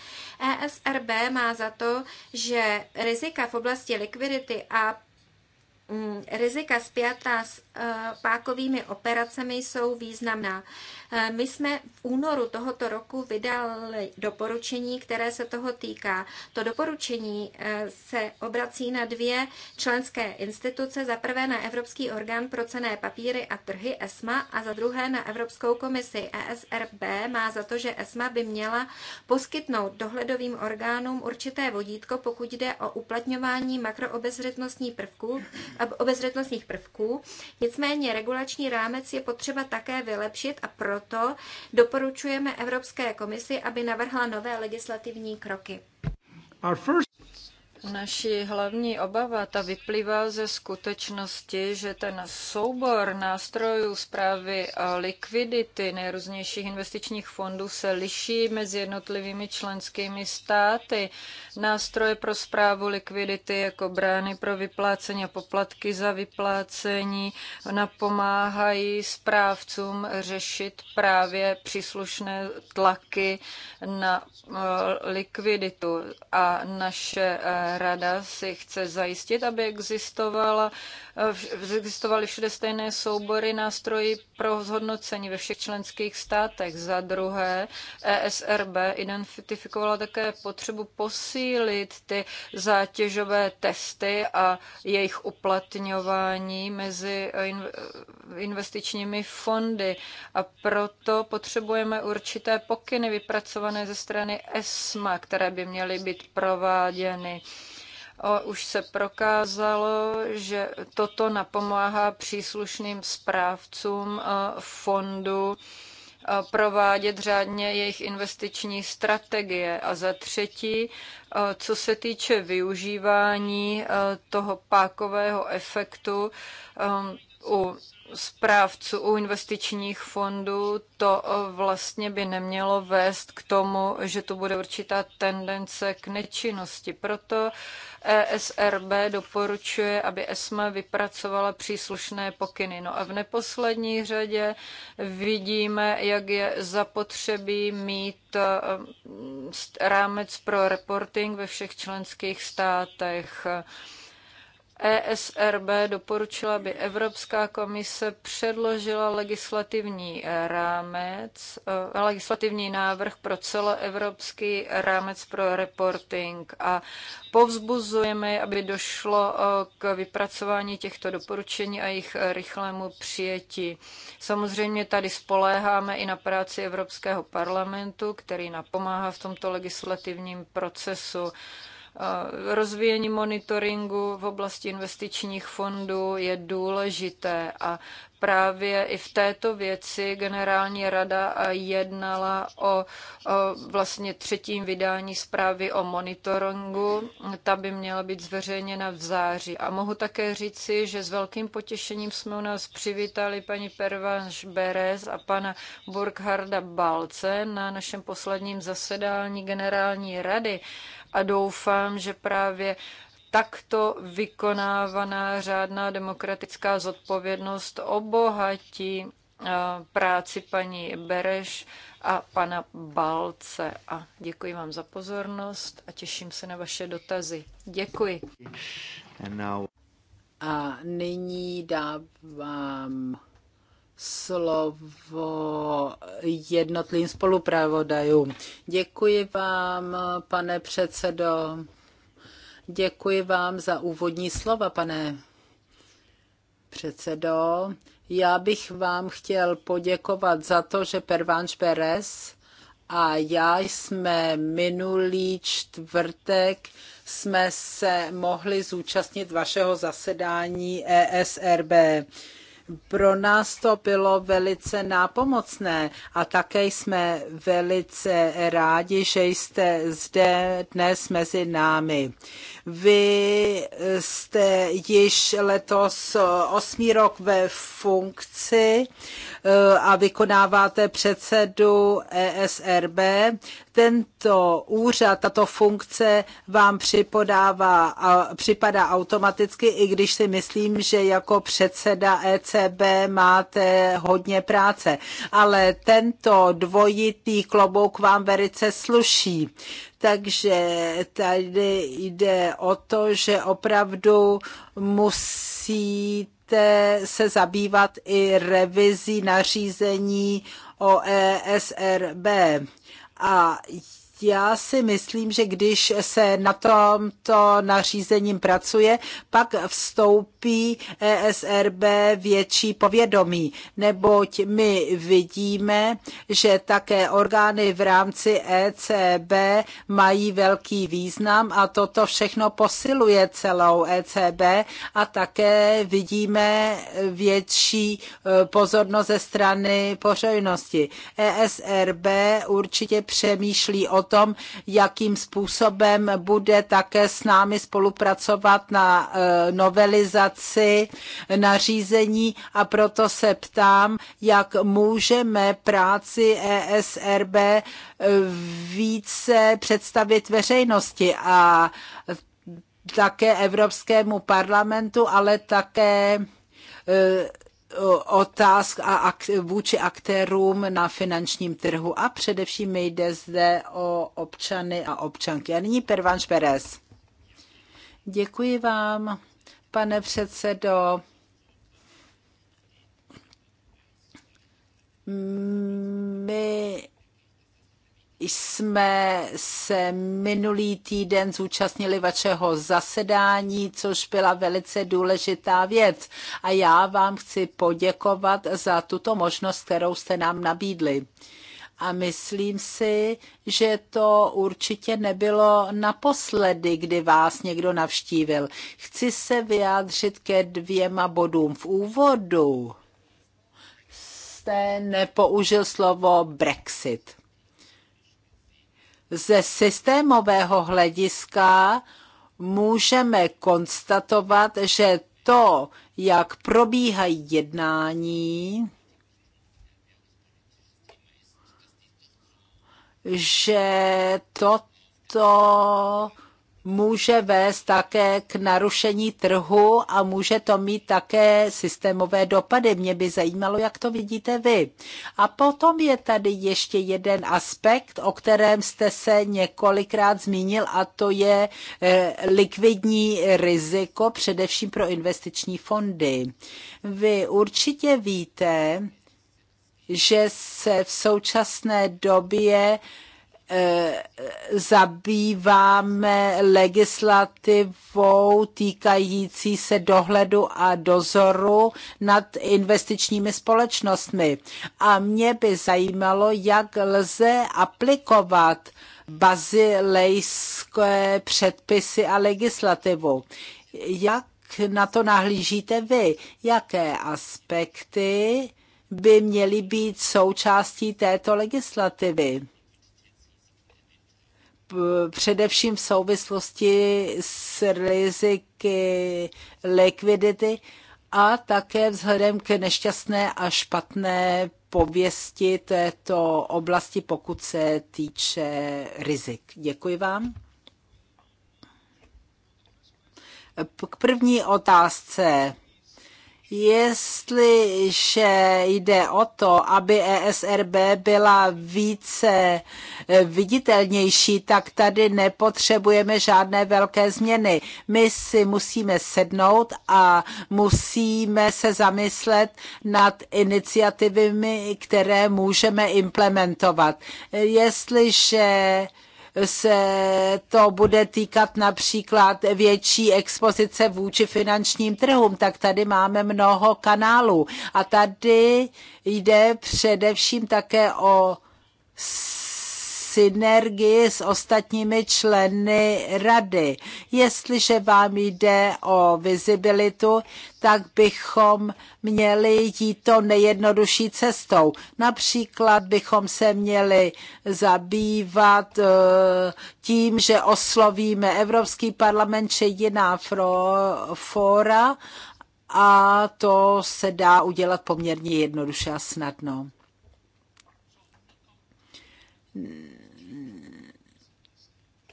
ESRB má za to, že rizika v oblasti likvidity a mm, rizika spjatá s e, pákovými operacemi jsou významná. Eh, my jsme v únoru tohoto roku vydali doporučení, které se toho týká. To doporučení eh, se obrací na dvě členské instituce, za prvé na Evropský orgán pro cené papíry a trhy ESMA a za druhé na Evropskou komisi ESRB má za to, že ESMA by měla poskytnout dohledovým orgánům určité vodítko, pokud jde o uplatňování makroobezřetnostních prvků, eh, obezřetnostních prvků. Nicméně regulační rámec je potřeba také vylepšit a proto proto doporučujeme Evropské komisi, aby navrhla nové legislativní kroky. Naší hlavní obava ta vyplývá ze skutečnosti, že ten soubor nástrojů zprávy a likvidity nejrůznějších investičních fondů se liší mezi jednotlivými členskými státy. Nástroje pro zprávu likvidity jako brány pro vyplácení a poplatky za vyplácení napomáhají správcům řešit právě příslušné tlaky na eh, likviditu a naše eh, rada si chce zajistit, aby existovala, existovaly všude stejné soubory nástrojů pro zhodnocení ve všech členských státech. Za druhé, ESRB identifikovala také potřebu posílit ty zátěžové testy a jejich uplatňování mezi investičními fondy. A proto potřebujeme určité pokyny vypracované ze strany ESMA, které by měly být prováděny. Už se prokázalo, že toto napomáhá příslušným správcům eh, fondu eh, provádět řádně jejich investiční strategie. A za třetí, eh, co se týče využívání toho pákového efektu u správců u investičních fondů, to eh, vlastně by nemělo vést k tomu, že tu bude určitá tendence k nečinnosti. Proto ESRB doporučuje, aby ESMA vypracovala příslušné pokyny. No a v neposlední řadě vidíme, jak je zapotřebí mít eh, rámec pro reporting ve všech členských státech. ESRB doporučila, aby Evropská komise předložila legislativní eh, rámec, eh, legislativní návrh pro celoevropský rámec pro reporting a povzbuzujeme, aby došlo eh, k vypracování těchto doporučení a jejich rychlému přijetí. Samozřejmě tady spoléháme i na práci Evropského parlamentu, který napomáhá v tomto legislativním procesu. Eh, rozvíjení monitoringu v oblasti investičních fondů je důležité a právě i v této věci generální rada jednala o, o vlastně třetím vydání zprávy o monitoringu. Ta by měla být zveřejněna v září. A mohu také říci, že s velkým potěšením jsme u nás přivítali paní Pervanš Berez a pana Burkharda Balce na našem posledním zasedání generální rady a doufám, že právě takto vykonávaná řádná demokratická zodpovědnost obohatí eh, práci paní Bereš a pana Balce. A děkuji vám za pozornost a těším se na vaše dotazy. Děkuji. A nyní dávám slovo jednotlivým spolupravodajům. Děkuji vám, pane předsedo. Děkuji vám za úvodní slova, pane předsedo. Já bych vám chtěl poděkovat za to, že Pervanš Beres a já jsme minulý čtvrtek jsme se mohli zúčastnit vašeho zasedání ESRB pro nás to bylo velice nápomocné a také jsme velice rádi, že jste zde dnes mezi námi. Vy eh, jste již letos eh, osmý rok ve funkci eh, a vykonáváte předsedu ESRB. Tento úřad, tato funkce vám připodává a připadá automaticky, i když si myslím, že jako předseda ECB máte hodně práce. Ale tento dvojitý klobouk vám velice sluší. Takže tady jde o to, že opravdu musíte se zabývat i revizí nařízení o ESRB. A já si myslím, že když se na tomto nařízením pracuje, pak vstoupí ESRB větší povědomí, neboť my vidíme, že také orgány v rámci ECB mají velký význam a toto všechno posiluje celou ECB a také vidíme větší e, pozornost ze strany pořejnosti. ESRB určitě přemýšlí o tom, jakým způsobem bude také s námi spolupracovat na e, novelizaci nařízení a proto se ptám, jak můžeme práci ESRB e, více představit veřejnosti a také Evropskému parlamentu, ale také e, otázk a ak, vůči aktérům na finančním trhu a především jde zde o občany a občanky. A nyní Pervan Šperes. Děkuji vám, pane předsedo. My jsme se minulý týden zúčastnili vašeho zasedání, což byla velice důležitá věc. A já vám chci poděkovat za tuto možnost, kterou jste nám nabídli. A myslím si, že to určitě nebylo naposledy, kdy vás někdo navštívil. Chci se vyjádřit ke dvěma bodům v úvodu. Jste nepoužil slovo Brexit ze systémového hlediska můžeme konstatovat, že to, jak probíhají jednání, že toto může vést také k narušení trhu a může to mít také systémové dopady. Mě by zajímalo, jak to vidíte vy. A potom je tady ještě jeden aspekt, o kterém jste se několikrát zmínil, a to je eh, likvidní riziko, především pro investiční fondy. Vy určitě víte, že se v současné době Eh, zabýváme legislativou týkající se dohledu a dozoru nad investičními společnostmi. A mě by zajímalo, jak lze aplikovat bazilejské předpisy a legislativu. Jak na to nahlížíte vy? Jaké aspekty by měly být součástí této legislativy? především v souvislosti s riziky likvidity a také vzhledem k nešťastné a špatné pověsti této oblasti, pokud se týče rizik. Děkuji vám. K první otázce Jestliže jde o to, aby ESRB byla více eh, viditelnější, tak tady nepotřebujeme žádné velké změny. My si musíme sednout a musíme se zamyslet nad iniciativami, které můžeme implementovat. Jestliže se to bude týkat například větší expozice vůči finančním trhům, tak tady máme mnoho kanálů. A tady jde především také o synergii s ostatními členy rady. Jestliže vám jde o vizibilitu, tak bychom měli jít to nejjednodušší cestou. Například bychom se měli zabývat eh, tím, že oslovíme Evropský parlament či jiná fóra a to se dá udělat poměrně jednoduše a snadno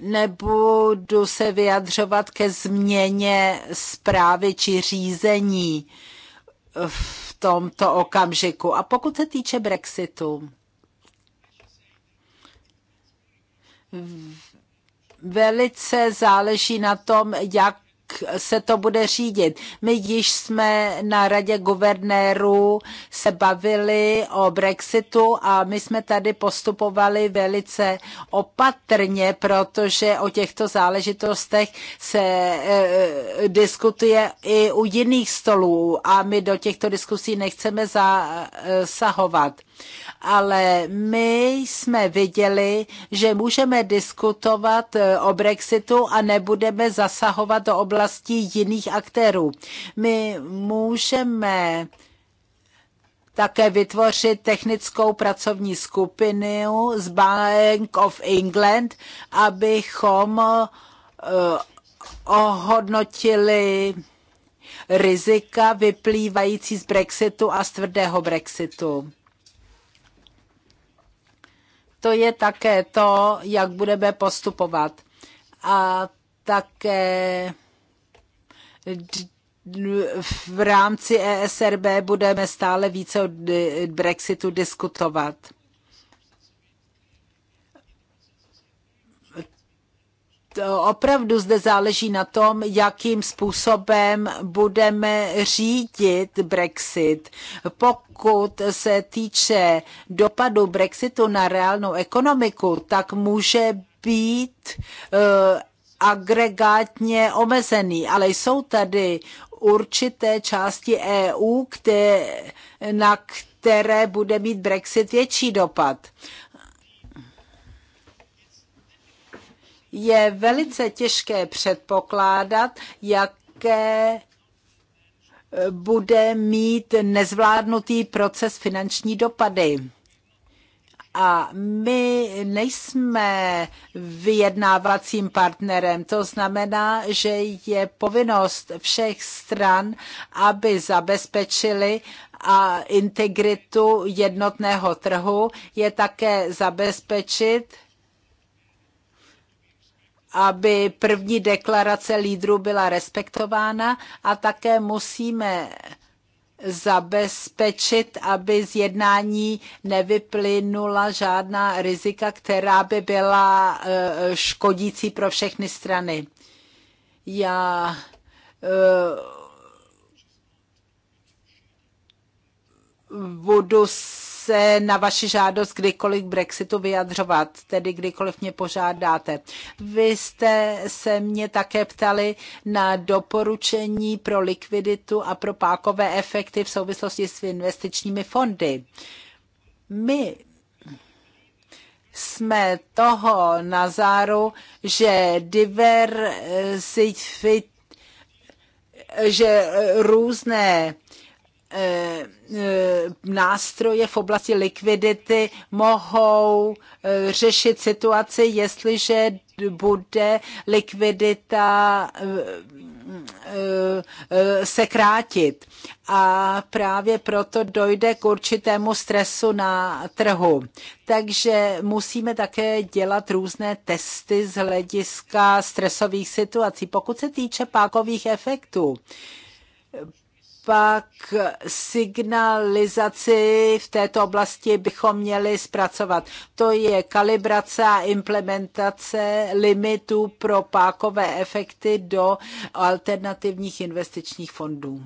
nebudu se vyjadřovat ke změně zprávy či řízení v tomto okamžiku. A pokud se týče Brexitu, velice záleží na tom, jak jak se to bude řídit. My již jsme na radě guvernérů se bavili o Brexitu a my jsme tady postupovali velice opatrně, protože o těchto záležitostech se e, diskutuje i u jiných stolů a my do těchto diskusí nechceme zasahovat. Ale my jsme viděli, že můžeme diskutovat eh, o Brexitu a nebudeme zasahovat do oblastí jiných aktérů. My můžeme také vytvořit technickou pracovní skupinu z Bank of England, abychom eh, ohodnotili rizika vyplývající z Brexitu a z tvrdého Brexitu to je také to, jak budeme postupovat. A také v rámci ESRB budeme stále více o Brexitu diskutovat. opravdu zde záleží na tom, jakým způsobem budeme řídit Brexit. Pokud se týče dopadu Brexitu na reálnou ekonomiku, tak může být eh, agregátně omezený, ale jsou tady určité části EU, na které bude mít Brexit větší dopad. je velice těžké předpokládat, jaké eh, bude mít nezvládnutý proces finanční dopady. A my nejsme vyjednávacím partnerem. To znamená, že je povinnost všech stran, aby zabezpečili a integritu jednotného trhu, je také zabezpečit aby první deklarace lídrů byla respektována a také musíme zabezpečit, aby z jednání nevyplynula žádná rizika, která by byla e, škodící pro všechny strany. Já e, budu se na vaši žádost kdykoliv k Brexitu vyjadřovat, tedy kdykoliv mě požádáte. Vy jste se mě také ptali na doporučení pro likviditu a pro pákové efekty v souvislosti s investičními fondy. My jsme toho nazáru, že diversifit že různé Eh, nástroje v oblasti likvidity mohou eh, řešit situaci, jestliže bude likvidita eh, se krátit. A právě proto dojde k určitému stresu na trhu. Takže musíme také dělat různé testy z hlediska stresových situací. Pokud se týče pákových efektů, pak signalizaci v této oblasti bychom měli zpracovat. To je kalibrace a implementace limitů pro pákové efekty do alternativních investičních fondů.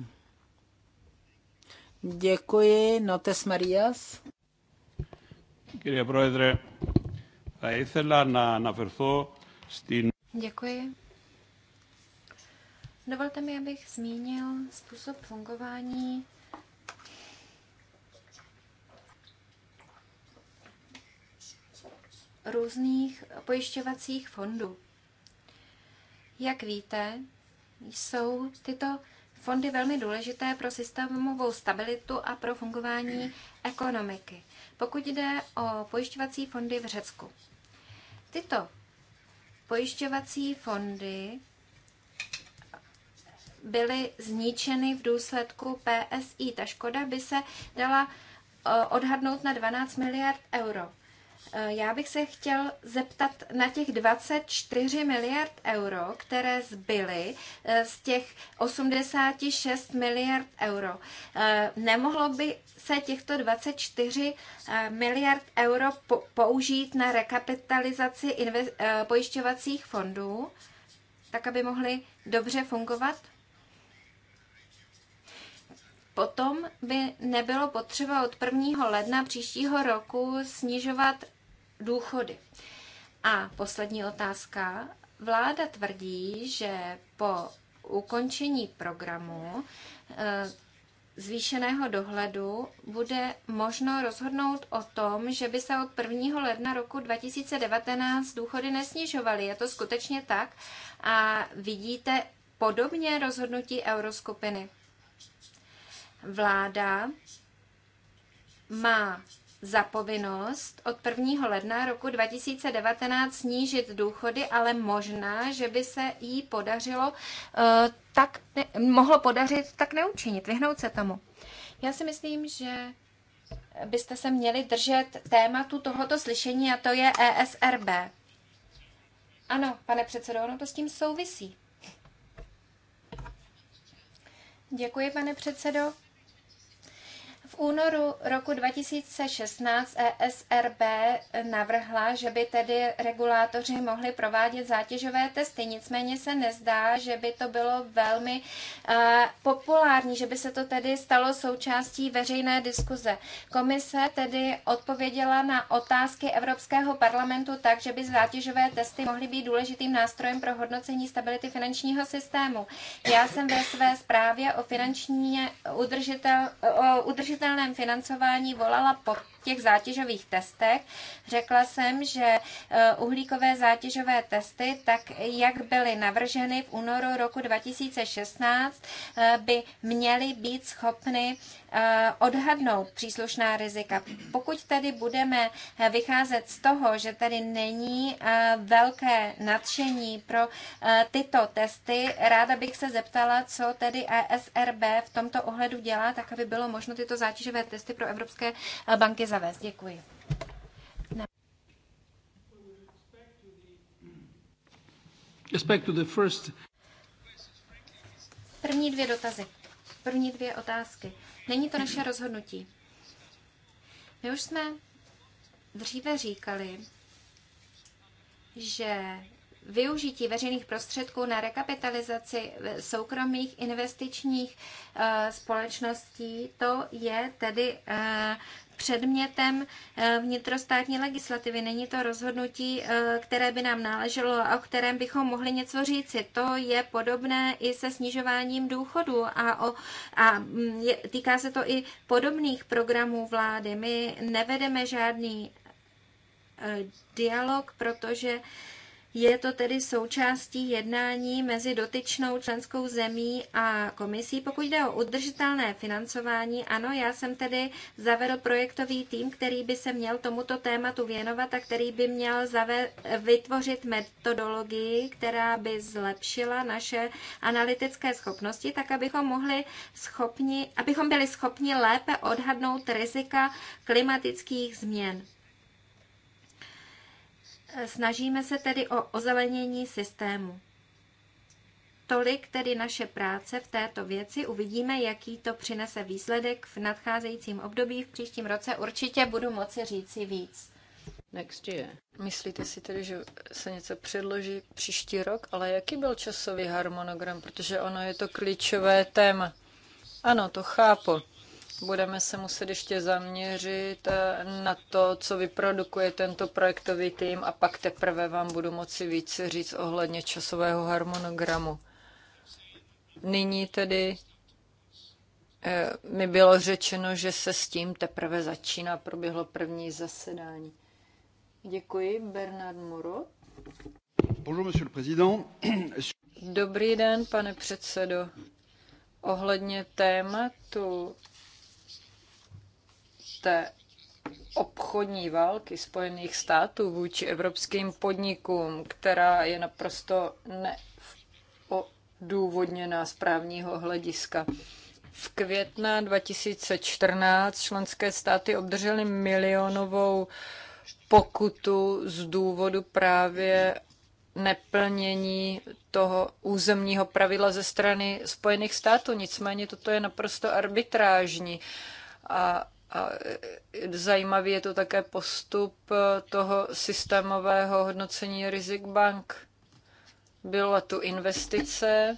Děkuji. Notes Marias. Κύριε Děkuji. Dovolte mi, abych zmínil způsob fungování různých pojišťovacích fondů. Jak víte, jsou tyto fondy velmi důležité pro systémovou stabilitu a pro fungování ekonomiky. Pokud jde o pojišťovací fondy v Řecku, tyto pojišťovací fondy byly zničeny v důsledku PSI. Ta škoda by se dala eh, odhadnout na 12 miliard euro. Eh, já bych se chtěl zeptat na těch 24 miliard euro, které zbyly eh, z těch 86 miliard euro. Nemohlo by se těchto 24 miliard euro použít na rekapitalizaci pojišťovacích fondů, tak aby mohly dobře fungovat? Potom by nebylo potřeba od 1. ledna příštího roku snižovat důchody. A poslední otázka. Vláda tvrdí, že po ukončení programu eh, zvýšeného dohledu bude možno rozhodnout o tom, že by se od 1. ledna roku 2019 důchody nesnižovaly. Je to skutečně tak? A vidíte podobně rozhodnutí euroskupiny? Vláda má za povinnost od 1. ledna roku 2019 snížit důchody, ale možná, že by se jí podařilo uh, tak, ne, mohlo podařit tak neučinit, vyhnout se tomu. Já si myslím, že byste se měli držet tématu tohoto slyšení a to je ESRB. Ano, pane předsedo, ono to s tím souvisí. Děkuji, pane předsedo. V únoru roku 2016 ESRB navrhla, že by tedy regulátoři mohli provádět zátěžové testy, nicméně se nezdá, že by to bylo velmi uh, populární, že by se to tedy stalo součástí veřejné diskuze. Komise tedy odpověděla na otázky Evropského parlamentu tak, že by zátěžové testy mohly být důležitým nástrojem pro hodnocení stability finančního systému. Já jsem ve své zprávě o finanční udržitel, o udržitel udržitelném financování volala po těch zátěžových testech. Řekla jsem, že e, uhlíkové zátěžové testy, tak jak byly navrženy v únoru roku 2016, e, by měly být schopny e, odhadnout příslušná rizika. Pokud tedy budeme vycházet z toho, že tady není velké nadšení pro tyto testy, ráda bych se zeptala, co tedy ESRB v tomto ohledu dělá, tak aby bylo možno tyto zátěžové testy pro evropské banky zavést. Děkuji. První dvě dotazy. První dvě otázky. Není to naše rozhodnutí. My už jsme dříve říkali, že využití veřejných prostředků na rekapitalizaci eh, soukromých investičních eh, společností, to je tedy eh, předmětem vnitrostátní legislativy. Není to rozhodnutí, které by nám náleželo a o kterém bychom mohli něco říci. To je podobné i se snižováním důchodu a, o, a mm, týká se to i podobných programů vlády. My nevedeme žádný dialog, protože je to tedy součástí jednání mezi dotyčnou členskou zemí a komisí. Pokud jde o udržitelné financování, ano, já jsem tedy zavedl projektový tým, který by se měl tomuto tématu věnovat a který by měl zave- vytvořit metodologii, která by zlepšila naše analytické schopnosti, tak abychom mohli schopni, abychom byli schopni lépe odhadnout rizika klimatických změn. Snažíme se tedy o ozelenění systému. Tolik tedy naše práce v této věci. Uvidíme, jaký to přinese výsledek v nadcházejícím období. V příštím roce určitě budu moci říci víc. Next year. Myslíte si tedy, že se něco předloží příští rok? Ale jaký byl časový harmonogram? Protože ono je to klíčové téma. Ano, to chápu. Budeme se muset ještě zaměřit eh, na to, co vyprodukuje tento projektový tým a pak teprve vám budu moci více říct ohledně časového harmonogramu. Nyní tedy eh, mi bylo řečeno, že se s tím teprve začíná. Proběhlo první zasedání. Děkuji, Bernard Muro. Bonjour, monsieur le président. Dobrý den, pane předsedo. Ohledně tématu té obchodní války Spojených států vůči evropským podnikům, která je naprosto neodůvodněná z právního hlediska. V května 2014 členské státy obdržely milionovou pokutu z důvodu právě neplnění toho územního pravidla ze strany Spojených států. Nicméně toto je naprosto arbitrážní. A a e, zajímavý je to také postup e, toho systémového hodnocení rizik bank. Byla tu investice,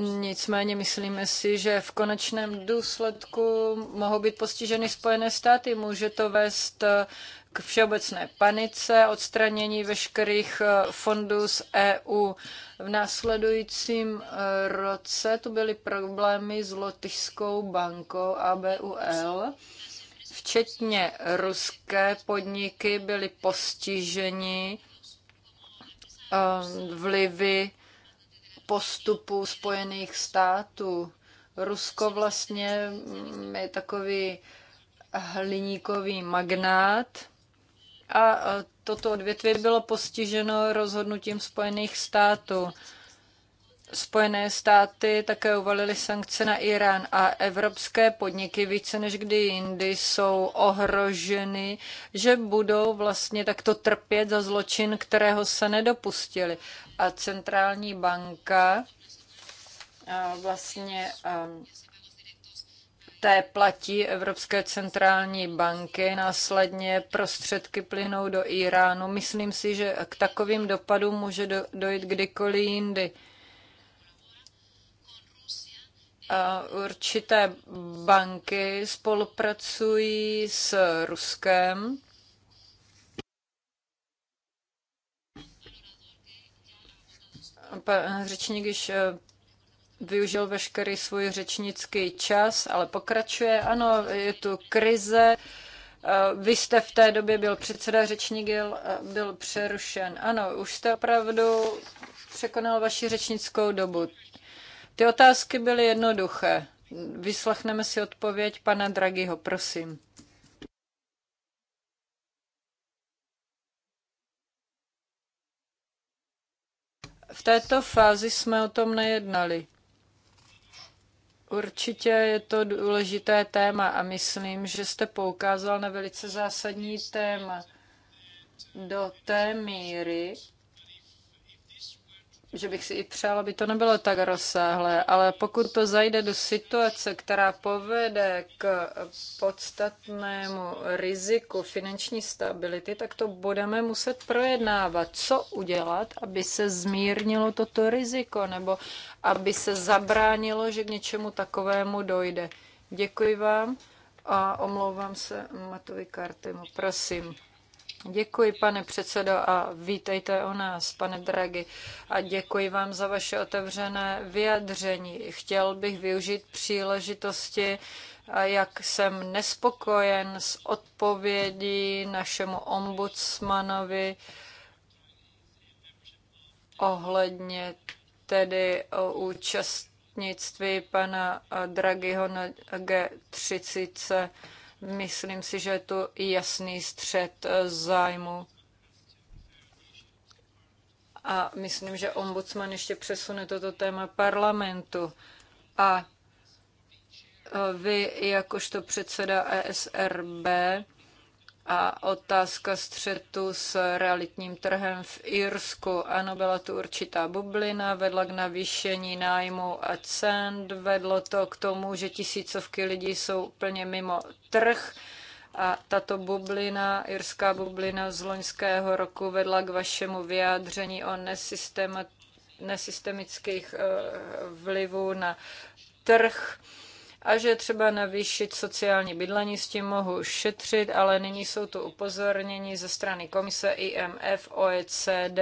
Nicméně myslíme si, že v konečném důsledku mohou být postiženy Spojené státy. Může to vést e, k všeobecné panice, odstranění veškerých eh, fondů z EU. V následujícím eh, roce tu byly problémy s Lotyšskou bankou ABUL včetně ruské podniky byly postiženi eh, vlivy postupu Spojených států. Rusko vlastně mm, je takový hliníkový magnát a e, toto odvětví bylo postiženo rozhodnutím Spojených států. Spojené státy také uvalily sankce na Irán a evropské podniky více než kdy jindy jsou ohroženy, že budou vlastně takto trpět za zločin, kterého se nedopustili. A centrální banka vlastně té platí Evropské centrální banky, následně prostředky plynou do Iránu. Myslím si, že k takovým dopadům může dojít kdykoliv jindy. A určité banky spolupracují s Ruskem. Pan řečník již eh, využil veškerý svůj řečnický čas, ale pokračuje. Ano, je tu krize. Eh, vy jste v té době byl předseda řečník, eh, byl přerušen. Ano, už jste opravdu překonal vaši řečnickou dobu. Ty otázky byly jednoduché. Vyslechneme si odpověď pana Dragiho, prosím. V této fázi jsme o tom nejednali. Určitě je to důležité téma a myslím, že jste poukázal na velice zásadní téma do té míry, že bych si i přála, aby to nebylo tak rozsáhlé, ale pokud to zajde do situace, která povede k podstatnému riziku finanční stability, tak to budeme muset projednávat. Co udělat, aby se zmírnilo toto riziko, nebo aby se zabránilo, že k něčemu takovému dojde. Děkuji vám a omlouvám se Matovi Kartemu. Prosím. Děkuji, pane předsedo, a vítejte u nás, pane Draghi. A děkuji vám za vaše otevřené vyjadření. Chtěl bych využít příležitosti, jak jsem nespokojen s odpovědí našemu ombudsmanovi ohledně tedy o účastnictví pana Draghiho na G30 Myslím si, že je to jasný střed eh, zájmu. A myslím, že ombudsman ještě přesune toto téma parlamentu. A eh, vy, jakožto předseda ESRB, a otázka střetu s realitním trhem v Irsku. Ano, byla tu určitá bublina, vedla k navýšení nájmu a cen, vedlo to k tomu, že tisícovky lidí jsou úplně mimo trh. A tato bublina, irská bublina z loňského roku vedla k vašemu vyjádření o nesystematických nesystemických eh, vlivů na trh a že třeba navýšit sociální bydlení, s tím mohu šetřit, ale nyní jsou tu upozornění ze strany komise IMF, OECD,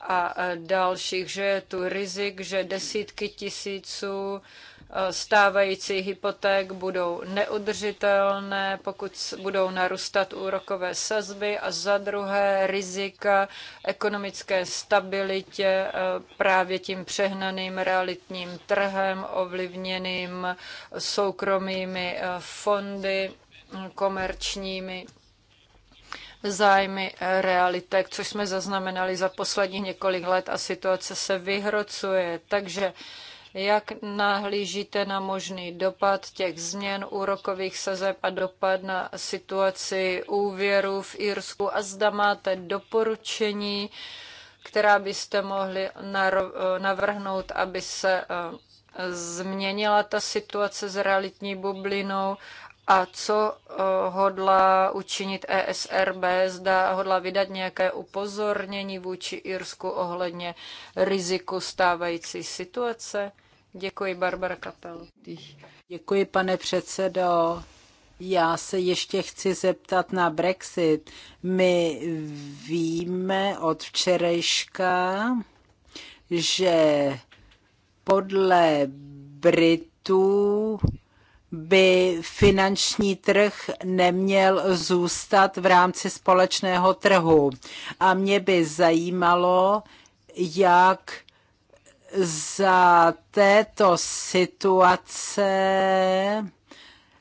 a dalších, že je tu rizik, že desítky tisíců stávajících hypoték budou neudržitelné, pokud budou narůstat úrokové sazby a za druhé rizika ekonomické stabilitě e, právě tím přehnaným realitním trhem ovlivněným soukromými e, fondy komerčními zájmy e, realitek, což jsme zaznamenali za posledních několik let a situace se vyhrocuje. Takže jak nahlížíte na možný dopad těch změn úrokových sazeb a dopad na situaci úvěru v Irsku a zda máte doporučení, která byste mohli navrhnout, aby se eh, změnila ta situace s realitní bublinou a co eh, hodla učinit ESRB? Zda hodla vydat nějaké upozornění vůči Irsku ohledně riziku stávající situace? Děkuji, Barbara Kapel. Děkuji, pane předsedo. Já se ještě chci zeptat na Brexit. My víme od včerejška, že podle Britů by finanční trh neměl zůstat v rámci společného trhu. A mě by zajímalo, jak za této situace,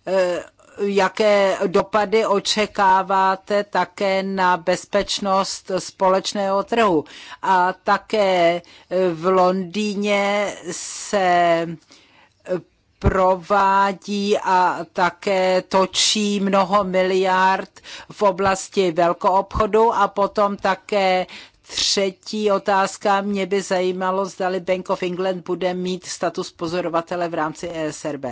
eh, jaké dopady očekáváte také na bezpečnost společného trhu. A také v Londýně se provádí a také točí mnoho miliard v oblasti velkoobchodu a potom také Třetí otázka, mě by zajímalo, zdali Bank of England bude mít status pozorovatele v rámci ESRB.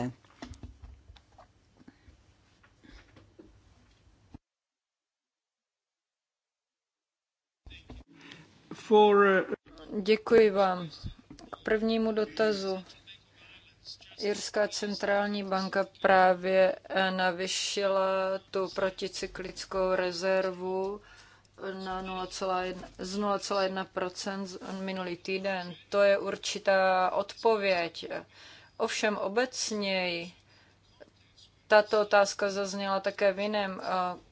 Uh, Děkuji vám. K prvnímu dotazu Jirská centrální banka právě eh, navyšila tu proticyklickou rezervu eh, na 0,1, z 0,1 minulý týden. To je určitá odpověď. Ovšem obecněji tato otázka zazněla také v jiném eh,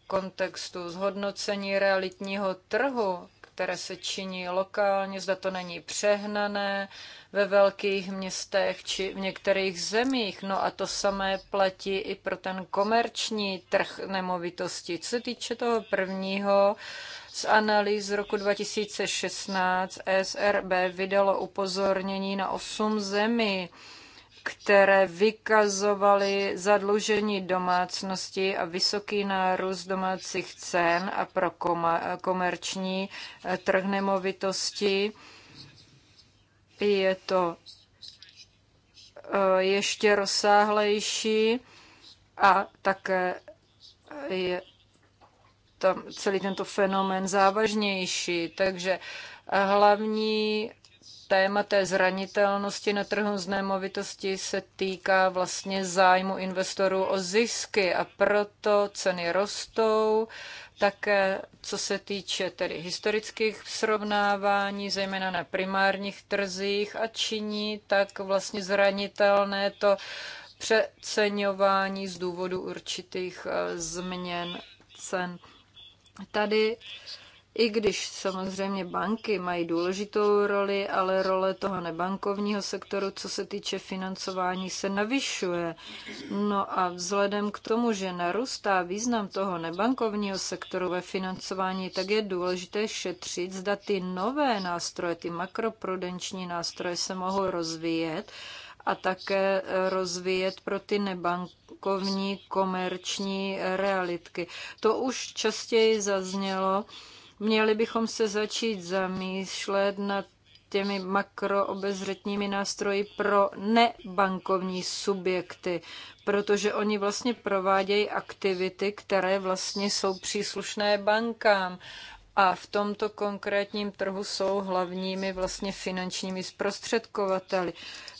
kontextu. Zhodnocení realitního trhu které se činí lokálně, zda to není přehnané ve velkých městech či v některých zemích. No a to samé platí i pro ten komerční trh nemovitosti. Co se týče toho prvního, z analýz z roku 2016 SRB vydalo upozornění na osm zemí které vykazovaly zadlužení domácnosti a vysoký nárůst domácích cen a pro komerční eh, trh nemovitosti. Je to eh, ještě rozsáhlejší a také eh, je tam celý tento fenomén závažnější. Takže hlavní téma té zranitelnosti na trhu z nemovitosti se týká vlastně zájmu investorů o zisky a proto ceny rostou. Také co se týče tedy historických srovnávání, zejména na primárních trzích a činí tak vlastně zranitelné to přeceňování z důvodu určitých eh, změn cen. Tady i když samozřejmě banky mají důležitou roli, ale role toho nebankovního sektoru, co se týče financování, se navyšuje. No a vzhledem k tomu, že narůstá význam toho nebankovního sektoru ve financování, tak je důležité šetřit, zda ty nové nástroje, ty makroprudenční nástroje se mohou rozvíjet a také rozvíjet pro ty nebankovní komerční realitky. To už častěji zaznělo Měli bychom se začít zamýšlet nad těmi makroobezřetními nástroji pro nebankovní subjekty, protože oni vlastně provádějí aktivity, které vlastně jsou příslušné bankám a v tomto konkrétním trhu jsou hlavními vlastně finančními zprostředkovateli.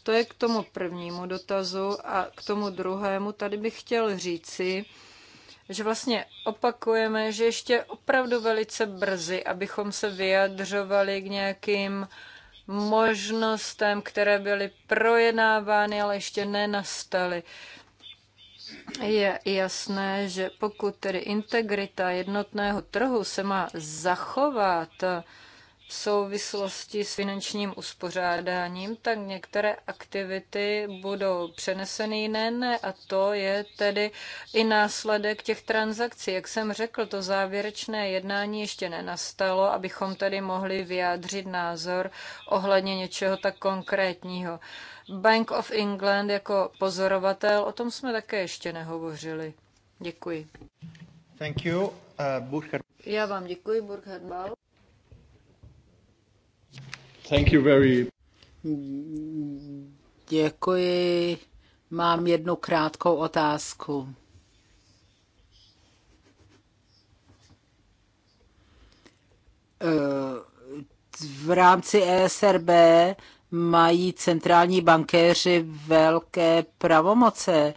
To je k tomu prvnímu dotazu a k tomu druhému tady bych chtěl říci, že vlastně opakujeme, že ještě opravdu velice brzy, abychom se vyjadřovali k nějakým možnostem, které byly projednávány, ale ještě nenastaly. Je jasné, že pokud tedy integrita jednotného trhu se má zachovat, v souvislosti s finančním uspořádáním, tak některé aktivity budou přeneseny jiné ne a to je tedy i následek těch transakcí. Jak jsem řekl, to závěrečné jednání ještě nenastalo, abychom tedy mohli vyjádřit názor ohledně něčeho tak konkrétního. Bank of England jako pozorovatel, o tom jsme také ještě nehovořili. Děkuji. Thank you. Uh, Já vám děkuji, Burkhard Bau. Thank you very... Děkuji. Mám jednu krátkou otázku. Eh, v rámci ESRB mají centrální bankéři velké pravomoce.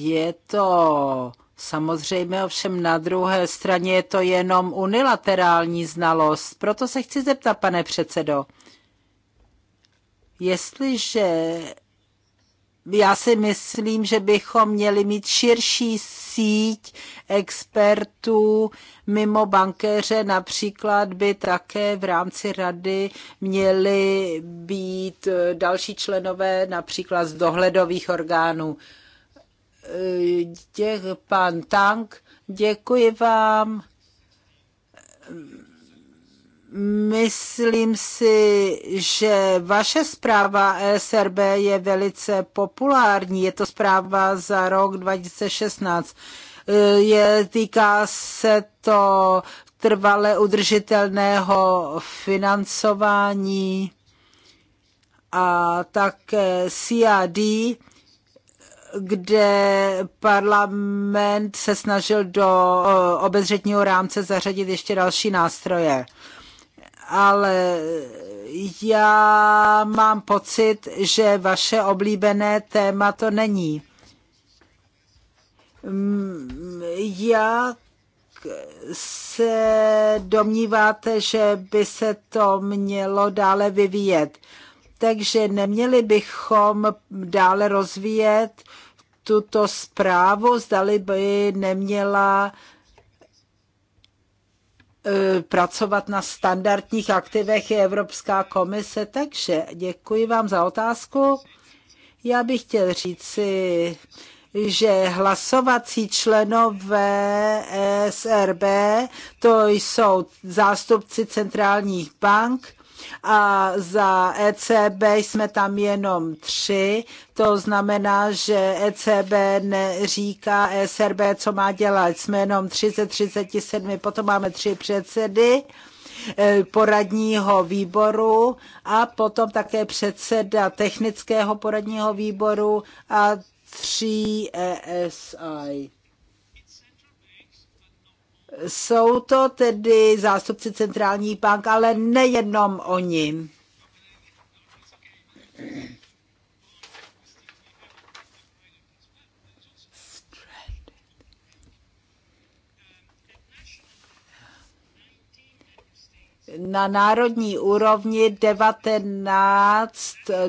Je to Samozřejmě ovšem na druhé straně je to jenom unilaterální znalost. Proto se chci zeptat, pane předsedo, jestliže já si myslím, že bychom měli mít širší síť expertů mimo bankéře. Například by také v rámci rady měli být eh, další členové, například z dohledových orgánů dě, pan Tank, děkuji vám. Myslím si, že vaše zpráva SRB je velice populární. Je to zpráva za rok 2016. Je, týká se to trvale udržitelného financování a také CRD kde parlament se snažil do eh, obezřetního rámce zařadit ještě další nástroje. Ale já mám pocit, že vaše oblíbené téma to není. Mm, jak se domníváte, že by se to mělo dále vyvíjet? takže neměli bychom dále rozvíjet tuto zprávu, zdali by neměla e, pracovat na standardních aktivech Evropská komise. Takže děkuji vám za otázku. Já bych chtěl říci, že hlasovací členové SRB, to jsou zástupci centrálních bank, a za ECB jsme tam jenom tři. To znamená, že ECB neříká ESRB, co má dělat. Jsme jenom tři ze 37, potom máme tři předsedy eh, poradního výboru a potom také předseda technického poradního výboru a tří ESI. Jsou to tedy zástupci centrální bank, ale nejenom oni. na národní úrovni 19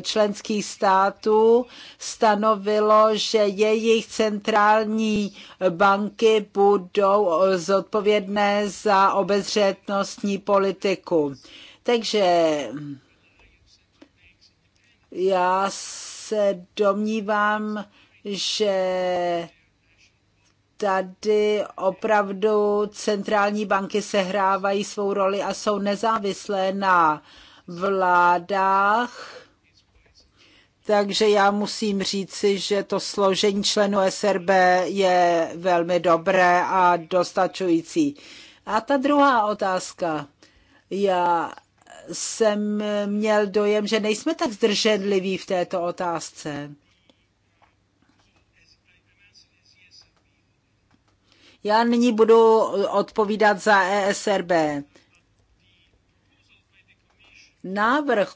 členských států stanovilo, že jejich centrální banky budou zodpovědné za obezřetnostní politiku. Takže já se domnívám, že tady opravdu centrální banky sehrávají svou roli a jsou nezávislé na vládách. Takže já musím říci, že to složení členů SRB je velmi dobré a dostačující. A ta druhá otázka. Já jsem měl dojem, že nejsme tak zdrženliví v této otázce. Já nyní budu eh, odpovídat za ESRB. Návrh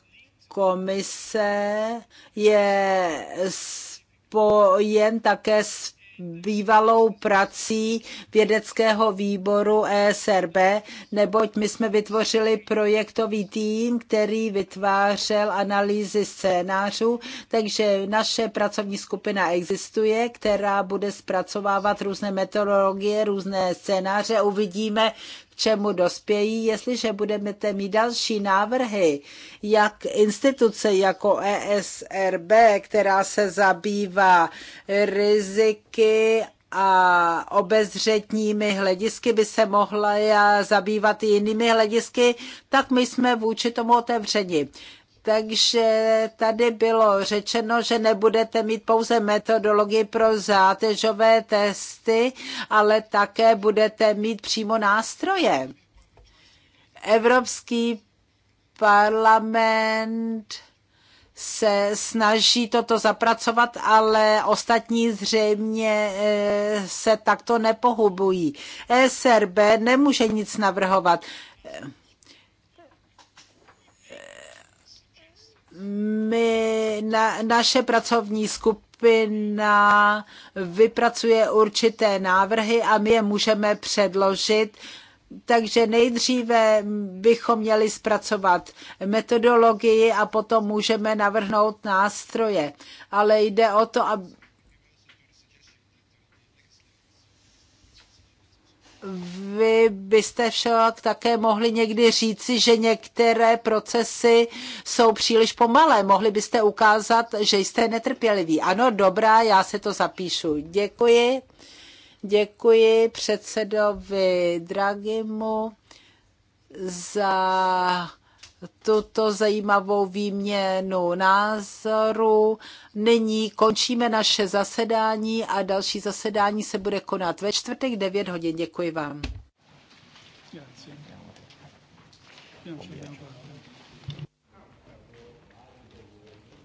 komise je spojen také s bývalou prací vědeckého výboru ESRB, neboť my jsme vytvořili projektový tým, který vytvářel analýzy scénářů, takže naše pracovní skupina existuje, která bude zpracovávat různé metodologie, různé scénáře. Uvidíme, k čemu dospějí, jestliže budete mít další návrhy, jak instituce jako ESRB, která se zabývá riziky a obezřetními hledisky by se mohla zabývat i jinými hledisky, tak my jsme vůči tomu otevřeni. Takže tady bylo řečeno, že nebudete mít pouze metodologii pro zátěžové testy, ale také budete mít přímo nástroje. Evropský parlament se snaží toto zapracovat, ale ostatní zřejmě e, se takto nepohubují. E SRB nemůže nic navrhovat my, na, naše pracovní skupina vypracuje určité návrhy a my je můžeme předložit. Takže nejdříve bychom měli zpracovat metodologii a potom můžeme navrhnout nástroje. Ale jde o to, aby vy byste však také mohli někdy říci, že některé procesy jsou příliš pomalé. Mohli byste ukázat, že jste netrpěliví. Ano, dobrá, já se to zapíšu. Děkuji. Děkuji předsedovi Dragimu za tuto zajímavou výměnu názoru. Nyní končíme naše zasedání a další zasedání se bude konat ve čtvrtek 9 hodin. Děkuji vám.